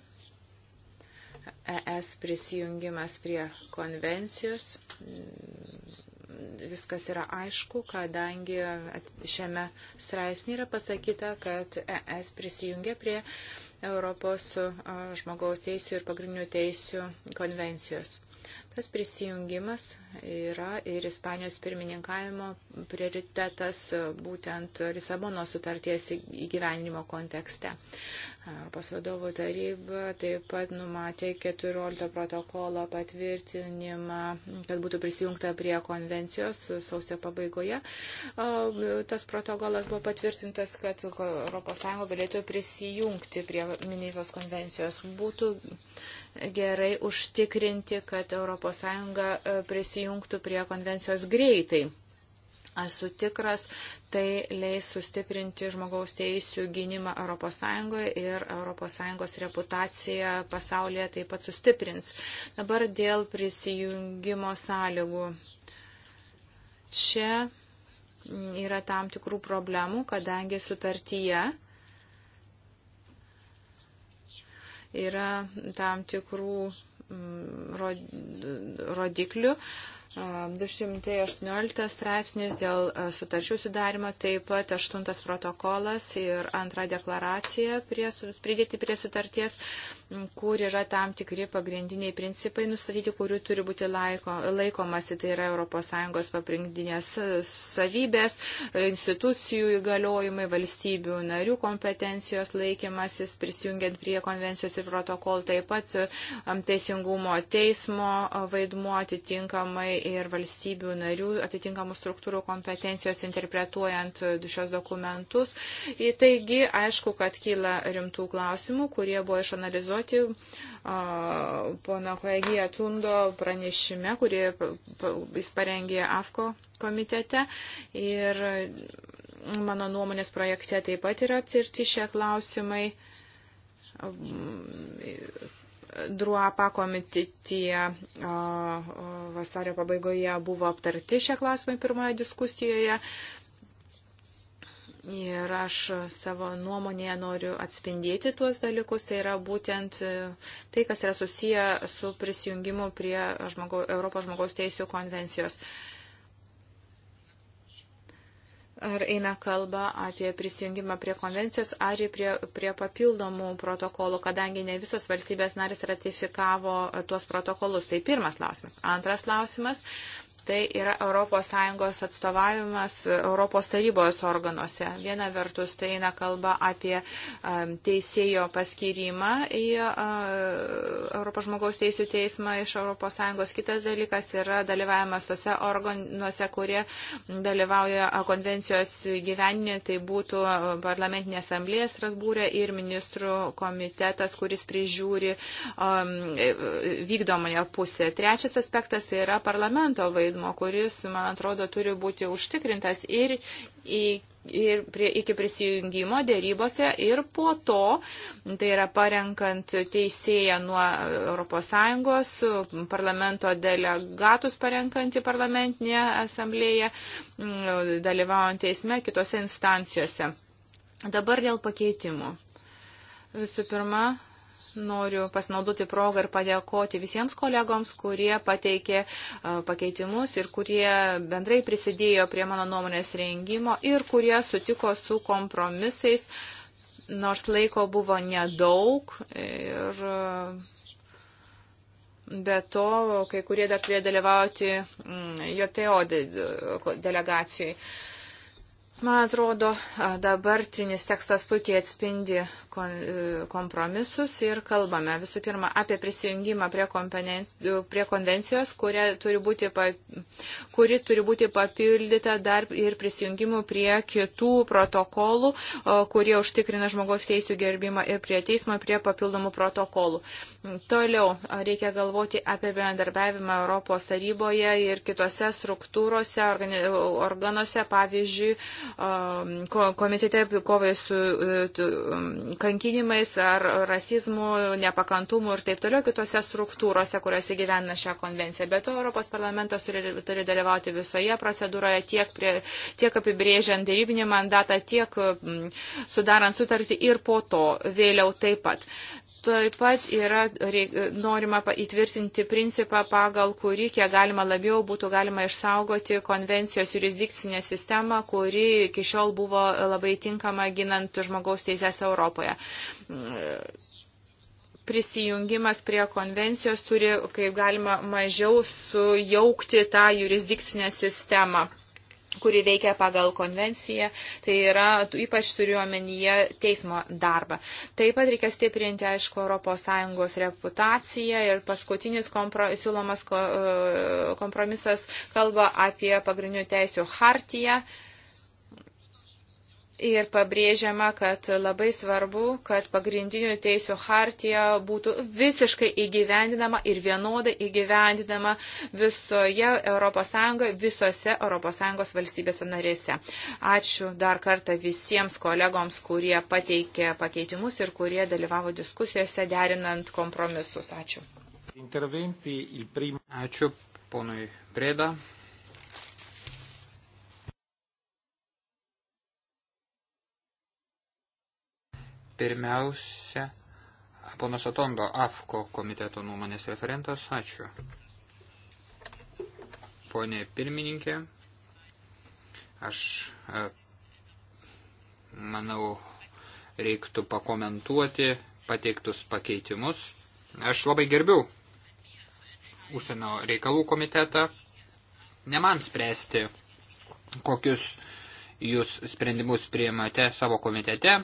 ES prisijungimas prie konvencijos viskas yra aišku, kadangi šiame straipsnė yra pasakyta, kad ES prisijungia prie Europos žmogaus teisų ir pagrindinių teisų konvencijos. Tas prisijungimas yra ir Ispanijos pirmininkavimo prioritetas e, būtent Lisabono sutarties įgyvenimo kontekste. Europos vadovų taryba taip pat numatė 14 protokolo patvirtinimą, kad būtų prisijungta prie konvencijos sausio pabaigoje. Tas protokolas buvo patvirtintas, kad ES galėtų prisijungti prie minėtos konvencijos. Būtų gerai užtikrinti, kad ES e, prisijungtų prie konvencijos greitai. Esu tikras, tai leis sustiprinti žmogaus teisų gynimą ES ir ES reputaciją pasaulyje taip pat sustiprins. Dabar dėl prisijungimo sąlygų. Čia yra tam tikrų problemų, kadangi sutartyje yra tam tikrų mm, rodiklių. 218 straipsnis dėl sutarčių sudarimo, taip pat 8 protokolas ir antra deklaracija prie, pridėti prie sutarties kur yra tam tikri pagrindiniai principai nustatyti, kurių turi būti laiko, laikomasi. Tai yra ES pagrindinės savybės, institucijų įgaliojimai, valstybių narių kompetencijos laikymasis, prisijungiant prie konvencijos ir protokol, taip pat um, teisingumo teismo vaidmuo atitinkamai ir valstybių narių atitinkamų struktūrų kompetencijos interpretuojant šios dokumentus. Taigi, aišku, kad kyla rimtų klausimų, kurie buvo išanalizuoti pacituoti pono kolegiją Tundo pranešime, kurį jis parengė AFKO komitete. Ir mano nuomonės projekte taip pat yra aptirti šie klausimai. Druapa komitetyje vasario pabaigoje buvo aptarti šie klausimai pirmoje diskusijoje. Ir aš savo nuomonėje noriu atspindėti tuos dalykus, tai yra būtent e, tai, kas yra susiję su prisijungimu prie žmogaus, Europos žmogaus teisų konvencijos. Ar eina kalba apie prisijungimą prie konvencijos, ar prie, prie papildomų protokolų, kadangi ne visos valstybės narės ratifikavo tuos protokolus. Tai pirmas klausimas. Antras klausimas tai yra ES atstovavimas Europos tarybos organuose. Viena vertus tai eina kalba apie um, teisėjo paskirimą į uh, Europos žmogaus teisų teismą iš ES. Kitas dalykas yra dalyvavimas tose organuose, kurie dalyvauja uh, konvencijos gyveninė, tai būtų uh, parlamentinė asamblėje Strasbūrė ir ministrų komitetas, kuris prižiūri um, vykdomąją pusę. Trečias aspektas tai yra parlamento vaidmuo vaidmo, kuris, man atrodo, turi būti užtikrintas ir į ir prie, iki prisijungimo dėrybose ir po to, tai yra parenkant teisėją nuo ES, parlamento delegatus parenkant į parlamentinę asamblėją, mm, dalyvaujant teisme kitose instancijose. Dabar dėl pakeitimų. Visų pirma, noriu pasinaudoti progą ir padėkoti visiems kolegoms, kurie pateikė pakeitimus ir kurie bendrai prisidėjo prie mano nuomonės rengimo ir kurie sutiko su kompromisais, nors laiko buvo nedaug. Ir, Be to, kai kurie dar turėjo dalyvauti JTO delegacijai. Man atrodo, dabartinis tekstas puikiai atspindi e, kompromisus ir kalbame visų pirma apie prisijungimą prie, prie konvencijos, turi būti, kuri turi būti papildyta dar ir prisijungimu prie kitų protokolų, kurie užtikrina žmogaus teisų gerbimą ir prie teismo prie papildomų protokolų. Toliau reikia galvoti apie bendarbiavimą Europos taryboje ir kitose struktūrose, organuose, pavyzdžiui, Um, komitete kovai su e, um, kankinimais ar rasizmu, nepakantumu ir taip toliau kitose struktūrose, kuriuose gyvena šią konvenciją. Bet to Europos parlamentas turi, turi dalyvauti visoje procedūroje, tiek, prie, tiek apibrėžiant dėrybinį mandatą, tiek sudarant sutartį ir po to vėliau taip pat. Taip pat yra reik, norima įtvirtinti principą, pagal kurį kiek galima labiau būtų galima išsaugoti konvencijos jurisdikcinę sistemą, kuri iki šiol buvo labai tinkama ginant žmogaus teisės Europoje. Prisijungimas prie konvencijos turi, kaip galima, mažiau sujaukti tą jurisdikcinę sistemą kuri veikia pagal konvenciją, tai yra ypač turiuomenyje teismo darbą. Taip pat reikia stiprinti, aišku, ES reputaciją ir paskutinis kompro, siūlomas e, kompromisas kalba apie pagrindinių teisių hartiją. Ir pabrėžiama, kad labai svarbu, kad pagrindinių teisų hartija būtų visiškai įgyvendinama ir vienodai įgyvendinama visoje ES, visose ES valstybėse narėse. Ačiū dar kartą visiems kolegoms, kurie pateikė pakeitimus ir kurie dalyvavo diskusijose derinant kompromisus. Ačiū. Ačiū ponui Prėda. Pirmiausia, ponas Atondo, AFKO komiteto nuomonės referentas, ačiū. Pone pirmininkė, aš e, manau, reiktų pakomentuoti pateiktus pakeitimus. Aš labai gerbiu užsienio reikalų komitetą. Ne man spręsti, kokius jūs sprendimus priimate savo komitete.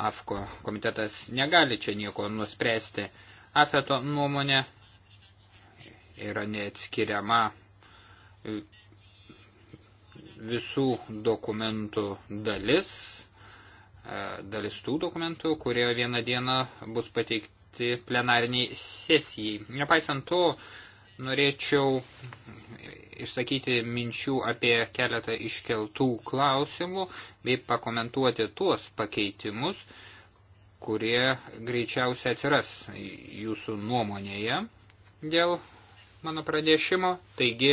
AFKO komitetas negali čia nieko nuspręsti. AFETO nuomonė yra neatskiriama visų dokumentų dalis, e, dalis tų dokumentų, kurie vieną dieną bus pateikti plenariniai sesijai. Nepaisant to, norėčiau išsakyti minčių apie keletą iškeltų klausimų bei pakomentuoti tuos pakeitimus, kurie greičiausiai atsiras jūsų nuomonėje dėl mano pradėšimo. Taigi,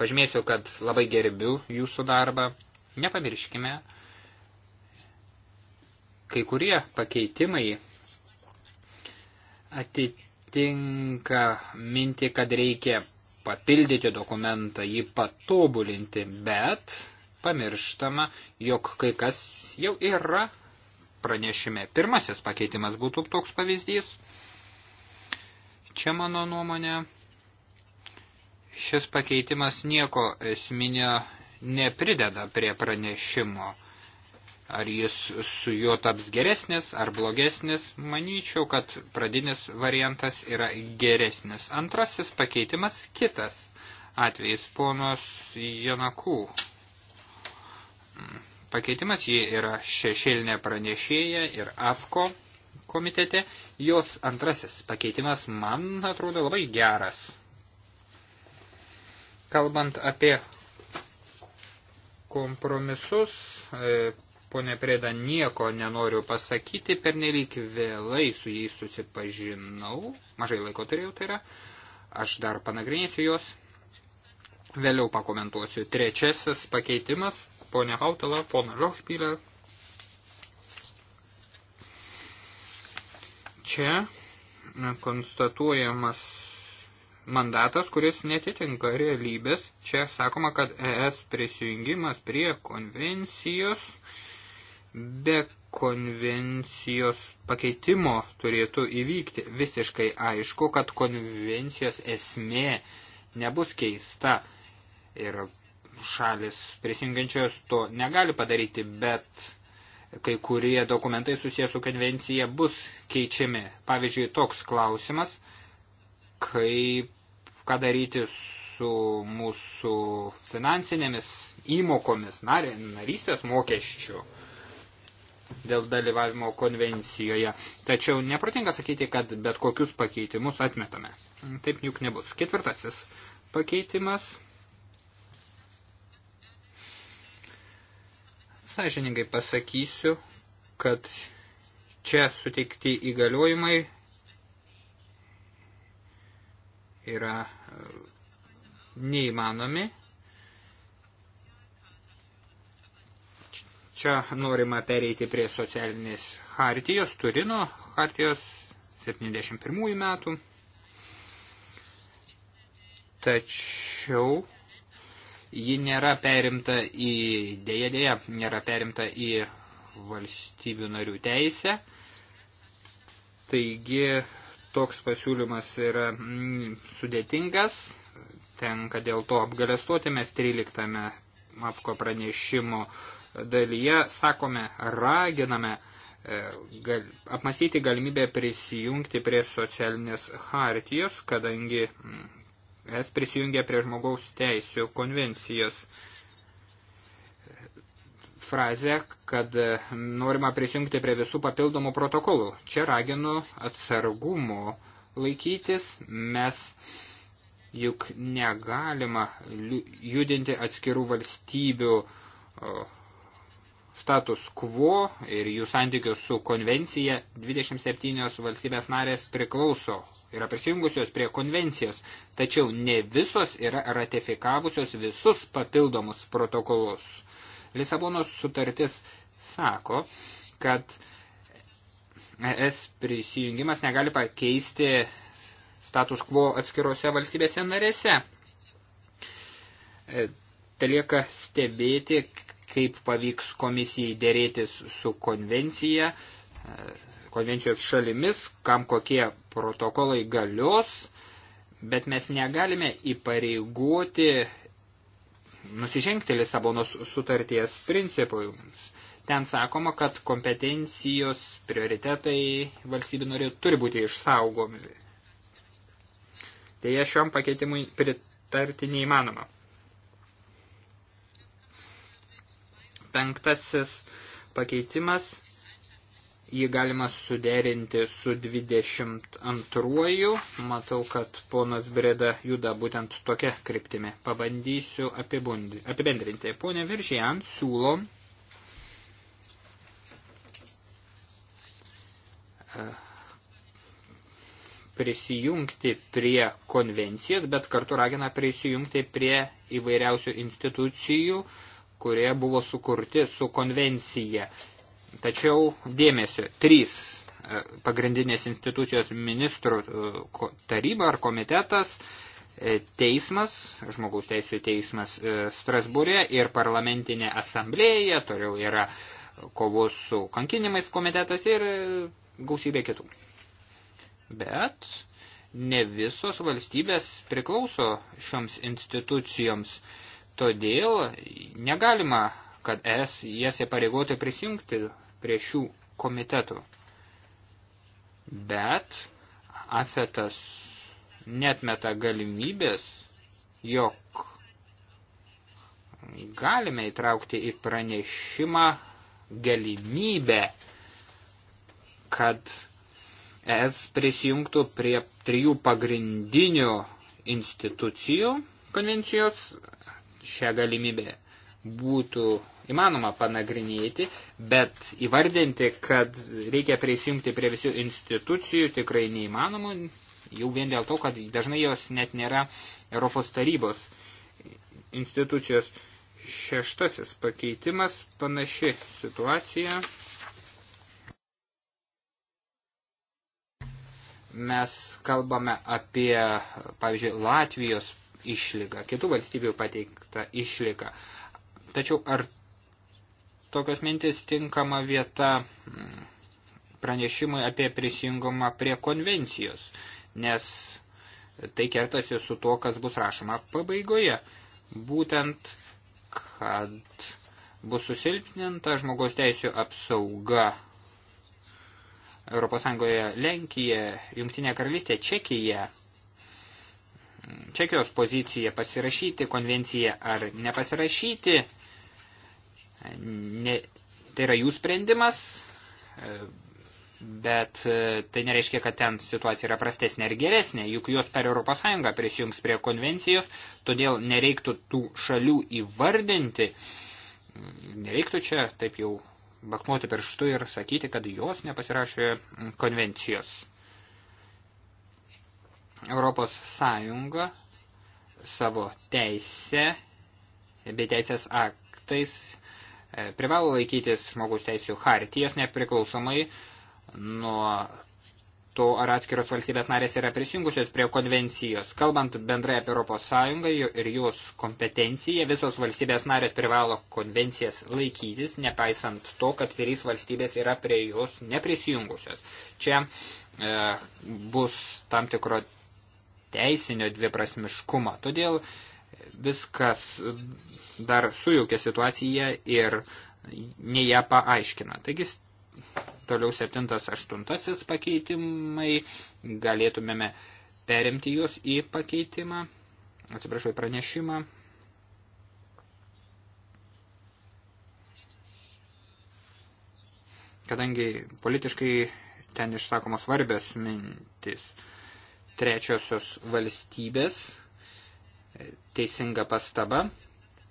pažymėsiu, kad labai gerbiu jūsų darbą. Nepamirškime, kai kurie pakeitimai atitinka minti, kad reikia papildyti dokumentą, jį patobulinti, bet pamirštama, jog kai kas jau yra pranešime. Pirmasis pakeitimas būtų toks pavyzdys. Čia mano nuomonė, šis pakeitimas nieko esminio neprideda prie pranešimo. Ar jis su juo taps geresnis ar blogesnis, manyčiau, kad pradinis variantas yra geresnis. Antrasis pakeitimas kitas atvejis ponos Janakų. Hmm. Pakeitimas jie yra šešėlinė pranešėja ir AFKO komitete. Jos antrasis pakeitimas man atrodo labai geras. Kalbant apie kompromisus, e, ponė Prėda, nieko nenoriu pasakyti, pernelyg vėlai su jais susipažinau, mažai laiko turėjau, tai yra, aš dar panagrinėsiu juos, vėliau pakomentuosiu. Trečiasis pakeitimas, ponė Hautala, ponė Rochpylė. Čia konstatuojamas mandatas, kuris netitinka realybės. Čia sakoma, kad ES prisijungimas prie konvencijos be konvencijos pakeitimo turėtų įvykti. Visiškai aišku, kad konvencijos esmė nebus keista ir šalis prisijungiančios to negali padaryti, bet kai kurie dokumentai susijęs su konvencija bus keičiami. Pavyzdžiui, toks klausimas, kaip ką daryti su mūsų finansinėmis įmokomis narystės mokesčių dėl dalyvavimo konvencijoje. Tačiau neprotinga sakyti, kad bet kokius pakeitimus atmetame. Taip juk nebus. Ketvirtasis pakeitimas. Sąžiningai pasakysiu, kad čia suteikti įgaliojimai yra neįmanomi Čia norima pereiti prie socialinės hartijos, Turino hartijos 71 metų. Tačiau ji nėra perimta į, dėja dėja, nėra perimta į valstybių narių teisę. Taigi toks pasiūlymas yra mm, sudėtingas, tenka dėl to apgalėstoti mes 13 apko pranešimo uh, dalyje sakome, raginame e, gal, apmasyti galimybę prisijungti prie socialinės hartijos, kadangi mm, es prisijungia prie žmogaus teisų konvencijos frazę, kad e, norima prisijungti prie visų papildomų protokolų. Čia raginu atsargumo laikytis, mes juk negalima judinti atskirų valstybių status quo ir jų santykius su konvencija 27 valstybės narės priklauso, yra prisijungusios prie konvencijos, tačiau ne visos yra ratifikavusios visus papildomus protokolus. Lisabonos sutartis sako, kad ES prisijungimas negali pakeisti status quo atskirose valstybėse narėse. E, telieka stebėti, kaip pavyks komisijai dėrėtis su konvencija, konvencijos šalimis, kam kokie protokolai galios, bet mes negalime įpareigoti nusižengti Lisabonos sutarties principui. Ten sakoma, kad kompetencijos prioritetai valstybių narių turi būti išsaugomi. Deja, šiom pakeitimui pritarti neįmanoma. penktasis pakeitimas. Jį galima suderinti su 22. Matau, kad ponas Breda juda būtent tokia kryptimi. Pabandysiu apibendrinti. Pone Viržian siūlo e, prisijungti prie konvencijas, bet kartu ragina prisijungti prie įvairiausių institucijų, uh, kurie buvo sukurti su konvencija. Tačiau dėmesio, trys e, pagrindinės institucijos ministrų e, taryba ar komitetas, e, teismas, žmogaus teisų teismas Strasbūrė ir parlamentinė asamblėja, toliau yra kovos su kankinimais komitetas ir gausybė kitų. Bet ne visos valstybės priklauso šioms institucijoms. Todėl negalima, kad es jas įpareigotų prisijungti prie šių komitetų. Bet afetas netmeta galimybės, jog galime įtraukti į pranešimą galimybę, kad es prisijungtų prie trijų pagrindinių institucijų konvencijos šią galimybę būtų įmanoma panagrinėti, bet įvardinti, kad reikia prisijungti prie visų institucijų tikrai neįmanoma, jau vien dėl to, kad dažnai jos net nėra Europos tarybos institucijos. Šeštasis pakeitimas panaši situacija. Mes kalbame apie, pavyzdžiui, Latvijos išlygą, kitų valstybių pateiktą išlygą. Tačiau ar tokios mintis tinkama vieta mm, pranešimui apie prisijungimą prie konvencijos, nes tai kertasi su tuo, kas bus rašoma pabaigoje. Būtent, kad bus susilpninta žmogaus teisų apsauga ES Lenkija, Jungtinė karalystė, Čekija Čekijos poziciją pasirašyti konvenciją ar nepasirašyti. Ne, tai yra jų sprendimas, bet tai nereiškia, kad ten situacija yra prastesnė ar geresnė, juk jos per ES prisijungs prie konvencijos, todėl nereiktų tų šalių įvardinti, nereiktų čia taip jau bakmuoti pirštu ir sakyti, kad jos nepasirašė konvencijos. Europos Sąjunga savo teisę bei teisės aktais e, privalo laikytis žmogaus teisų hartijos nepriklausomai nuo to, ar atskiros valstybės narės yra prisijungusios prie konvencijos. Kalbant bendrai apie Europos Sąjungą ir jos kompetenciją, visos valstybės narės privalo konvencijas laikytis, nepaisant to, kad trys valstybės yra prie jos neprisijungusios. Čia e, bus tam tikro teisinio dviprasmiškumo. Todėl viskas dar sujaukia situaciją ir ne ją paaiškina. Taigi toliau 7-8 pakeitimai, galėtumėme perimti juos į pakeitimą, atsiprašau, į pranešimą. Kadangi politiškai ten išsakomos svarbios mintis trečiosios valstybės. Teisinga pastaba.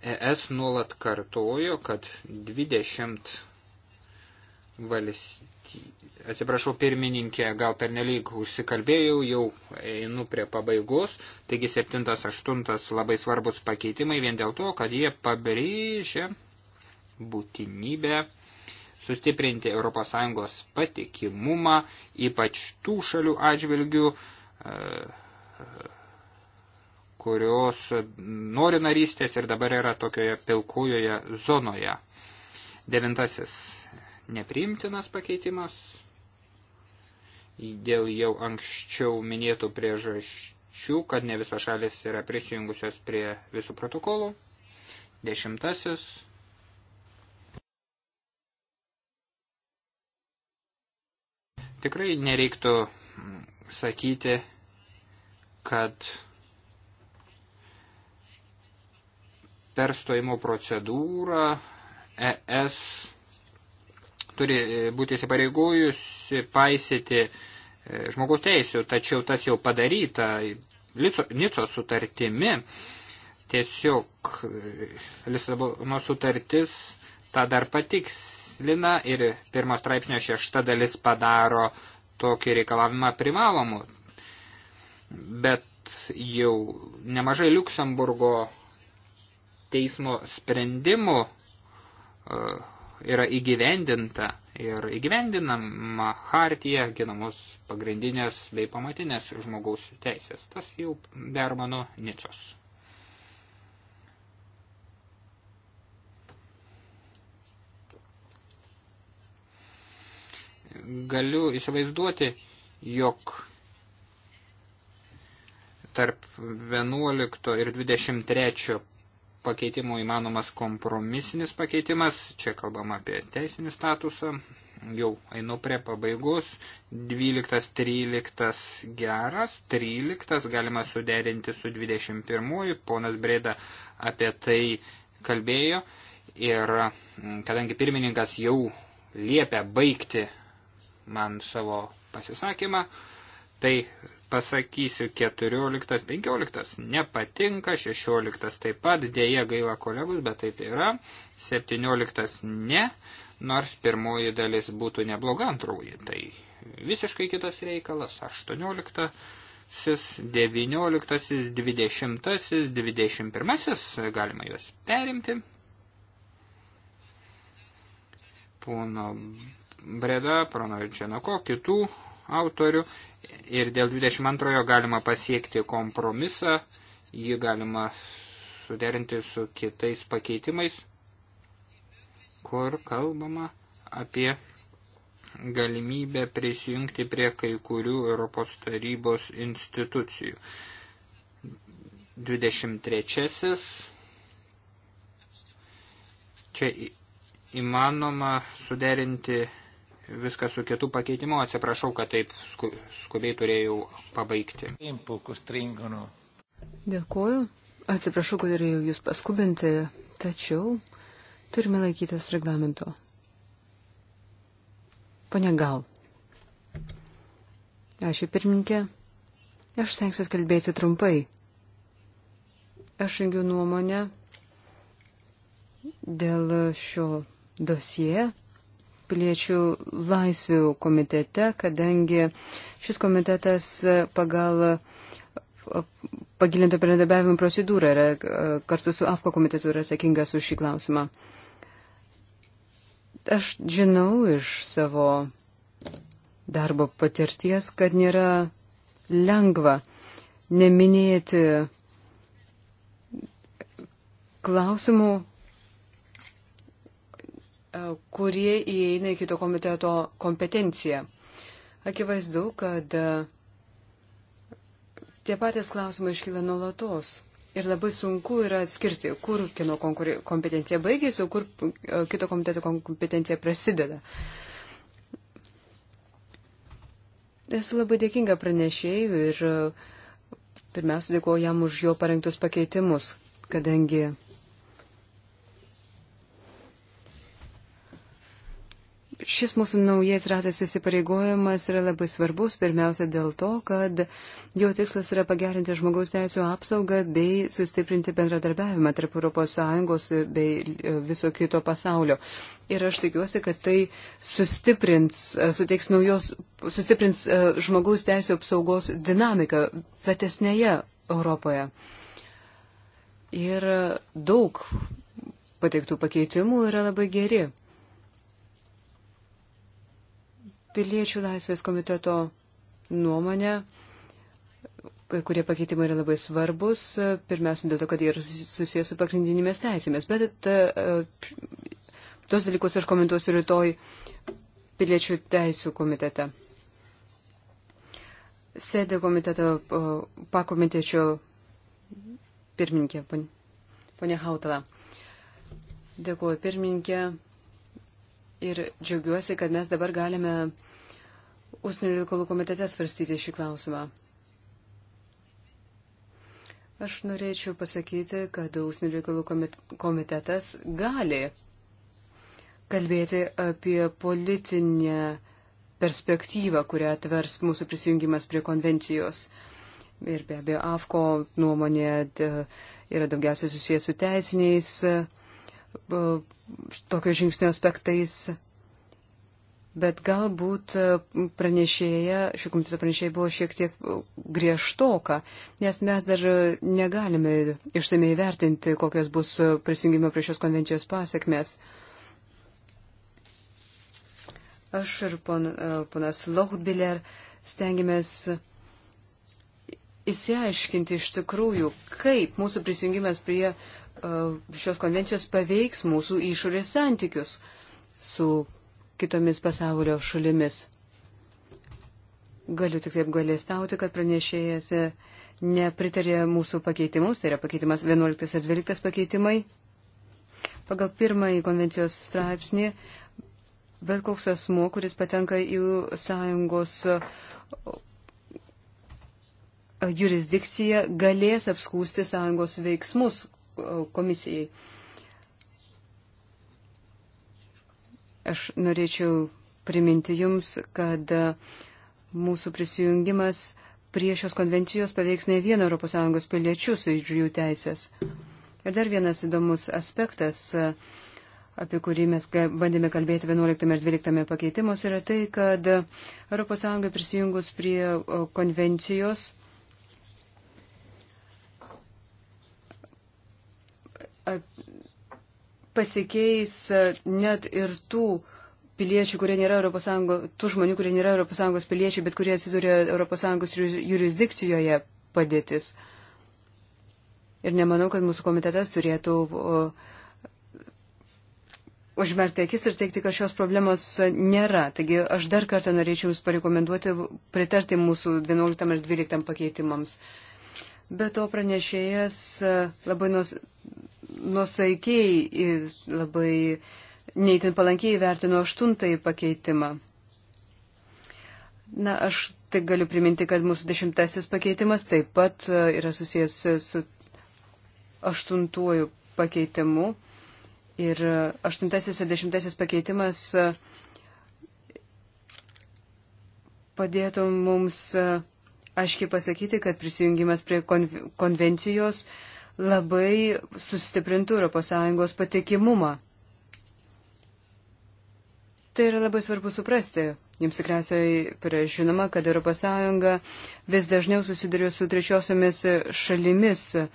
ES nuolat kartojo, kad 20 valstybių. Atsiprašau, pirmininkė, gal pernelyg užsikalbėjau, jau einu prie pabaigos. Taigi 7-8 labai svarbus pakeitimai vien dėl to, kad jie pabrėžia būtinybę sustiprinti ES patikimumą, ypač tų šalių atžvilgių, kurios nori narystės ir dabar yra tokioje pilkųjoje zonoje. Devintasis nepriimtinas pakeitimas. Dėl jau anksčiau minėtų priežasčių, kad ne visos šalis yra prisijungusios prie visų protokolų. Dešimtasis. Tikrai nereiktų sakyti, kad per stojimo procedūrą ES turi būti įsipareigojusi paisyti e, žmogaus teisų, tačiau tas jau padaryta Nico sutartimi, tiesiog e, Lisabono sutartis tą dar patikslina ir pirmos straipsnio šešta dalis padaro tokį reikalavimą privalomu bet jau nemažai Luksemburgo teismo sprendimų e, yra įgyvendinta ir įgyvendinama hartija ginamos pagrindinės bei pamatinės žmogaus teisės. Tas jau Bermano Nicos. Galiu įsivaizduoti, jog tarp 11 ir 23 pakeitimų įmanomas kompromisinis pakeitimas, čia kalbam apie teisinį statusą, jau einu prie pabaigos, 12-13 geras, 13 galima suderinti su 21, ponas Breda apie tai kalbėjo ir mm, kadangi pirmininkas jau liepia baigti man savo pasisakymą, tai pasakysiu, 14, 15 nepatinka, 16 taip pat, dėja gaila kolegus, bet taip yra, 17 ne, nors pirmoji dalis būtų nebloga antroji, tai visiškai kitas reikalas, 18, 19, 20, 21, galima juos perimti. Pono Breda, Pranovičianoko, kitų autorių ir dėl 22 galima pasiekti kompromisą, jį galima suderinti su kitais pakeitimais, kur kalbama apie galimybę prisijungti prie kai kurių Europos tarybos institucijų. 23. Čia įmanoma suderinti viską su kitu pakeitimu. Atsiprašau, kad taip skubiai turėjau pabaigti. Dėkuoju. Atsiprašau, kad turėjau jūs paskubinti, tačiau turime laikytis reglamento. Pane Gal. Ačiū pirmininkė. Aš stengsiuosi kalbėti trumpai. Aš rengiu nuomonę dėl šio dosie piliečių laisvių komitete, kadangi šis komitetas pagal pagilinto bendradarbiavimo procedūrą yra kartu su AFKO komitetu yra atsakingas už šį klausimą. Aš žinau iš savo darbo patirties, kad nėra lengva neminėti klausimų, E, kurie įeina į kito komiteto kompetenciją. Akivaizdu, kad e, tie patys klausimai iškyla nuolatos. Ir labai sunku yra atskirti, kur kino kompetencija baigėsi, kur e, kito komiteto kompetencija prasideda. Esu labai dėkinga pranešėjui ir pirmiausia dėkuoju jam už jo parengtus pakeitimus, kadangi Šis mūsų naujas ratas įsipareigojimas yra labai svarbus, pirmiausia dėl to, kad jo tikslas yra pagerinti žmogaus teisų apsaugą bei sustiprinti bendradarbiavimą tarp ES bei e, viso kito pasaulio. Ir aš tikiuosi, kad tai sustiprins, e, suteiks naujos, sustiprins e, žmogaus teisų apsaugos dinamiką platesnėje Europoje. Ir daug pateiktų pakeitimų yra labai geri. piliečių laisvės komiteto nuomonę, kurie pakeitimai yra labai svarbus, pirmiausia dėl to, kad jie yra susijęs su pagrindinėmis teisėmis, bet tos e, dalykus aš komentuosiu rytoj piliečių teisų komitete. Sėdė komiteto pakomitečio pirmininkė, ponė Hautala. Dėkuoju pirmininkė, Ir džiaugiuosi, kad mes dabar galime Užsienio reikalų komitete svarstyti šį klausimą. Aš norėčiau pasakyti, kad Užsienio reikalų komitetas gali kalbėti apie politinę perspektyvą, kurią atvers mūsų prisijungimas prie konvencijos. Ir be abejo, AFKO nuomonė e, yra daugiausiai susijęs su teisiniais E, tokio žingsnio aspektais, bet galbūt e, pranešėja, šio komiteto pranešėja buvo šiek tiek e, griežtoka, nes mes dar negalime išsamei vertinti, kokios bus prisijungimo prie šios konvencijos pasiekmes. Aš ir pon, ponas Lochbiller stengiamės įsiaiškinti iš tikrųjų, kaip mūsų prisijungimas prie uh, E, šios konvencijos paveiks mūsų išorės santykius su kitomis pasaulio šalimis. Galiu tik taip galėstauti, kad pranešėjas nepritarė mūsų pakeitimus, tai yra pakeitimas 11 ir 12 pakeitimai. Pagal pirmąjį konvencijos straipsnį, bet koks asmo, kuris patenka į sąjungos e, jurisdikcija galės apskūsti sąjungos veiksmus, komisijai. Aš norėčiau priminti Jums, kad mūsų prisijungimas prie šios konvencijos paveiks ne vieną ES piliečius ir jų teisės. Ir dar vienas įdomus aspektas, apie kurį mes bandėme kalbėti 11 ir 12 pakeitimus, yra tai, kad ES prisijungus prie konvencijos pasikeis e, net ir tų piliečių, kurie nėra ES, tų žmonių, kurie nėra ES piliečiai, bet kurie atsiduria ES jurisdikcijoje padėtis. Ir nemanau, kad mūsų komitetas turėtų užmerkti akis ir teikti, kad šios problemos nėra. Taigi aš dar kartą norėčiau Jums parekomenduoti pritarti mūsų 11 ir 12 pakeitimams. Be to pranešėjas e, labai nus, nusaikiai labai neįtin palankiai vertino aštuntąjį pakeitimą. Na, aš tik galiu priminti, kad mūsų dešimtasis pakeitimas taip pat e, yra susijęs su aštuntuoju pakeitimu. Ir e, aštuntasis ir dešimtasis pakeitimas e, padėtų mums aiškiai pasakyti, kad prisijungimas prie konvencijos uh, labai sustiprintų ES patikimumą. Tai yra labai svarbu suprasti. Jums tikriausiai yra žinoma, kad ES vis dažniau susiduria su trečiosiomis šalimis e,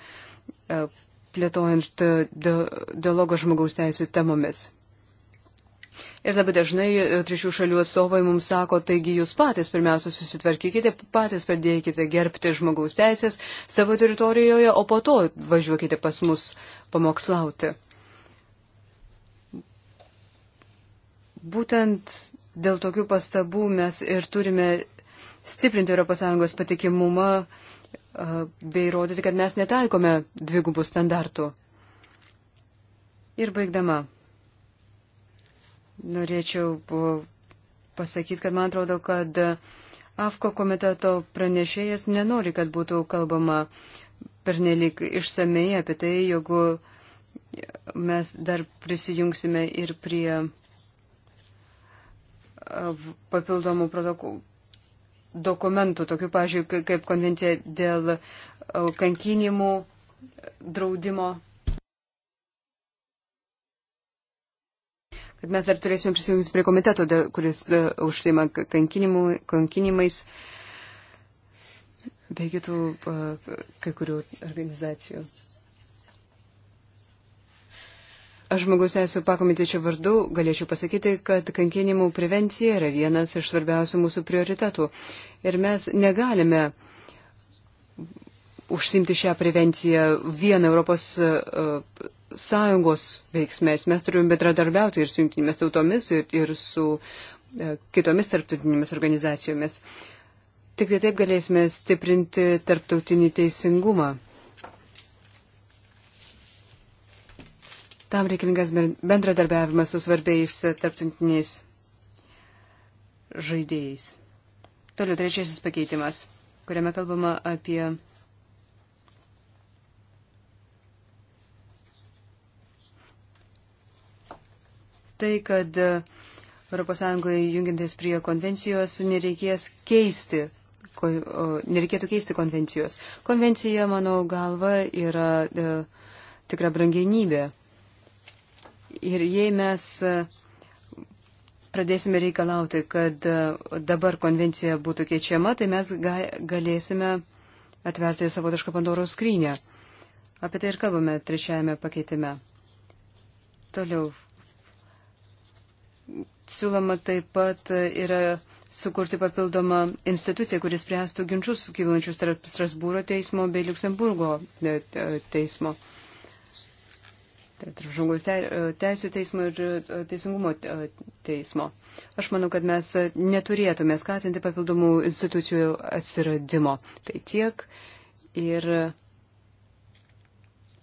plėtojant dialogo žmogaus teisų temomis. Ir labai dažnai e, trečių šalių atstovai mums sako, taigi jūs patys pirmiausia susitvarkykite, patys pradėkite gerbti žmogaus teisės savo teritorijoje, o po to važiuokite pas mus pamokslauti. Būtent dėl tokių pastabų mes ir turime stiprinti ES patikimumą e, bei rodyti, kad mes netaikome dvigubų standartų. Ir baigdama. Norėčiau pasakyti, kad man atrodo, kad AFKO komiteto pranešėjas nenori, kad būtų kalbama pernelik išsamei apie tai, jeigu mes dar prisijungsime ir prie e, papildomų dokumentų, tokių, pažiūrėjau, kaip konvencija dėl e, kankinimų draudimo kad mes dar turėsime prisijungti prie komiteto, kuris e, užsima kankinimais bei kitų e, kai kurių organizacijų. Aš žmogus teisų pakomitečio vardu galėčiau pasakyti, kad kankinimų prevencija yra vienas iš svarbiausių mūsų prioritetų. Ir mes negalime užsimti šią prevenciją vien Europos e, sąjungos veiksmais. Mes turime bendradarbiauti ir su jungtinėmis tautomis, ir, ir su e, kitomis tarptautinėmis organizacijomis. Tik tai taip galėsime stiprinti tarptautinį teisingumą. Tam reikalingas bendradarbiavimas su svarbiais tarptautiniais žaidėjais. Toliau trečiasis pakeitimas, kuriame kalbama apie tai, kad ES jungintis prie konvencijos nereikės keisti, nereikėtų keisti konvencijos. Konvencija, mano galva, yra e, tikra brangenybė. Ir jei mes e, pradėsime reikalauti, kad e, dabar konvencija būtų keičiama, tai mes galėsime atverti savotišką Pandoros skrynę. Apie tai ir kalbame trečiajame pakeitime. Toliau siūloma taip pat yra sukurti papildomą instituciją, kuris spręstų ginčius kylančius tarp Strasbūro teismo bei Luksemburgo e, e, teismo. Tarp žmogaus e, teisų teismo ir teisingumo teismo. Aš manau, kad mes neturėtume skatinti papildomų institucijų atsiradimo. Tai tiek. Ir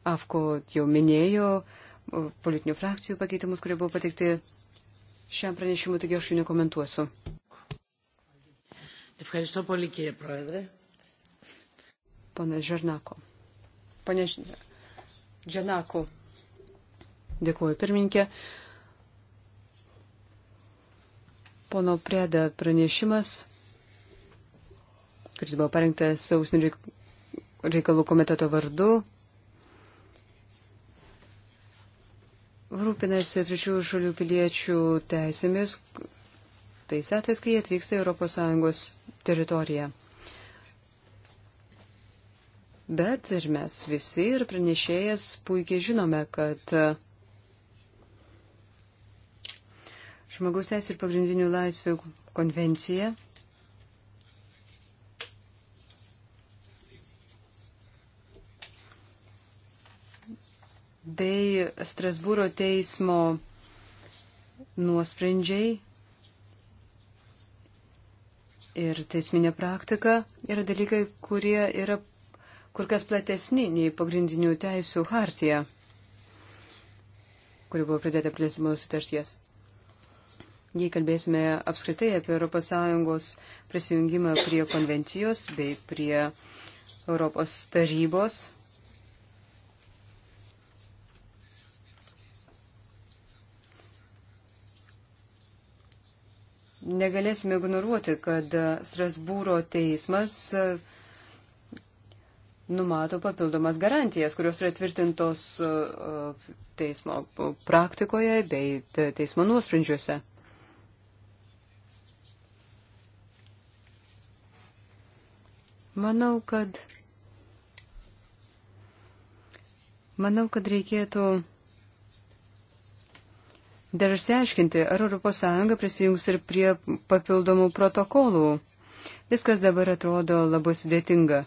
AFKO jau minėjo politinių frakcijų pakeitimus, kurie buvo pateikti šiam pranešimui, taigi aš jų nekomentuosiu. Ευχαριστώ πολύ κύριε Πρόεδρε. Pane Žernako. Pane Žernako. Dėkuoju pirmininkė. Pono Prėda pranešimas, kuris buvo parengtas sausnių reikalų komiteto vardu, rūpinasi trečiųjų šalių piliečių teisėmis tais atvejais, kai jie atvyksta į ES teritoriją. Bet ir mes visi ir pranešėjas puikiai žinome, kad Žmogaus teisų ir pagrindinių laisvių konvencija bei Strasbūro teismo nuosprendžiai ir teisminė praktika yra dalykai, kurie yra kur kas platesni nei pagrindinių teisų hartija, kuri buvo pridėta prie Lisabonos sutarties. Jei kalbėsime apskritai apie ES prisijungimą prie konvencijos bei prie Europos tarybos, negalėsime ignoruoti, kad Strasbūro teismas e, numato papildomas garantijas, kurios yra tvirtintos e, e, teismo praktikoje bei teismo nuosprendžiuose. Manau, kad Manau, kad reikėtų Dar išsiaiškinti, ar ES prisijungs ir prie papildomų protokolų. Viskas dabar atrodo labai sudėtinga.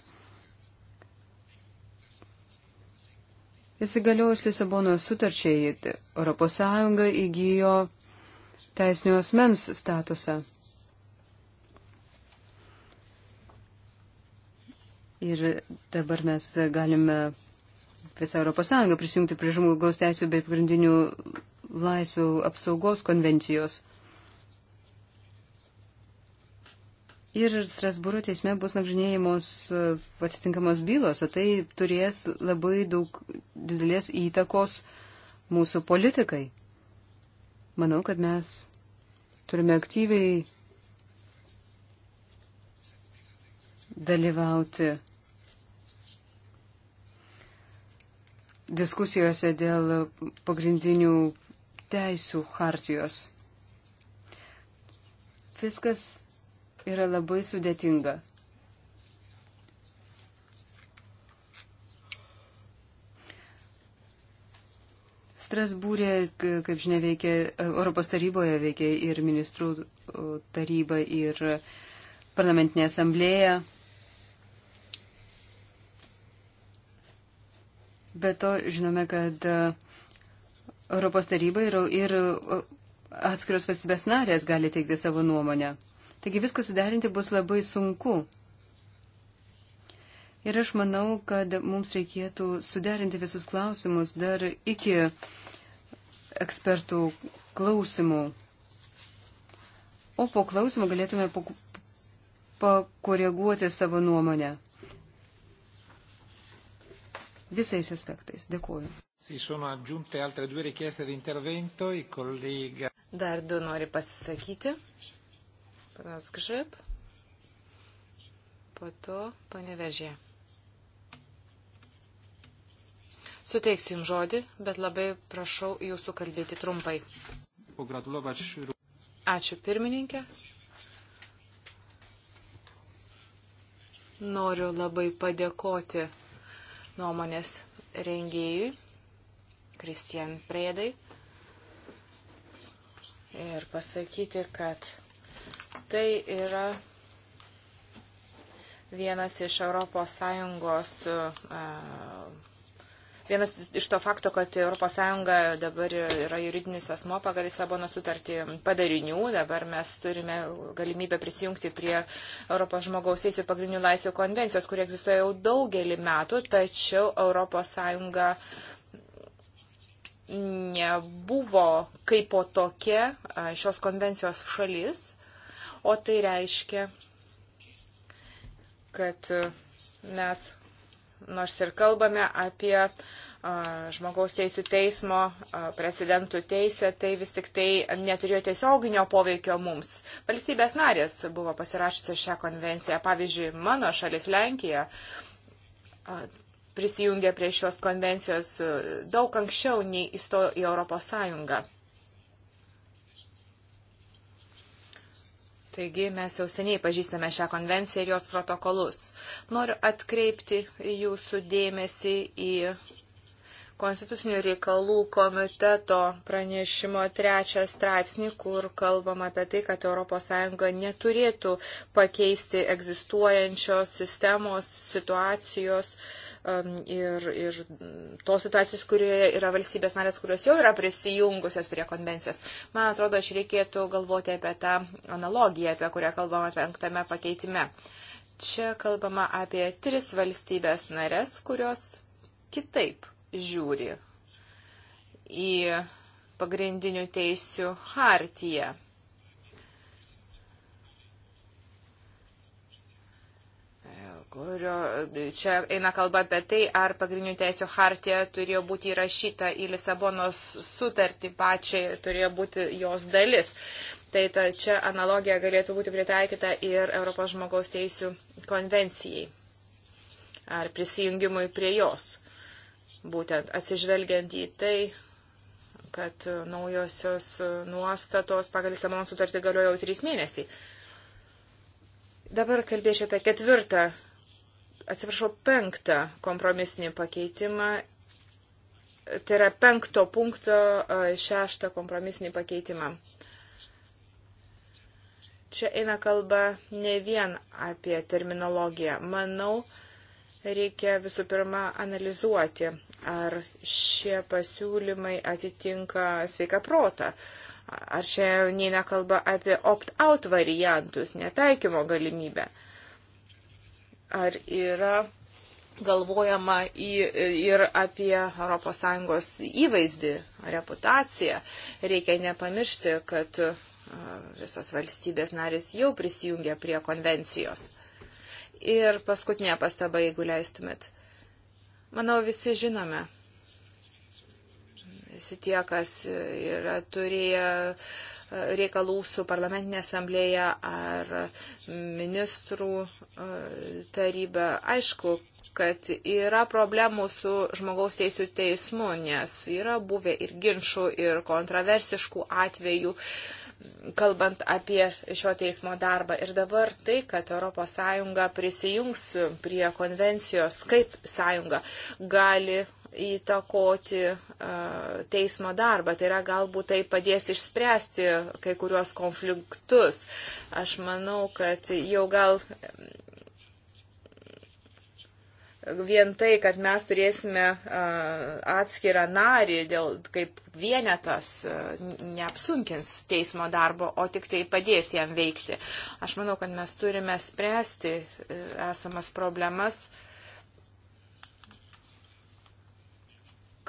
Įsigaliojus Lisabono sutarčiai, ES įgyjo teisinio asmens statusą. Ir dabar mes galime visą ES prisijungti prie žmogaus teisų bei pagrindinių laisvių apsaugos konvencijos. Ir Strasbūro teisme bus nagrinėjamos e, atitinkamos bylos, o tai turės labai daug didelės įtakos mūsų politikai. Manau, kad mes turime aktyviai dalyvauti diskusijose dėl pagrindinių teisų hartijos. Viskas yra labai sudėtinga. Strasbūrė, kaip žinia, veikia, Europos taryboje veikia ir ministrų taryba, ir parlamentinė asamblėja. Be to, žinome, kad uh, Europos taryba ir, ir e, atskiros valstybės narės gali teikti savo nuomonę. Taigi viską suderinti bus labai sunku. Ir aš manau, kad mums reikėtų suderinti visus klausimus dar iki ekspertų klausimų. O po klausimų galėtume pakoreguoti savo nuomonę. Visais aspektais. Dėkuoju. Si sono aggiunte altre due richieste di intervento, i collega. Dar du nori pasisakyti. Panas Gžip. Po to panevežė. Suteiksiu Jums žodį, bet labai prašau Jūsų kalbėti trumpai. Ačiū pirmininkė. Noriu labai padėkoti nuomonės rengėjui Kristian Priedai ir pasakyti, kad tai yra vienas iš ES Vienas iš to fakto, kad ES dabar yra juridinis asmo pagal Lisabono sutartį padarinių, dabar mes turime galimybę prisijungti prie Europos žmogaus teisų pagrindinių laisvių konvencijos, kurie egzistuoja jau daugelį metų, tačiau ES nebuvo kaip po tokia šios konvencijos šalis, o tai reiškia, kad mes nors ir kalbame apie žmogaus teisų teismo precedentų teisę, tai vis tik tai neturėjo tiesioginio poveikio mums. Valstybės narės buvo pasirašysios šią konvenciją, pavyzdžiui, mano šalis Lenkija prisijungė prie šios konvencijos e, daug anksčiau nei įstojo į Europos Sąjungą. Taigi mes jau seniai pažįstame šią konvenciją ir jos protokolus. Noriu atkreipti jūsų dėmesį į Konstitucinių reikalų komiteto pranešimo trečią straipsnį, kur kalbama apie tai, kad ES neturėtų pakeisti egzistuojančios sistemos situacijos uh, ir, ir tos situacijos, kurioje yra valstybės narės, kurios jau yra prisijungusios prie konvencijos. Man atrodo, aš reikėtų galvoti apie tą analogiją, apie kurią kalbama penktame pakeitime. Čia kalbama apie tris valstybės narės, kurios kitaip žiūri į pagrindinių teisių hartiją. kurio čia eina kalba apie tai, ar pagrindinių teisų hartija turėjo būti įrašyta į Lisabonos sutartį pačiai, turėjo būti jos dalis. Tai ta, čia analogija galėtų būti pritaikyta ir Europos žmogaus teisų konvencijai ar prisijungimui prie jos. Būtent atsižvelgiant į tai, kad naujosios nuostatos pagal Lisabono sutartį galioja jau trys mėnesiai. Dabar kalbėčiau apie ketvirtą atsiprašau, penktą kompromisinį pakeitimą. Tai yra penkto punkto e, šeštą kompromisinį pakeitimą. Čia eina kalba ne vien apie terminologiją. Manau, reikia visų pirma analizuoti, ar šie pasiūlymai atitinka sveiką protą. Ar čia neina kalba apie opt-out variantus, netaikymo galimybę ar yra galvojama į, ir apie ES įvaizdį, reputaciją. Reikia nepamiršti, kad visos valstybės narės jau prisijungia prie konvencijos. Ir paskutinė pastaba, jeigu leistumėt. Manau, visi žinome. Visi tie, kas yra turėję reikalų su parlamentinė asamblėja ar ministrų e, taryba. Aišku, kad yra problemų su žmogaus teisų teismu, nes yra buvę ir ginčių, ir kontroversiškų atvejų, kalbant apie šio teismo darbą. Ir dabar tai, kad ES prisijungs prie konvencijos kaip sąjunga, gali įtakoti teismo darbą. Tai yra galbūt tai padės išspręsti kai kuriuos konfliktus. Aš manau, kad jau gal vien tai, kad mes turėsime atskirą narį dėl, kaip vienetas, neapsunkins teismo darbo, o tik tai padės jam veikti. Aš manau, kad mes turime spręsti e, esamas problemas.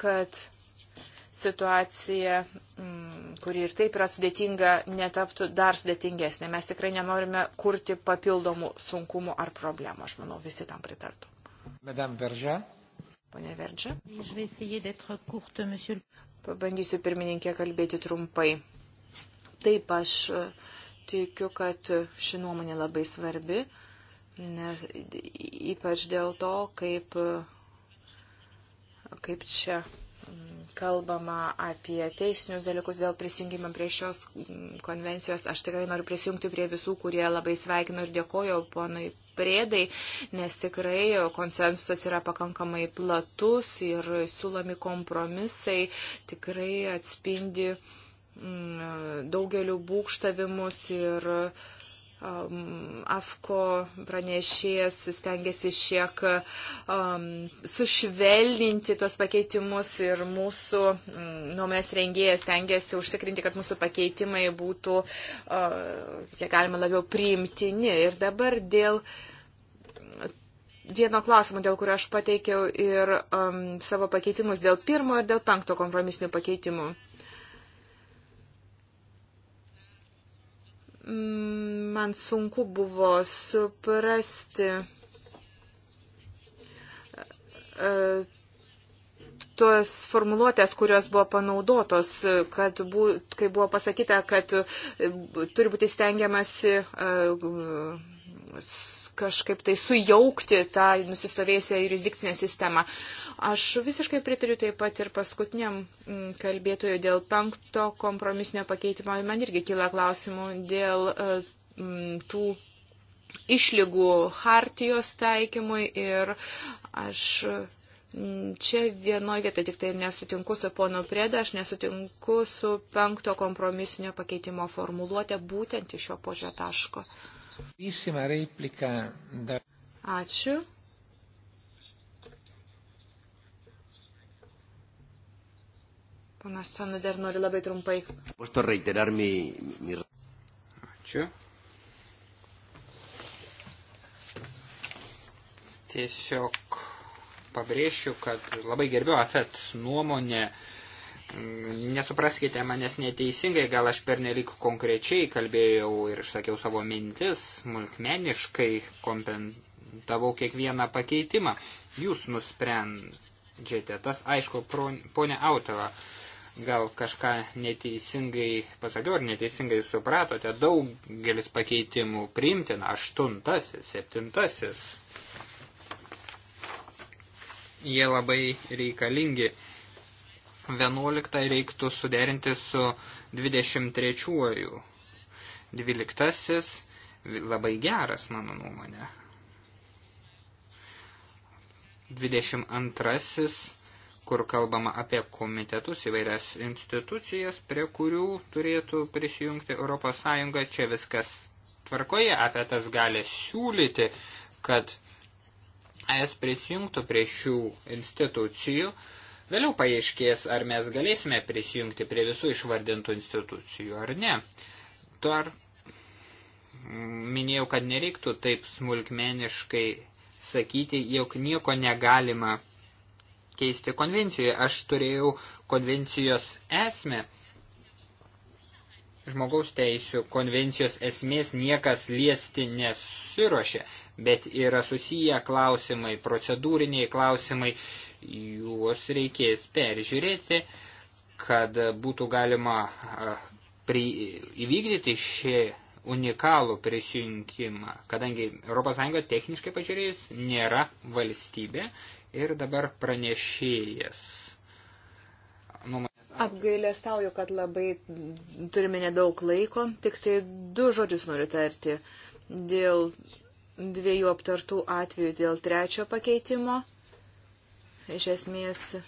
kad situacija, mm, kuri ir taip yra sudėtinga, netaptų dar sudėtingesnė. Mes tikrai nenorime kurti papildomų sunkumų ar problemų. Aš manau, visi tam pritartų. Madame Veržė. Pane Veržė. Pabandysiu pirmininkė kalbėti trumpai. Taip, aš e, tikiu, kad ši nuomonė labai svarbi, ne, ypač dėl to, kaip e, kaip čia mm, kalbama apie teisinius dalykus dėl prisijungimo prie šios mm, konvencijos. Aš tikrai noriu prisijungti prie visų, kurie labai sveikino ir dėkojo ponui priedai, nes tikrai konsensusas yra pakankamai platus ir siūlomi kompromisai tikrai atspindi mm, daugeliu būkštavimus ir uh, um, AFKO pranešėjas stengiasi šiek um, sušvelninti tuos pakeitimus ir mūsų um, nuomės rengėjas stengiasi užtikrinti, kad mūsų pakeitimai būtų, uh, kiek galima labiau, priimtini. Ir dabar dėl vieno klausimo, dėl kurio aš pateikiau ir um, savo pakeitimus, dėl pirmo ir dėl penkto kompromisinių pakeitimų. man sunku buvo suprasti e, tos formuluotės, kurios buvo panaudotos, kad bu, kai buvo pasakyta, kad turi būti stengiamasi uh, kažkaip tai sujaukti tą nusistovėjusią jurisdikcinę sistemą. Aš visiškai pritariu taip pat ir paskutiniam mm, kalbėtojui dėl penkto kompromisinio pakeitimo. Man irgi kyla klausimų dėl e, mm, tų išlygų hartijos taikymui ir aš mm, Čia vienoje vietoje tik tai nesutinku su ponu Preda, aš nesutinku su penkto kompromisinio pakeitimo formuluotė būtent iš šio požio taško. Ačiū. Panas Tonu dar nori labai trumpai. Ačiū. Tiesiog pabrėšiu, kad labai gerbiu AFET nuomonę Nesupraskite manęs neteisingai, gal aš pernelyg konkrečiai kalbėjau ir išsakiau savo mintis, smulkmeniškai kompensavau kiekvieną pakeitimą. Jūs nusprendžiate, tas aišku, ponė Autela, gal kažką neteisingai pasakiau ar neteisingai supratote, daugelis pakeitimų priimtina, aštuntasis, septintasis. Jie labai reikalingi 11 reiktų suderinti su 23-uoju. 12 labai geras, mano nuomonė. 22 kur kalbama apie komitetus įvairias institucijas, prie kurių turėtų prisijungti ES. Čia viskas tvarkoje, afetas gali siūlyti, kad ES prisijungtų prie šių institucijų, Vėliau paaiškės, ar mes galėsime prisijungti prie visų išvardintų institucijų ar ne. Dar minėjau, kad nereiktų taip smulkmeniškai sakyti, jog nieko negalima keisti konvencijoje. Aš turėjau konvencijos esmę. Žmogaus teisų konvencijos esmės niekas liesti nesiuošė, bet yra susiję klausimai, procedūriniai klausimai, juos reikės peržiūrėti, kad būtų galima pri, įvykdyti šį unikalų prisijungimą, kadangi ES techniškai pažiūrėjus nėra valstybė ir dabar pranešėjas. Apgailėstauju, kad labai turime nedaug laiko, tik tai du žodžius noriu tarti dėl dviejų aptartų atvejų, dėl trečio pakeitimo iš esmės e,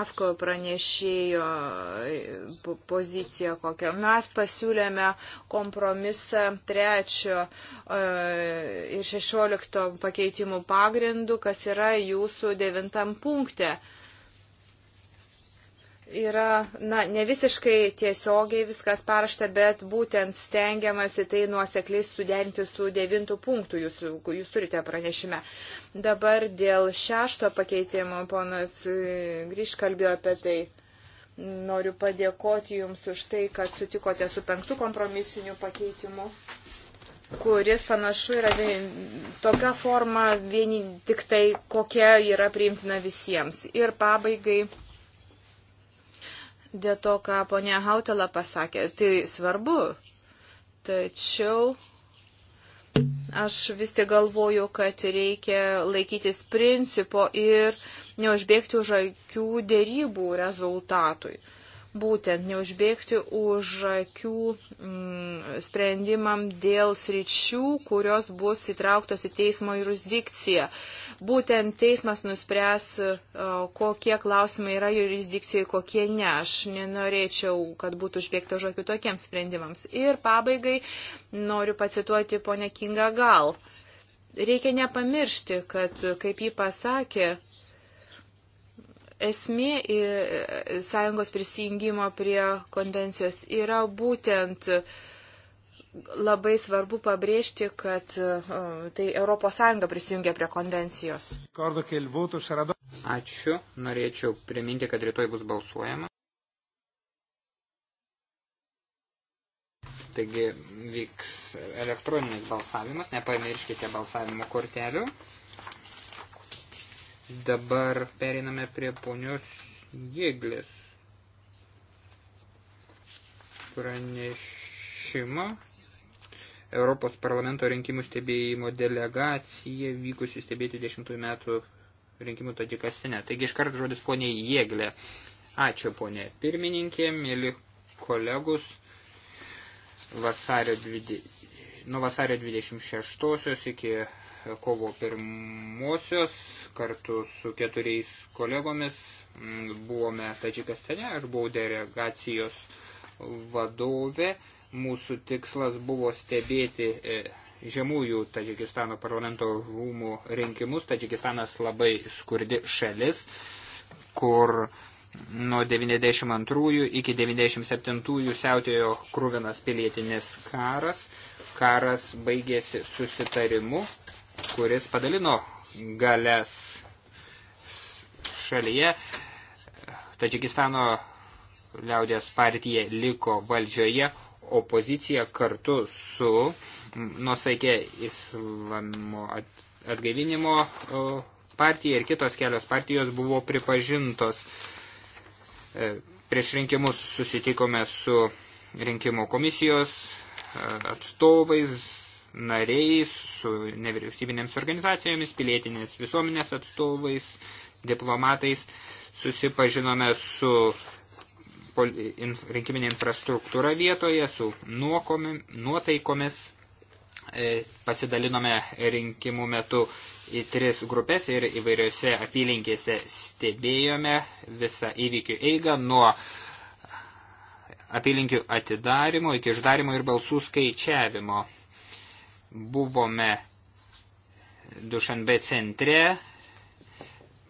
AFKO pranešėjo e, poziciją kokią. Mes pasiūlėme kompromisą trečio e, ir šešiolikto pakeitimų pagrindų, kas yra jūsų devintam punkte yra, na, ne visiškai tiesiogiai viskas parašta, bet būtent stengiamasi tai nuosekliai suderinti su devintų punktų, jūs, jūs turite pranešime. Dabar dėl šešto pakeitimo, ponas e, Grįž kalbėjo apie tai. Noriu padėkoti Jums už tai, kad sutikote su penktų kompromisiniu pakeitimu kuris panašu yra tokia forma vieni tik tai, kokia yra priimtina visiems. Ir pabaigai dėl to, ką ponia Hautela pasakė. Tai svarbu. Tačiau aš vis tik galvoju, kad reikia laikytis principo ir neužbėgti už akių dėrybų rezultatui. Uh, būtent neužbėgti už akių mm, sprendimam dėl sričių, kurios bus įtrauktos į teismo jurisdikciją. Būtent teismas nuspręs, e, kokie klausimai yra jurisdikcijoje, kokie ne. Aš nenorėčiau, kad būtų užbėgta už akių tokiems sprendimams. Ir pabaigai noriu pacituoti ponę Kinga Gal. Reikia nepamiršti, kad, kaip jį pasakė, Esmė e, sąjungos prisijungimo prie konvencijos yra būtent labai svarbu pabrėžti, kad e, tai ES prisijungia prie konvencijos. Ačiū. Norėčiau priminti, kad rytoj bus balsuojama. Taigi vyks elektroninis balsavimas. Nepamirškite balsavimo kortelių. Dabar pereiname prie ponios Jėglės pranešimo. Europos parlamento rinkimų stebėjimo delegacija vykusi stebėti 10 metų rinkimų Tadžikastane. Taigi iškart žodis ponė Jėglė. Ačiū ponė pirmininkė, mėly kolegus. Vasario 20, nuo vasario 26 iki kovo pirmosios kartu su keturiais kolegomis mm, buvome Tadžikastane, aš buvau delegacijos vadovė. Mūsų tikslas buvo stebėti e, žemųjų Tadžikistano parlamento rūmų rinkimus. Tadžikistanas labai skurdi šalis, kur nuo 92 iki 97 siautėjo krūvinas pilietinis karas. Karas baigėsi susitarimu kuris padalino galės šalyje. Tadžikistano liaudės partija liko valdžioje, opozicija kartu su nusaikė islamo atgaivinimo partija ir kitos kelios partijos buvo pripažintos. E, prieš rinkimus susitikome su rinkimų komisijos e, atstovais, nariais, su nevyriausybinėms organizacijomis, pilietinės visuomenės atstovais, diplomatais. Susipažinome su rinkiminė infrastruktūra vietoje, su nuokomi, nuotaikomis. E, pasidalinome rinkimų metu į tris grupės ir įvairiose apylinkėse stebėjome visą įvykių eigą nuo apylinkių atidarimo iki išdarimo ir balsų skaičiavimo buvome Dušanbe centre,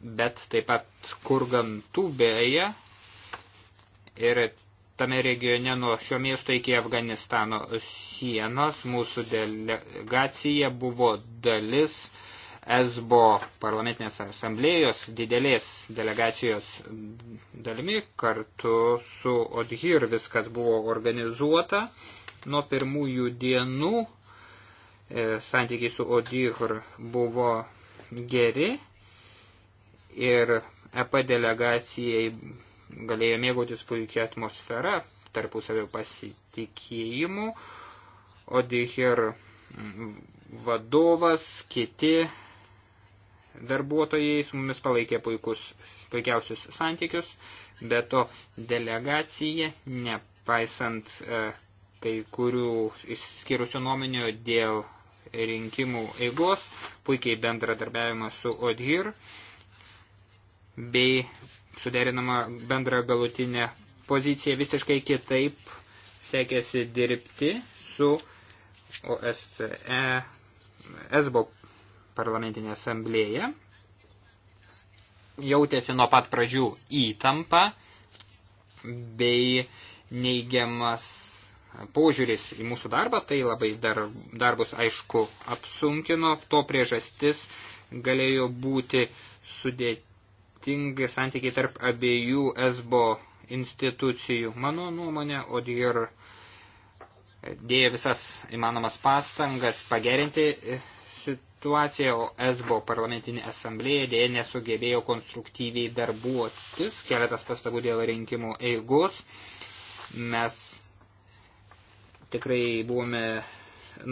bet taip pat Kurgantubėje ir tame regione nuo šio miesto iki Afganistano sienos mūsų delegacija buvo dalis ESBO parlamentinės asamblėjos didelės delegacijos dalimi kartu su ODHIR viskas buvo organizuota nuo pirmųjų dienų E, santykiai su ODIHR buvo geri ir EP delegacijai galėjo mėgautis puikia atmosfera, tarpusavio pasitikėjimų, ODIHR vadovas, kiti darbuotojai su mumis palaikė puikus, puikiausius santykius, bet to delegacija, nepaisant e, kai kurių išskyrusių nuomenių dėl rinkimų eigos, puikiai bendradarbiavimą su ODHIR bei suderinama bendra galutinė pozicija visiškai kitaip sekėsi dirbti su OSCE ESBO parlamentinė asamblėja. Jautėsi nuo pat pradžių įtampa bei neigiamas požiūris į mūsų darbą, tai labai dar, darbus aišku apsunkino, to priežastis galėjo būti sudėtingi santykiai tarp abiejų esbo institucijų. Mano nuomonė, Odir dėjo visas įmanomas pastangas pagerinti situaciją, o esbo parlamentinė asamblėja dėja nesugebėjo konstruktyviai darbuotis, keletas pastabų dėl rinkimų eigos. Mes Tikrai buvome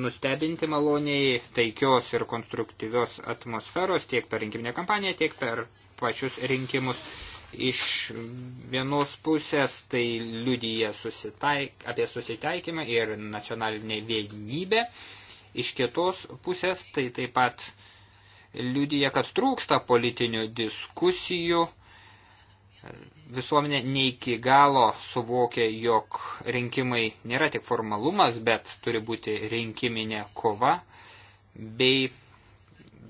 nustebinti maloniai taikios ir konstruktyvios atmosferos tiek per rinkiminę kampaniją, tiek per pačius rinkimus. Iš vienos pusės tai liudyje susitaik, apie susitaikymą ir nacionalinę vienybę, iš kitos pusės tai taip pat liudyje, kad trūksta politinių diskusijų visuomenė ne iki galo suvokia, jog rinkimai nėra tik formalumas, bet turi būti rinkiminė kova, bei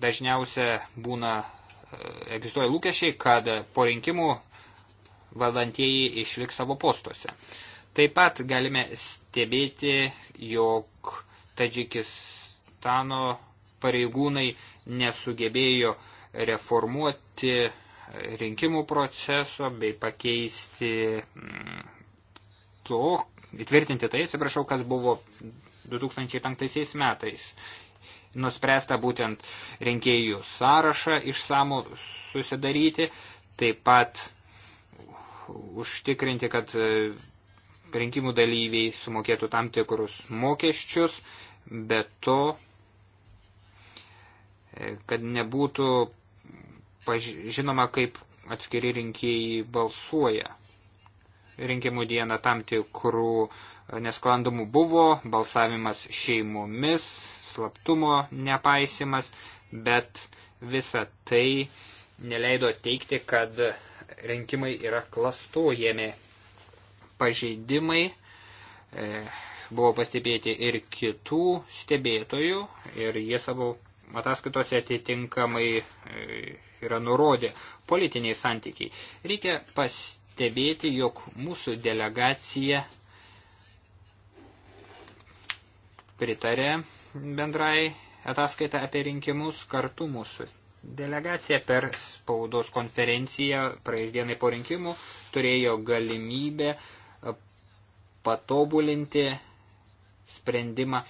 dažniausia būna, e, egzistuoja lūkesčiai, kad po rinkimų valdantieji išliks savo postuose. Taip pat galime stebėti, jog Tadžikistano pareigūnai nesugebėjo reformuoti rinkimų proceso bei pakeisti mm, to, įtvirtinti tai, atsiprašau, kas buvo 2005 metais. Nuspręsta būtent rinkėjų sąrašą išsamų susidaryti, taip pat užtikrinti, kad e, rinkimų dalyviai sumokėtų tam tikrus mokesčius, bet to, e, kad nebūtų žinoma, kaip atskiri rinkėjai balsuoja. Rinkimų dieną tam tikrų nesklandumų buvo, balsavimas šeimomis, slaptumo nepaisimas, bet visa tai neleido teikti, kad rinkimai yra klastojami. Pažeidimai e, buvo pastebėti ir kitų stebėtojų ir jie savo ataskaitose atitinkamai e, yra nurodę politiniai santykiai. Reikia pastebėti, jog mūsų delegacija pritarė bendrai ataskaitą apie rinkimus kartu mūsų. Delegacija per spaudos konferenciją praeis dienai po rinkimų turėjo galimybę patobulinti sprendimą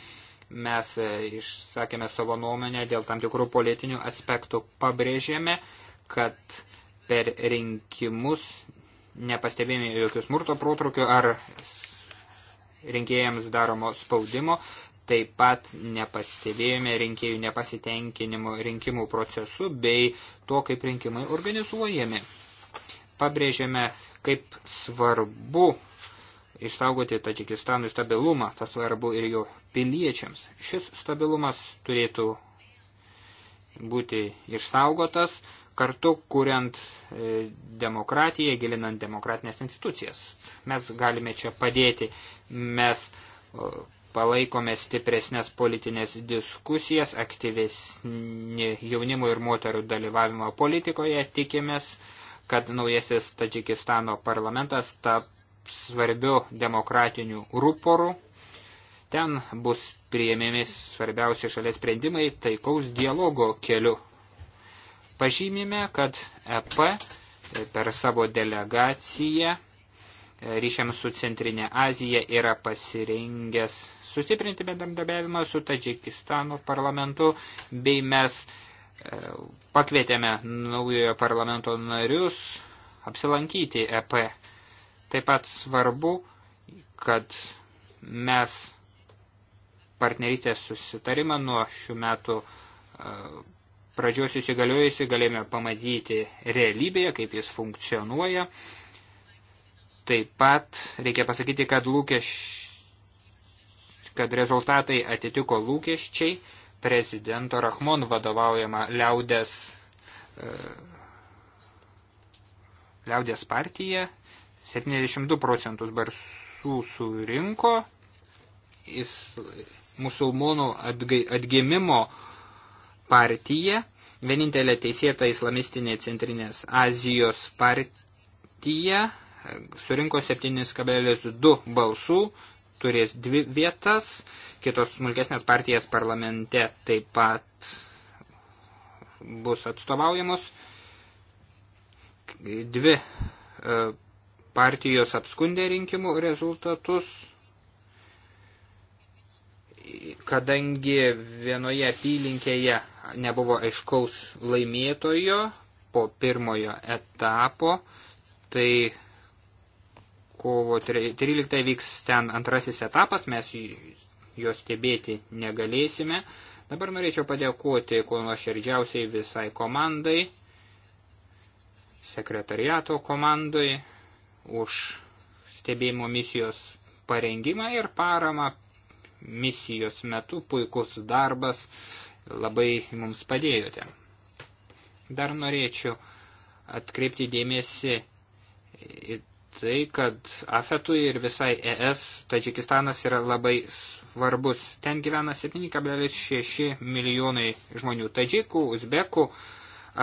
Mes e, išsakėme savo nuomonę dėl tam tikrų politinių aspektų, pabrėžėme, kad per rinkimus nepastebėjome jokių smurto protrukių ar rinkėjams daromo spaudimo, taip pat nepastebėjome rinkėjų nepasitenkinimo rinkimų procesu bei to, kaip rinkimai organizuojami. Pabrėžėme, kaip svarbu išsaugoti Tadžikistanui stabilumą, tas svarbu ir jo piliečiams. Šis stabilumas turėtų būti išsaugotas, kartu kuriant e, demokratiją, gilinant demokratinės institucijas. Mes galime čia padėti, mes palaikome stipresnės politinės diskusijas, aktyvesnį jaunimo ir moterų dalyvavimo politikoje, tikimės, kad naujasis Tadžikistano parlamentas taps svarbiu demokratiniu ruporu. Ten bus priėmėmi svarbiausi šalies sprendimai taikaus dialogo keliu. Pažymime, kad EP per savo delegaciją e, ryšiams su Centrinė Azija yra pasirengęs sustiprinti bendradarbiavimą su Tadžikistano parlamentu, bei mes e, pakvietėme naujojo parlamento narius apsilankyti EP. Taip pat svarbu, kad mes partnerystės susitarimą nuo šių metų e, pradžios įsigaliojusi galėjome pamatyti realybėje, kaip jis funkcionuoja. Taip pat reikia pasakyti, kad, lūkeš, kad rezultatai atitiko lūkesčiai prezidento Rahmon vadovaujama liaudės, e, liaudės partija 72 procentus barsų surinko. Jis musulmonų atgimimo partija, vienintelė teisėta islamistinė Centrinės Azijos partija, e, surinko 7,2 balsų, turės dvi vietas, kitos smulkesnės partijas parlamente taip pat bus atstovaujamos. Dvi e, partijos apskundė rinkimų rezultatus, kadangi vienoje apylinkėje nebuvo aiškaus laimėtojo po pirmojo etapo, tai kovo 13 vyks ten antrasis etapas, mes jo stebėti negalėsime. Dabar norėčiau padėkoti kuo nuoširdžiausiai visai komandai, sekretariato komandai, už stebėjimo misijos parengimą ir paramą misijos metu. Puikus darbas, labai mums padėjote. Dar norėčiau atkreipti dėmesį į tai, kad Afetui ir visai ES Tadžikistanas yra labai svarbus. Ten gyvena 7,6 milijonai žmonių tadžikų, uzbekų,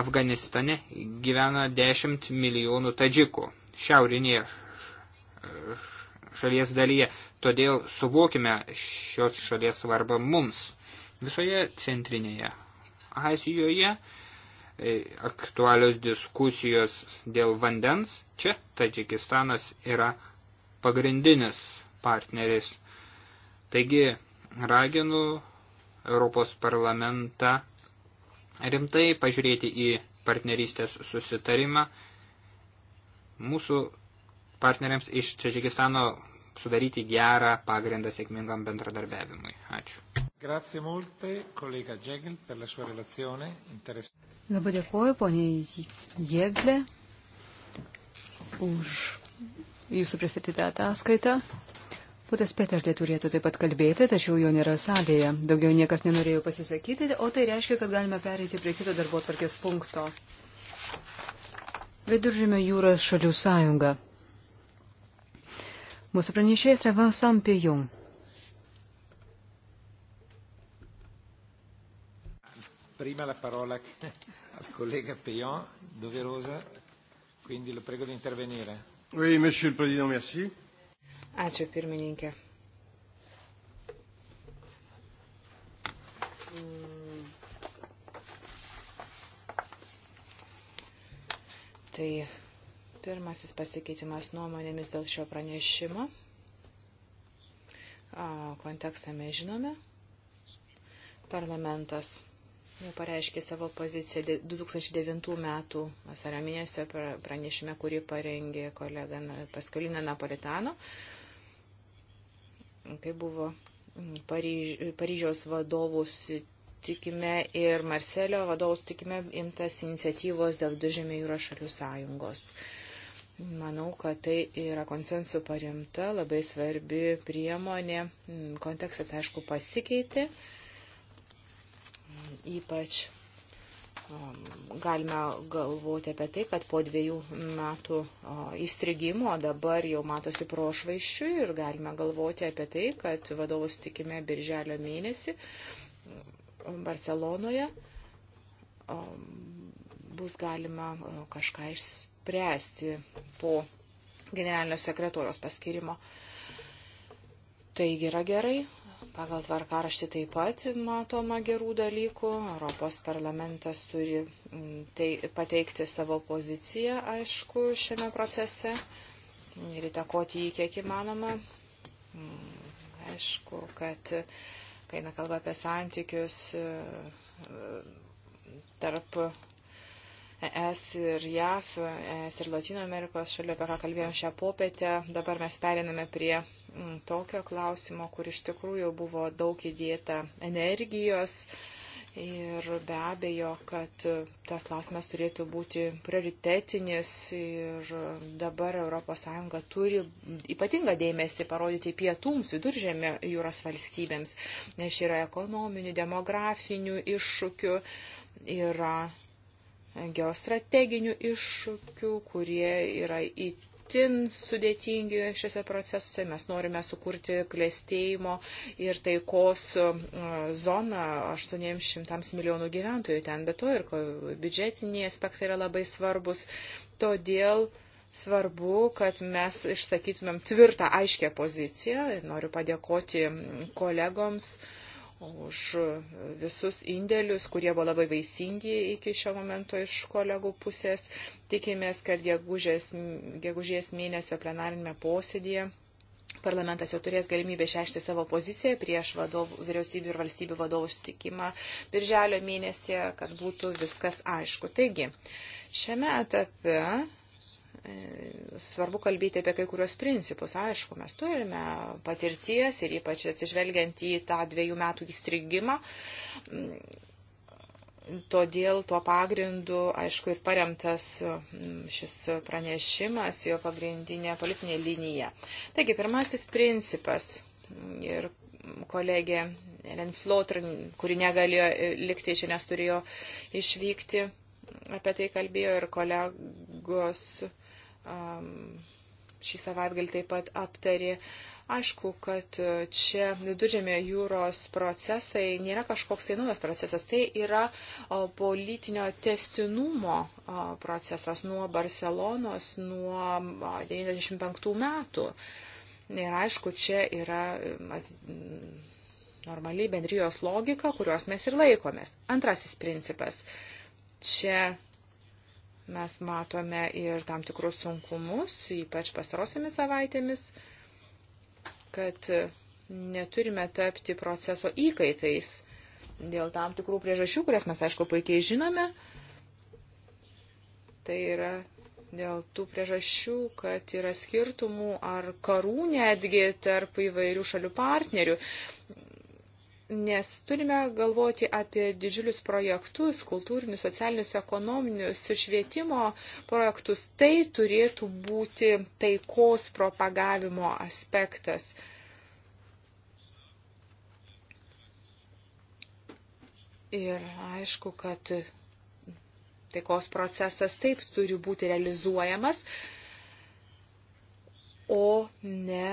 Afganistane gyvena 10 milijonų tadžikų šiaurinėje e, šalies dalyje. Todėl suvokime šios šalies svarbą mums. Visoje centrinėje Azijoje e, aktualios diskusijos dėl vandens. Čia Tadžikistanas yra pagrindinis partneris. Taigi raginu Europos parlamentą rimtai pažiūrėti į partnerystės susitarimą mūsų partneriams iš Čežikistano sudaryti gerą pagrindą sėkmingam bendradarbiavimui. Ačiū. Grazie molte, kolega Jegel, per la sua relazione. Interes... Labai dėkuoju, ponė Jeglė, už jūsų pristatytą ataskaitą. Putas Peterlė turėtų taip pat kalbėti, tačiau jo nėra salėje. Daugiau niekas nenorėjo pasisakyti, o tai reiškia, kad galime pereiti prie kito darbo tvarkės punkto. Viduržėmio jūros šalių sąjunga. Mūsų pranešėjas yra Vincent Pijung. Prima la parola al collega Peyon, doverosa, quindi lo prego di intervenire. Oui, monsieur le président, merci. Ačiū pirmininkė. Tai pirmasis pasikeitimas nuomonėmis dėl šio pranešimo. Kontekstą mes žinome. Parlamentas jau pareiškė savo poziciją 2009 metų vasario mėnesio pranešime, kurį parengė kolega Paskolina Napolitano. Tai buvo Paryž, Paryžiaus vadovus sutikime ir Marselio vadovų sutikime imtas iniciatyvos dėl Dužėmė jūros šalių sąjungos. Manau, kad tai yra konsensų paremta, labai svarbi priemonė. Mm, kontekstas, aišku, pasikeitė. Ypač um, galime galvoti apie tai, kad po dviejų metų įstrigimo dabar jau matosi prošvaiščių ir galime galvoti apie tai, kad vadovus tikime birželio mėnesį Barcelonoje bus galima kažką išspręsti po generalinio sekretorijos paskirimo. Taigi yra gerai, pagal tvarkaraštį taip pat matoma gerų dalykų. Europos parlamentas turi tai, pateikti savo poziciją, aišku, šiame procese ir įtakoti jį kiek įmanoma. Aišku, kad kai eina kalba apie santykius e, tarp ES ir JAF, ES ir Latino Amerikos šalių, apie ką kalbėjom šią popietę. Dabar mes periname prie mm, tokio klausimo, kur iš tikrųjų buvo daug įdėta energijos, uh, Ir be abejo, kad tas klausimas turėtų būti prioritetinis ir dabar ES turi ypatingą dėmesį parodyti pietums viduržėmė jūros valstybėms, nes yra ekonominių, demografinių iššūkių, yra geostrateginių iššūkių, kurie yra įtikinti itin sudėtingi šiuose procesuose. Mes norime sukurti klėstėjimo ir taikos e, zoną 800 milijonų gyventojų ten, bet to ir biudžetiniai aspektai yra labai svarbus. Todėl svarbu, kad mes išsakytumėm tvirtą, aiškę poziciją. Noriu padėkoti kolegoms. Uh, už visus indėlius, kurie buvo labai vaisingi iki šio momento iš kolegų pusės. Tikimės, kad gegužės, gegužės mėnesio plenarinėme posėdėje parlamentas jau turės galimybę išreikšti savo poziciją prieš vadovų, vyriausybių ir valstybių vadovų sutikimą birželio mėnesį, kad būtų viskas aišku. Taigi, šiame etape E, svarbu kalbėti apie kai kurios principus. Aišku, mes turime patirties ir ypač atsižvelgiant į tą dviejų metų įstrigimą. Mm, todėl tuo pagrindu, aišku, ir paremtas mm, šis pranešimas, jo pagrindinė politinė linija. Taigi, pirmasis principas ir kolegė Elen Flotrin, kuri negalėjo e, likti čia, nes turėjo išvykti, apie tai kalbėjo ir kolegos. Uh, šį savaitgalį taip pat aptarė. Aišku, kad čia viduržėmė jūros procesai nėra kažkoks tai naujas procesas, tai yra politinio testinumo procesas nuo Barcelonos nuo 1995 metų. Ir aišku, čia yra normaliai bendrijos logika, kurios mes ir laikomės. Antrasis principas. Čia Mes matome ir tam tikrus sunkumus, ypač pastarosiamis savaitėmis, kad neturime tapti proceso įkaitais dėl tam tikrų priežasčių, kurias mes, aišku, puikiai žinome. Tai yra dėl tų priežasčių, kad yra skirtumų ar karų netgi tarp įvairių šalių partnerių. Nes turime galvoti apie didžiulius projektus, kultūrinius, socialinius, ekonominius ir švietimo projektus. Tai turėtų būti taikos propagavimo aspektas. Ir aišku, kad taikos procesas taip turi būti realizuojamas, o ne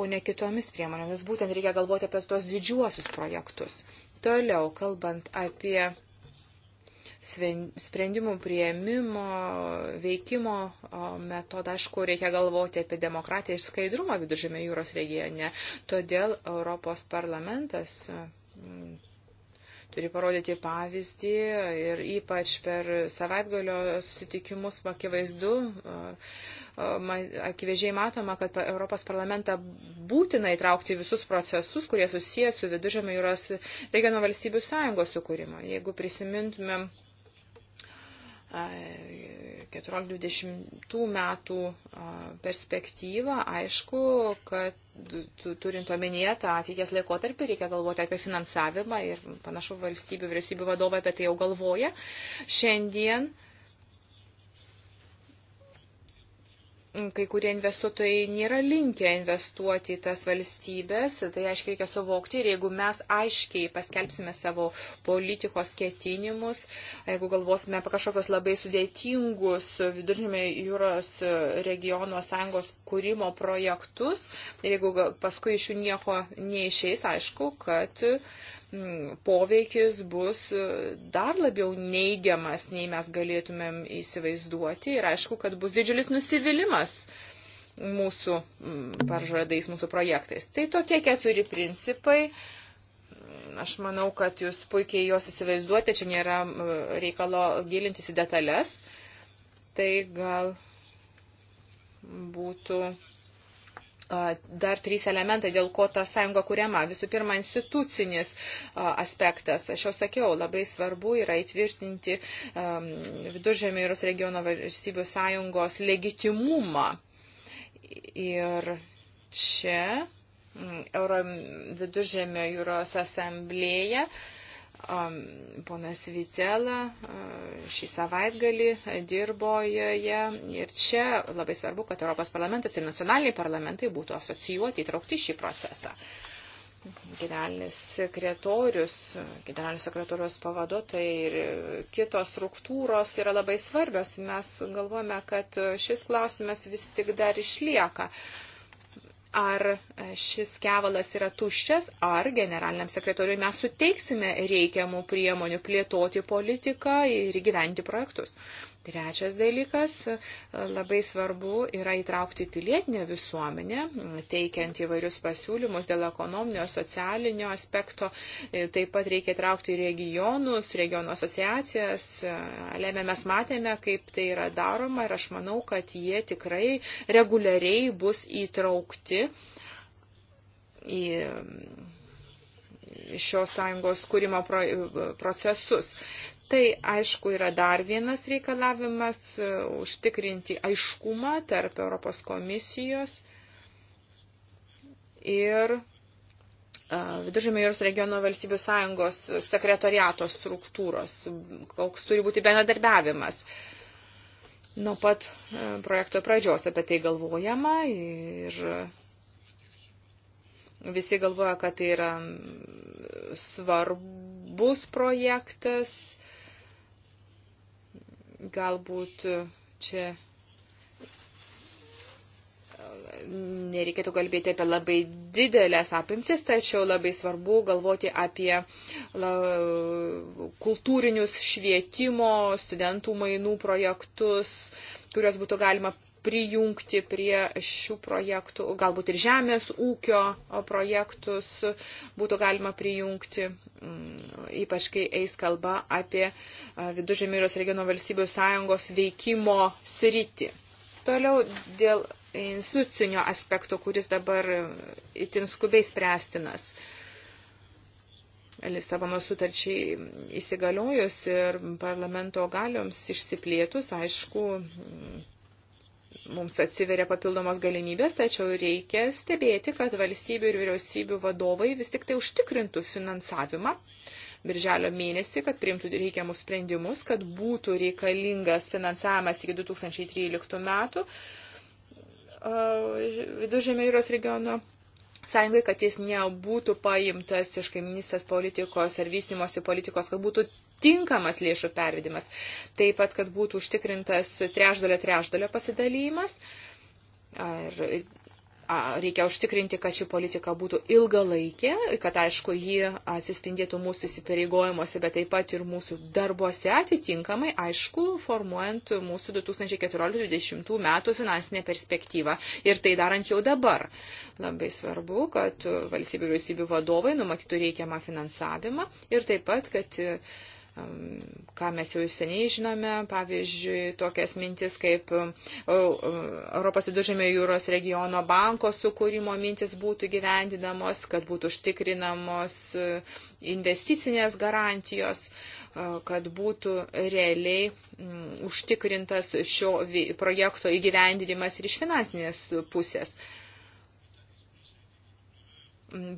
o ne kitomis priemonėmis. Būtent reikia galvoti apie tos didžiuosius projektus. Toliau, kalbant apie sprendimų prieimimo, veikimo metodą, aišku, reikia galvoti apie demokratiją ir skaidrumą viduržėmė jūros regione. Todėl Europos parlamentas turi parodyti pavyzdį ir ypač per savaitgalio susitikimus akivaizdu, akivaizdžiai matoma, kad Europos parlamentą būtina įtraukti visus procesus, kurie susijęs su viduržėmio jūros regiono valstybių sąjungos sukūrimo. Jeigu prisimintumėm 14-20 metų perspektyvą, aišku, kad turint omenyje tą ateities laikotarpį, reikia galvoti apie finansavimą ir panašu valstybių, vyriausybių vadovai apie tai jau galvoja. Šiandien uh, kai kurie investuotojai nėra linkę investuoti į tas valstybės, tai aiškiai reikia suvokti ir jeigu mes aiškiai paskelbsime savo politikos ketinimus, jeigu galvosime apie kažkokios labai sudėtingus vidurinėme jūros regiono sąjungos kūrimo projektus ir jeigu paskui iš jų nieko neišeis, aišku, kad uh, poveikis bus e, dar labiau neigiamas, nei mes galėtumėm įsivaizduoti. Ir aišku, kad bus didžiulis nusivylimas mūsų pažadais, mūsų projektais. Tai tokie keturi principai. Aš manau, kad jūs puikiai juos įsivaizduoti, čia nėra reikalo gilintis į detalės. Tai gal būtų dar trys elementai, dėl ko ta sąjunga kuriama. Visų pirma, institucinis aspektas. Aš jau sakiau, labai svarbu yra įtvirtinti viduržėmio jūros regiono valstybių sąjungos legitimumą. Ir čia Euro viduržėmio jūros asamblėje uh, Ponas Vicela šį savaitgalį dirbo joje ir čia labai svarbu, kad Europos parlamentas ir nacionaliniai parlamentai būtų asocijuoti, įtraukti šį procesą. Generalinis sekretorius, generalinis sekretorius pavaduotojai ir kitos struktūros yra labai svarbios. Mes galvojame, kad šis klausimas vis tik dar išlieka. Uh, ar e, šis kevalas yra tuščias, ar generaliniam sekretoriui mes suteiksime reikiamų priemonių plėtoti politiką ir gyventi projektus. Trečias dalykas, labai svarbu yra įtraukti pilietinę visuomenę, teikiant įvairius pasiūlymus dėl ekonominio, socialinio aspekto. Taip pat reikia įtraukti regionus, regionų asociacijas. Lėmė mes matėme, kaip tai yra daroma ir aš manau, kad jie tikrai reguliariai bus įtraukti į šios sąjungos kūrimo procesus. Tai aišku yra dar vienas reikalavimas e, užtikrinti aiškumą tarp Europos komisijos ir e, Viduržėmio jūros regiono valstybių sąjungos sekretoriato struktūros, koks turi būti bendradarbiavimas. Nuo pat e, projekto pradžios apie tai galvojama ir visi galvoja, kad tai yra svarbus projektas galbūt čia nereikėtų kalbėti apie labai didelės apimtis, tačiau labai svarbu galvoti apie la, kultūrinius švietimo, studentų mainų projektus, kuriuos būtų galima prijungti prie šių projektų, galbūt ir žemės ūkio projektus būtų galima prijungti, mm, ypač kai eis kalba apie Vidužemirios regiono valstybių sąjungos veikimo sritį. Toliau dėl institucinio aspekto, kuris dabar itin skubiai spręstinas. Lisabono sutarčiai įsigaliojus ir parlamento galioms išsiplėtus, aišku, mums atsiveria papildomos galimybės, tačiau reikia stebėti, kad valstybių ir vyriausybių vadovai vis tik tai užtikrintų finansavimą birželio mėnesį, kad priimtų reikiamus sprendimus, kad būtų reikalingas finansavimas iki 2013 metų viduržėmio jūros regiono sąjungai, kad jis nebūtų paimtas iš kaiminystės politikos ar vystimosi politikos, kad būtų tinkamas lėšų pervedimas. Taip pat, kad būtų užtikrintas trešdalio trešdalio pasidalymas. Ir reikia užtikrinti, kad ši politika būtų ilgalaikė, kad aišku, ji atsispindėtų mūsų įsipareigojimuose, bet taip pat ir mūsų darbuose atitinkamai, aišku, formuojant mūsų 2014-2020 metų finansinę perspektyvą ir tai darant jau dabar. Labai svarbu, kad valstybių vyriausybių vadovai numatytų reikiamą finansavimą ir taip pat, kad ką mes jau seniai žinome, pavyzdžiui, tokias mintis kaip um, Europos viduržėmio jūros regiono banko sukūrimo mintis būtų gyvendinamos, kad būtų užtikrinamos e, investicinės garantijos, e, kad būtų realiai užtikrintas šio projekto įgyvendinimas ir iš finansinės pusės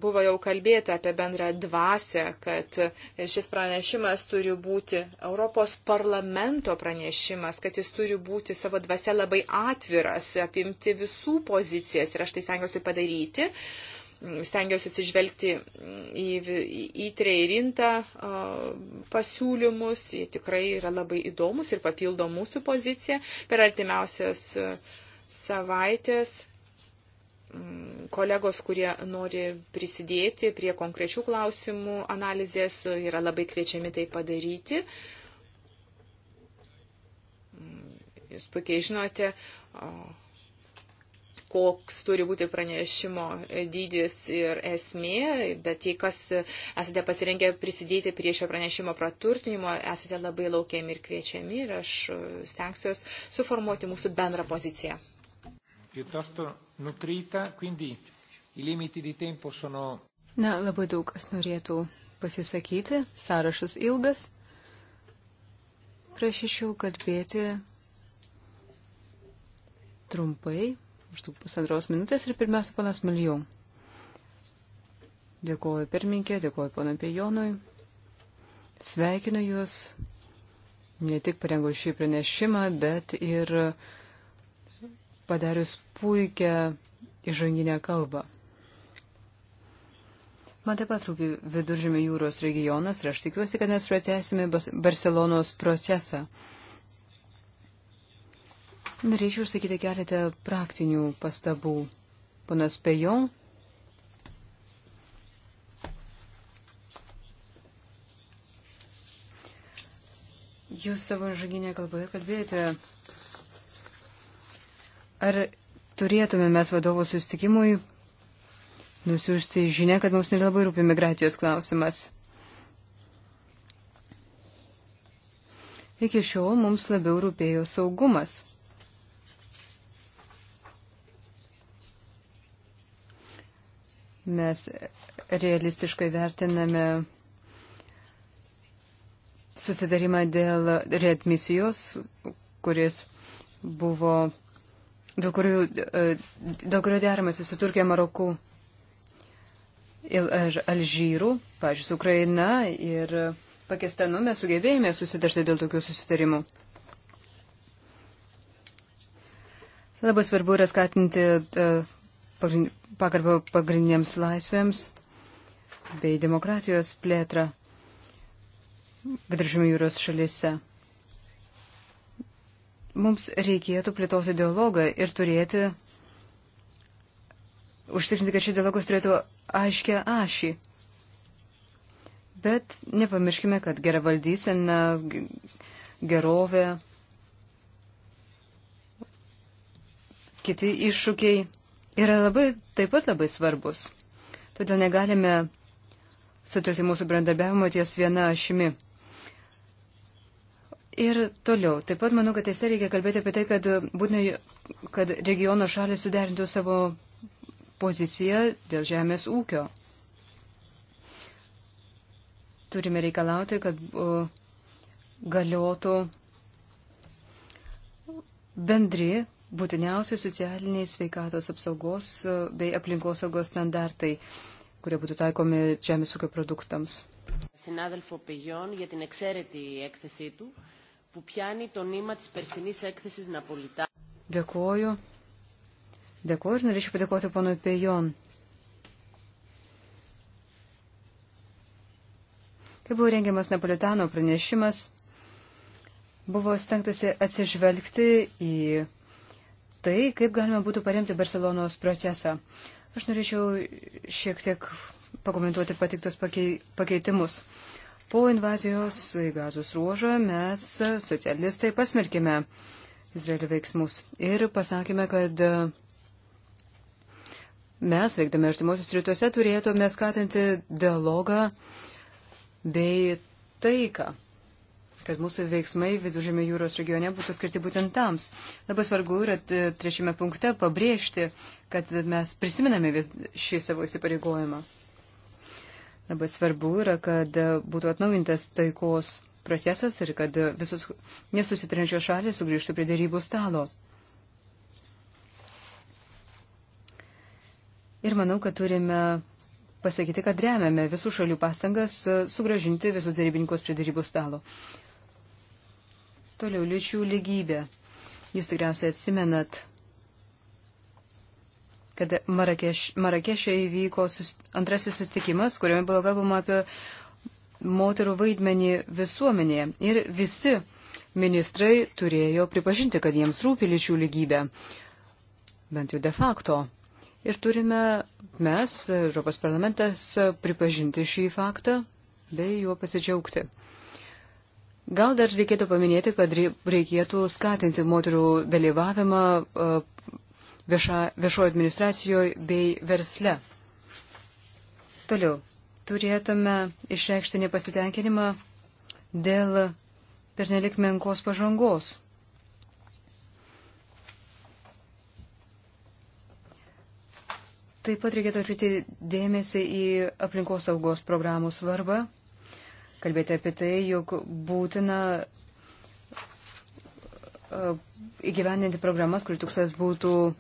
buvo jau kalbėta apie bendrą dvasę, kad šis pranešimas turi būti Europos parlamento pranešimas, kad jis turi būti savo dvasę labai atviras, apimti visų pozicijas ir aš tai stengiuosi padaryti. Stengiuosi atsižvelgti į įtrę ir rintą pasiūlymus, jie tikrai yra labai įdomus ir papildo mūsų poziciją per artimiausias savaitės Mm, kolegos, kurie nori prisidėti prie konkrečių klausimų analizės, yra labai kviečiami tai padaryti. Mm, jūs puikiai žinote, koks turi būti pranešimo dydis ir esmė, bet jei kas esate pasirengę prisidėti prie šio pranešimo praturtinimo, esate labai laukiami ir kviečiami ir aš stengsiuosi suformuoti mūsų bendrą poziciją. Kitas to nutrita, quindi i limiti di tempo sono. Na, labai daug kas norėtų pasisakyti, sąrašas ilgas. Prašyčiau kalbėti trumpai, maždaug pusantros minutės ir pirmiausia, panas Milijau. Dėkuoju pirminkė, dėkuoju ponui Pejonui. Sveikinu Jūs ne tik parengus šį pranešimą, bet ir uh, padarius puikią įžanginę kalbą. Man taip pat rūpi viduržymio jūros regionas ir aš tikiuosi, kad mes pratęsime Barcelonos procesą. Norėčiau užsakyti keletą praktinių pastabų. Ponas Pejon Jūs savo žaginėje kalboje kalbėjote Ar turėtume mes vadovų sustikimui nusiųsti žinę, kad mums nelabai rūpi migracijos klausimas? Iki šiol mums labiau rūpėjo saugumas. Mes realistiškai vertiname susidarimą dėl readmisijos, kuris buvo dėl kurių, e, dėl kurių deramasi su Turkija, Maroku ir Alžyru, pažiūrėjau, su Ukraina ir Pakistanu mes sugebėjome susitarti dėl tokių susitarimų. Labai svarbu yra skatinti e, pagarbą pagrindiniams laisvėms bei demokratijos plėtrą viduržymio jūros šalyse mums reikėtų plėtoti dialogą ir turėti, užtikrinti, kad šis dialogas turėtų aiškę ašį. Bet nepamirškime, kad gera valdysena, gerovė, kiti iššūkiai yra labai, taip pat labai svarbus. Todėl negalime sutarti mūsų brandabiavimo ties viena ašimi ir toliau. Taip pat manau, kad tiesiog reikia kalbėti apie tai, kad būtinai, kad regiono šalis suderintų savo poziciją dėl žemės ūkio. Turime reikalauti, kad galiotų bendri būtiniausi socialiniai sveikatos apsaugos bei aplinkosaugos standartai, kurie būtų taikomi žemės ūkio produktams. Συνάδελφο Πηγιόν για την εξαίρετη έκθεσή του που πιάνει το νήμα της περσινής έκθεσης Ναπολιτά. Dėkoju. Dėkoju ir norėčiau padėkoti ponui Pejon. Kai buvo rengiamas Napolitano pranešimas, buvo stengtasi atsižvelgti į tai, kaip galima būtų paremti Barcelonos procesą. Aš norėčiau šiek tiek pakomentuoti patiktus pakei, pakeitimus. Po invazijos į gazos ruožą mes socialistai pasmerkime Izraelio veiksmus ir pasakėme, kad mes, veikdami artimuosius rytuose, turėtume skatinti dialogą bei taiką kad mūsų veiksmai Vidužėmio jūros regione būtų skirti būtent tams. Labai svarbu yra e, trečiame punkte pabrėžti, kad mes prisiminame šį savo įsipareigojimą. Labai svarbu yra, kad būtų atnaujintas taikos procesas ir kad visus nesusitrinčios šalės sugrįžtų prie darybų stalo. Ir manau, kad turime pasakyti, kad remiame visų šalių pastangas sugražinti visus darybininkus prie darybų stalo. Toliau lyčių lygybė. Jūs tikriausiai atsimenat, kad Marakeš, Marakešė įvyko sus, antrasis sustikimas, kuriame buvo kalbama apie moterų vaidmenį visuomenėje. Ir visi ministrai turėjo pripažinti, kad jiems rūpi lyčių lygybė, bent jau de facto. Ir turime mes, Europos parlamentas, pripažinti šį faktą bei juo pasidžiaugti. Gal dar reikėtų paminėti, kad reikėtų skatinti moterų dalyvavimą vieša, viešojo administracijoje bei versle. Toliau, turėtume išreikšti nepasitenkinimą dėl pernelik menkos pažangos. Taip pat reikėtų atkreipti dėmesį į aplinkos saugos programų svarbą, kalbėti apie tai, jog būtina e, įgyvendinti programas, kurių tikslas būtų uh,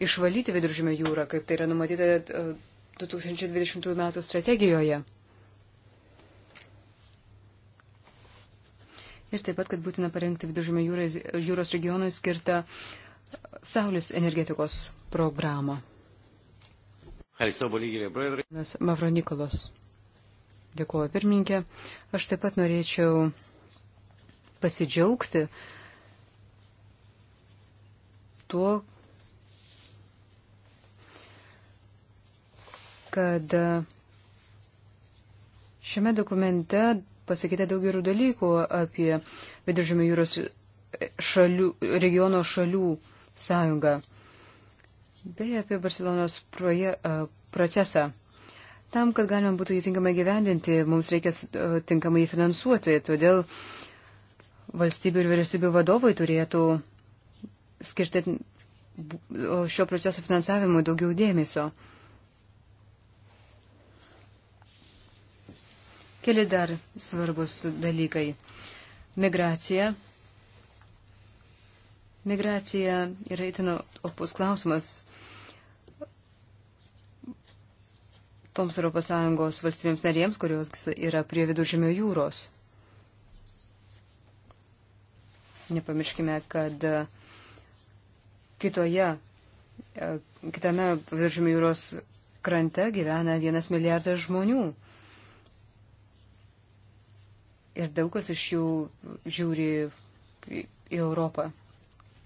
išvalyti viduržymio jūrą, kaip tai yra numatyta 2020 e, m. strategijoje. Ir taip pat, kad būtina parengti viduržymio jūros, jūros regionui skirtą Saulės energetikos programą. Mavro Nikolos. Dėkuoju pirmininkė. Aš taip pat norėčiau pasidžiaugti tuo, kad e, šiame dokumente pasakyta daug gerų dalykų apie Viduržėmio jūros e, šalių, regiono šalių sąjungą, bei apie Barcelonos proje, e, procesą. Tam, kad galima būtų jį tinkamai gyvendinti, mums reikia tinkamai jį finansuoti, todėl valstybių ir vyriausybių vadovai turėtų skirti šio proceso finansavimui daugiau dėmesio. Keli dar svarbus dalykai. Migracija. Migracija yra itin opus klausimas toms ES valstybėms narėms, kurios yra prie viduržėmio jūros. Nepamirškime, kad e, kitoje, e, kitame viduržėmio jūros krante gyvena vienas milijardas žmonių ir daug kas iš jų žiūri į Europą,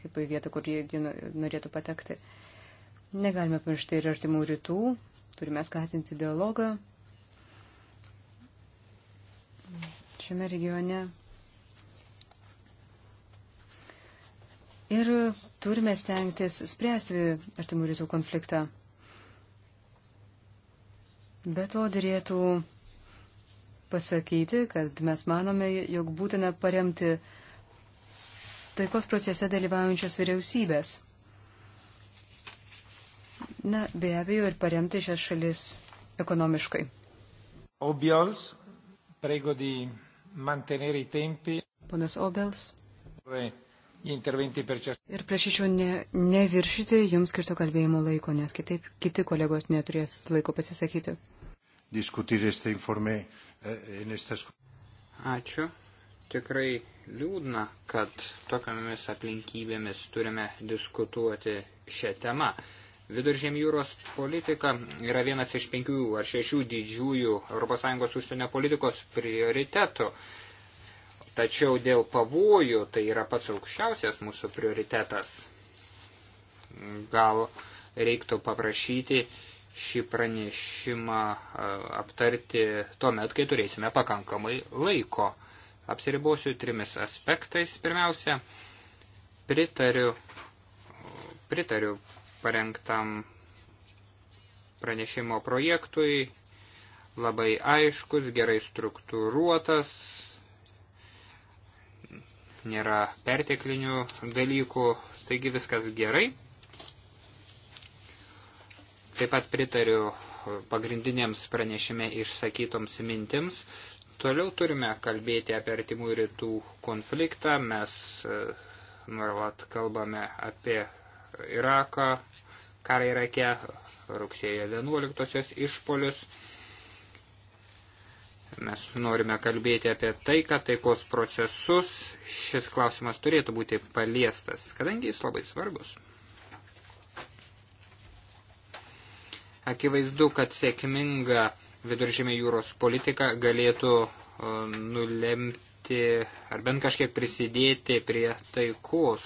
kaip į vietą, kur jie norėtų patekti. Negalime pamiršti ir artimų rytų, turime skatinti dialogą šiame regione. Ir turime stengtis spręsti artimų rytų konfliktą. Be to dėrėtų pasakyti, kad mes manome, jog būtina paremti taikos procese dalyvaujančios vyriausybės. Na, be abejo, ir paremti šias šalis ekonomiškai. Obiols, prego di mantenere i tempi. Ponas Obels. Ir prašyčiau ne, neviršyti jums skirto kalbėjimo laiko, nes kitaip kiti kolegos neturės laiko pasisakyti discutir este informe eh, en estas. Ačiū. Tikrai liūdna, kad tokiamis aplinkybėmis turime diskutuoti šią temą. Viduržėm jūros politika yra vienas iš penkių ar šešių didžiųjų ES užsienio politikos prioritetų. Tačiau dėl pavojų tai yra pats aukščiausias mūsų prioritetas. Gal reiktų paprašyti šį pranešimą aptarti tuo met, kai turėsime pakankamai laiko. Apsiribosiu trimis aspektais. Pirmiausia, pritariu, pritariu parengtam pranešimo projektui, labai aiškus, gerai struktūruotas, nėra perteklinių dalykų, taigi viskas gerai. Taip pat pritariu pagrindinėms pranešime išsakytoms mintims. Toliau turime kalbėti apie artimų rytų konfliktą. Mes e, nuolat kalbame apie Iraką, karą Irake, rugsėjo 11-osios išpolius. Mes norime kalbėti apie taiką, taikos procesus. Šis klausimas turėtų būti paliestas, kadangi jis labai svarbus. Akivaizdu, kad sėkminga viduržėmė jūros politika galėtų e, nulemti ar bent kažkiek prisidėti prie taikos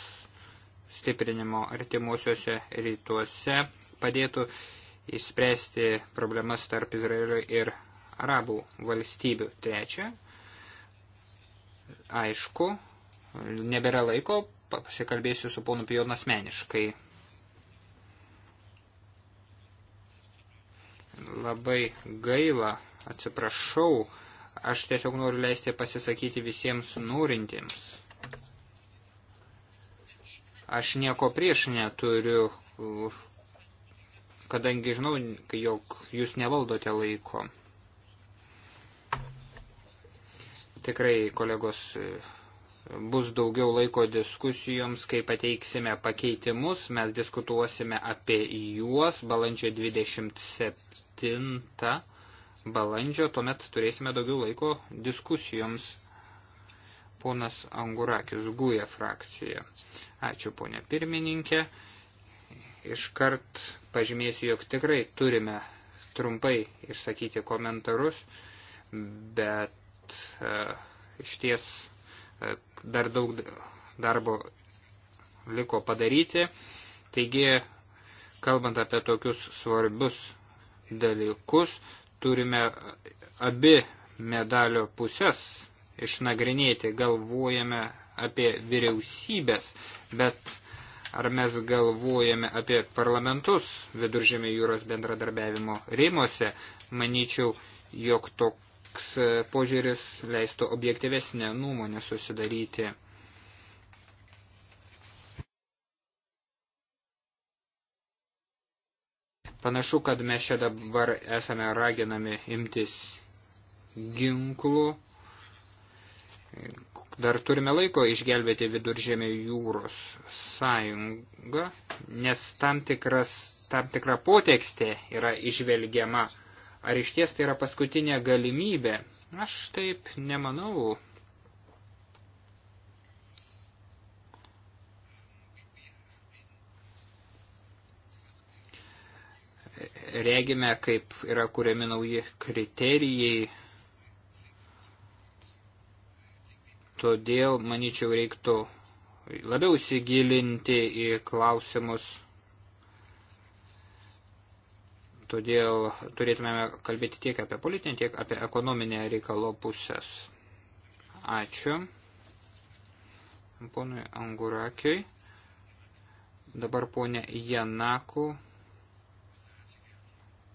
stiprinimo artimuosiuose rytuose, padėtų išspręsti problemas tarp Izraelio ir arabų valstybių. Trečia, aišku, nebėra laiko, pasikalbėsiu su ponu Pijonu asmeniškai. Labai gaila, atsiprašau, aš tiesiog noriu leisti pasisakyti visiems norintiems. Aš nieko prieš neturiu, kadangi žinau, jog jūs nevaldote laiko. Tikrai, kolegos, bus daugiau laiko diskusijoms, kai pateiksime pakeitimus, mes diskutuosime apie juos balandžio 27 7 balandžio, tuomet turėsime daugiau laiko diskusijoms. Ponas Angurakis Guja frakcija. Ačiū, ponė pirmininkė. Iškart pažymėsiu, jog tikrai turime trumpai išsakyti komentarus, bet e, iš ties e, dar daug darbo liko padaryti. Taigi, kalbant apie tokius svarbius dalykus turime abi medalio pusės išnagrinėti, galvojame apie vyriausybės, bet ar mes galvojame apie parlamentus viduržėmė jūros bendradarbiavimo rėmose, manyčiau, jog toks požiūris leistų objektyvesnę nuomonę susidaryti. Panašu, kad mes čia dabar esame raginami imtis ginklų. Dar turime laiko išgelbėti viduržėmė jūros sąjungą, nes tam, tikras, tam tikra potekstė yra išvelgiama. Ar iš ties tai yra paskutinė galimybė? Aš taip nemanau. regime, kaip yra kuriami nauji kriterijai. Todėl, manyčiau, reiktų labiau įsigilinti į klausimus. Todėl turėtumėme kalbėti tiek apie politinę, tiek apie ekonominę reikalo pusės. Ačiū. Ponui Angurakiui. Dabar ponė Janaku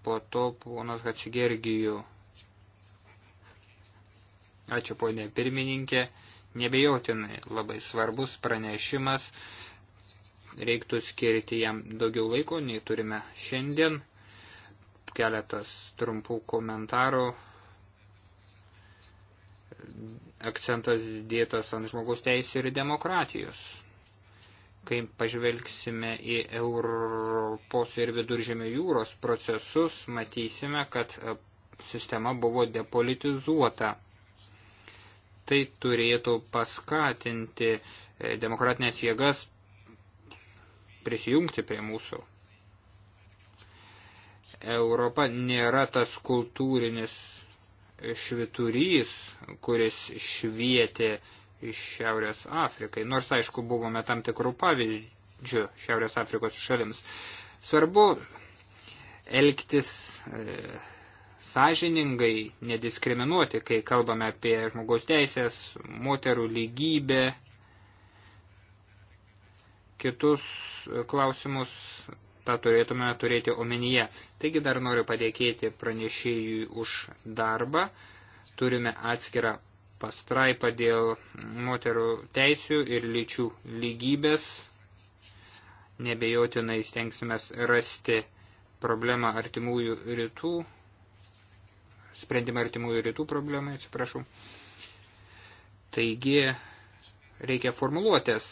po to ponas Hatsigergijų. Ačiū ponė pirmininkė, nebejotinai labai svarbus pranešimas, reiktų skirti jam daugiau laiko, nei turime šiandien. Keletas trumpų komentarų. Akcentas dėtas ant žmogaus teisų ir demokratijos kai pažvelgsime į Europos ir viduržėmio jūros procesus, matysime, kad e, sistema buvo depolitizuota. Tai turėtų paskatinti e, demokratinės jėgas prisijungti prie mūsų. Europa nėra tas kultūrinis šviturys, kuris švietė uh, iš Šiaurės Afrikai, nors aišku buvome tam tikrų pavyzdžių Šiaurės Afrikos šalims. Svarbu elgtis e, sąžiningai, nediskriminuoti, kai kalbame apie žmogaus teisės, moterų lygybę, kitus klausimus, tą turėtume turėti omenyje. Taigi dar noriu padėkėti pranešėjui už darbą. Turime atskirą pastraipą dėl moterų teisių ir lyčių lygybės. Nebejotinai stengsime rasti problemą artimųjų rytų, sprendimą artimųjų rytų problemai, atsiprašau. Taigi reikia formuluotės.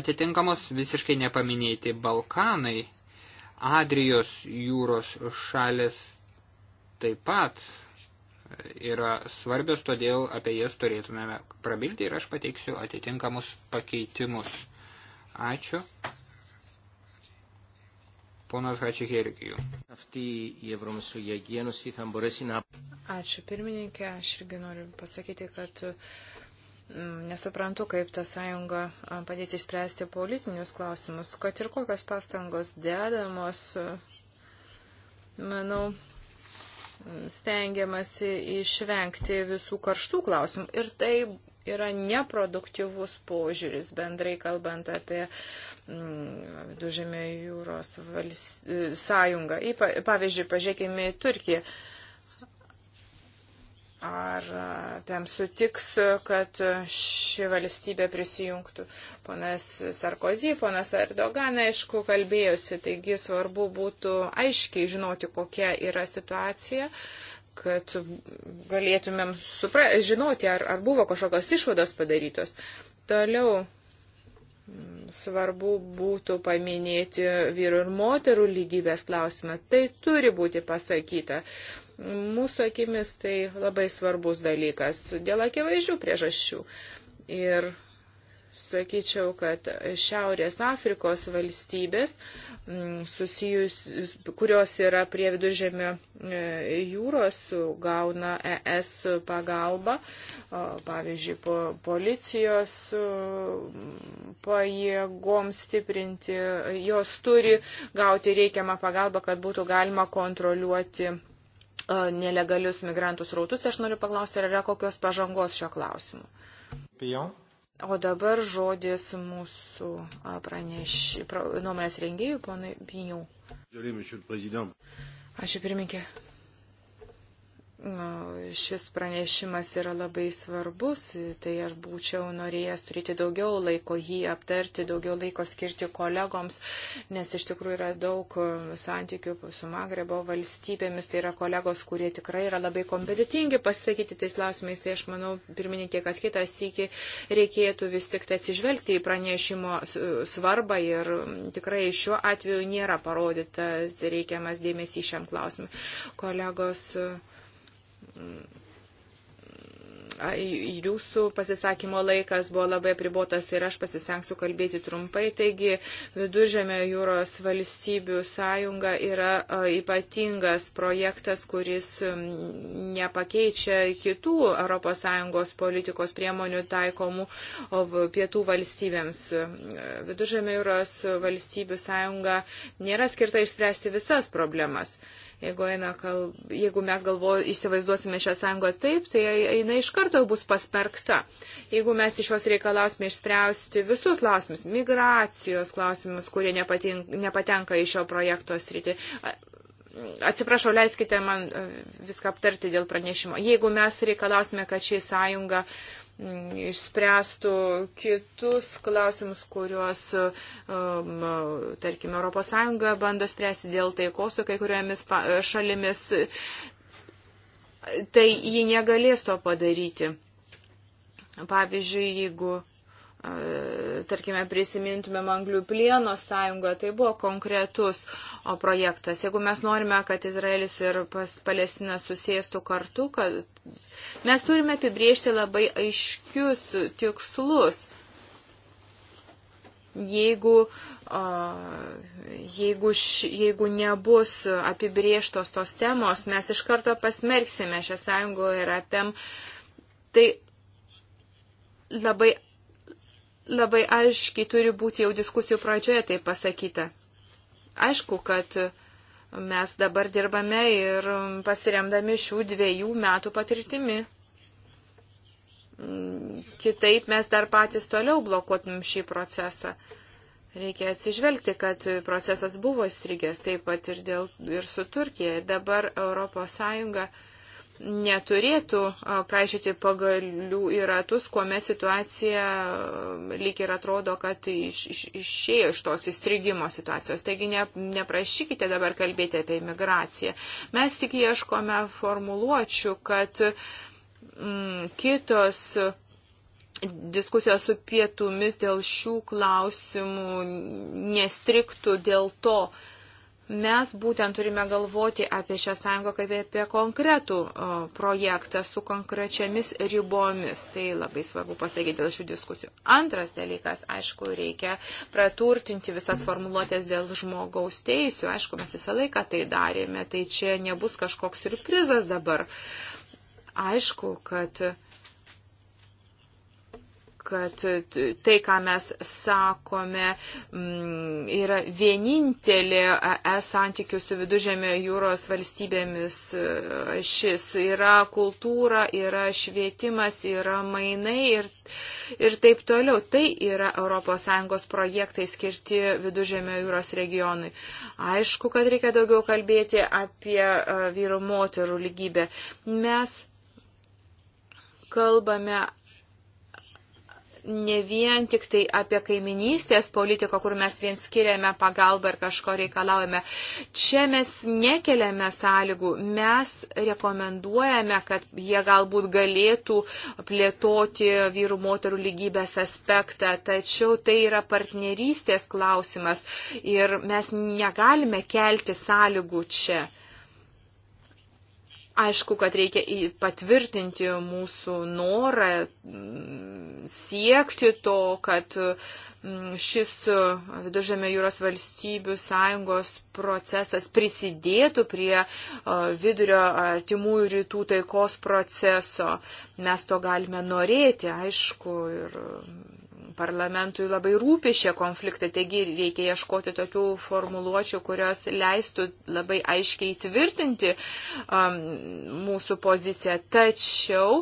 Atitinkamos visiškai nepaminėti Balkanai, Adrijos jūros šalis taip pat yra svarbios, todėl apie jas turėtumėme prabilti ir aš pateiksiu atitinkamus pakeitimus. Ačiū. Ponas Hačihergijų. Ačiū pirmininkė, aš irgi noriu pasakyti, kad mm, nesuprantu, kaip ta sąjunga padės išspręsti politinius klausimus, kad ir kokios pastangos dedamos, manau, stengiamasi išvengti visų karštų klausimų. Ir tai yra neproduktyvus požiūris, bendrai kalbant apie mm, Dužėmė jūros vals... sąjungą. Pavyzdžiui, pažiūrėkime į Turkiją ar tam sutiks, kad ši valstybė prisijungtų. Ponas Sarkozy, ponas Erdogan, aišku, kalbėjosi, taigi svarbu būtų aiškiai žinoti, kokia yra situacija kad galėtumėm supra, žinoti, ar, ar buvo kažkokios išvados padarytos. Toliau mm, svarbu būtų paminėti vyrų ir moterų lygybės klausimą. Tai turi būti pasakyta mūsų akimis tai labai svarbus dalykas dėl akivaizdžių priežasčių. Ir sakyčiau, kad Šiaurės Afrikos valstybės, mm, susijus, kurios yra prie viduržėmio e, jūros, gauna ES pagalbą, pavyzdžiui, po policijos e, pajėgoms stiprinti, jos turi gauti reikiamą pagalbą, kad būtų galima kontroliuoti E, nelegalius migrantų srautus, tai aš noriu paklausti, ar yra kokios pažangos šio klausimu. Pijon. O dabar žodis mūsų praneš, nuomonės rengėjų, ponai Pijau. Ačiū pirmininkė šis pranešimas yra labai svarbus, tai aš būčiau norėjęs turėti daugiau laiko jį aptarti, daugiau laiko skirti kolegoms, nes iš tikrųjų yra daug e, santykių su Magrebo valstybėmis, tai yra kolegos, kurie tikrai yra labai kompetitingi pasakyti tais klausimais, tai aš manau, pirmininkė, kad kitas iki reikėtų vis tik tai atsižvelgti į pranešimo svarbą ir tikrai šiuo atveju nėra parodytas reikiamas dėmesys šiam klausimui. Kolegos, jūsų pasisakymo laikas buvo labai pribotas ir aš pasisengsiu kalbėti trumpai. Taigi, Viduržėmio jūros valstybių sąjunga yra ypatingas projektas, kuris nepakeičia kitų ES politikos priemonių taikomų pietų valstybėms. Viduržėmio jūros valstybių sąjunga nėra skirta išspręsti visas problemas. Jeigu, eina, kal... jeigu mes galvo, įsivaizduosime šią sąjungą taip, tai jinai iš karto bus pasperkta. Jeigu mes iš jos reikalausime išspręsti visus klausimus, migracijos klausimus, kurie nepatink, nepatenka į šio projekto sritį, atsiprašau, leiskite man e, viską aptarti dėl pranešimo. Jeigu mes reikalausime, kad ši sąjunga uh, Mm, išspręstų kitus klausimus, kuriuos, um, tarkim, ES bando spręsti dėl taikos su kai kuriomis šalimis, tai ji negalės to padaryti. Pavyzdžiui, jeigu e, tarkime, prisimintumėm Anglių plieno sąjungą, tai buvo konkretus projektas. Jeigu mes norime, kad Izraelis ir Palestina susėstų kartu, kad Mes turime apibriežti labai aiškius tikslus. Jeigu, jeigu, jeigu nebus apibrieštos tos temos, mes iš karto pasmerksime šią sąjungą ir apėm. Tai labai, labai aiškiai turi būti jau diskusijų pradžioje tai pasakyta. Aišku, kad uh, Mes dabar dirbame ir pasiremdami šių dviejų metų patirtimi. Kitaip mes dar patys toliau blokuotum šį procesą. Reikia atsižvelgti, kad procesas buvo įstrigęs taip pat ir, dėl, ir su Turkija. Dabar Europos Sąjunga uh, neturėtų kaišyti pagalių į ratus, kuomet situacija lyg ir atrodo, kad iš, iš, išėjo iš tos įstrigimo situacijos. Taigi ne, neprašykite dabar kalbėti apie imigraciją. Mes tik ieškome formuluočių, kad mm, kitos diskusijos su pietumis dėl šių klausimų nestriktų dėl to, uh, Mes būtent turime galvoti apie šią sąjungą kaip apie konkretų projektą su konkrečiamis ribomis. Tai labai svarbu pasakyti dėl šių diskusijų. Antras dalykas, aišku, reikia praturtinti visas formuluotės dėl žmogaus teisų. Aišku, mes visą laiką tai darėme, tai čia nebus kažkoks surprizas dabar. Aišku, kad uh, kad tai, ką mes sakome, mm, yra vienintelė es santykių su viduržėmio jūros valstybėmis e, šis. Yra kultūra, yra švietimas, yra mainai ir, ir taip toliau. Tai yra ES projektai skirti viduržėmio jūros regionui. Aišku, kad reikia daugiau kalbėti apie e, vyrų moterų lygybę. Mes kalbame ne vien tik tai apie kaiminystės politiką, kur mes vien skiriame pagalbą ir kažko reikalaujame. Čia mes nekeliame sąlygų, mes rekomenduojame, kad jie galbūt galėtų plėtoti vyrų moterų lygybės aspektą, tačiau tai yra partnerystės klausimas ir mes negalime kelti sąlygų čia. Aišku, kad reikia patvirtinti mūsų norą mm, siekti to, kad mm, šis Viduržėmio jūros valstybių sąjungos procesas prisidėtų prie vidurio artimųjų rytų taikos proceso. Mes to galime norėti, aišku, ir parlamentui labai rūpi šie konfliktai, taigi reikia ieškoti tokių formuluočių, kurios leistų labai aiškiai tvirtinti um, mūsų poziciją. Tačiau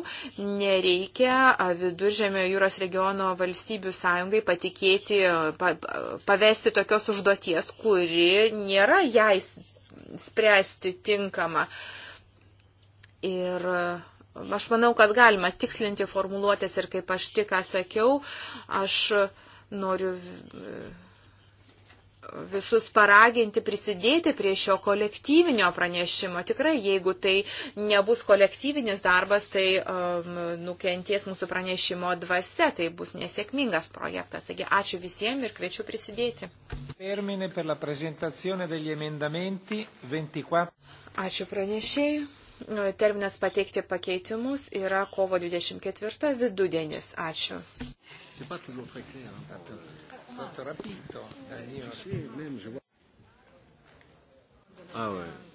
nereikia viduržėmio jūros regiono valstybių sąjungai patikėti, pa, pavesti tokios užduoties, kuri nėra jai spręsti tinkama. Ir uh, Aš manau, kad galima tikslinti formuluotės ir kaip aš tik ką sakiau, aš noriu visus paraginti prisidėti prie šio kolektyvinio pranešimo. Tikrai, jeigu tai nebus kolektyvinis darbas, tai um, nukenties mūsų pranešimo dvasia, tai bus nesėkmingas projektas. Taigi ačiū visiems ir kviečiu prisidėti. Ačiū pranešėjai. Terminas pateikti pakeitimus yra kovo 24 vidudienis. Ačiū. Ah ouais.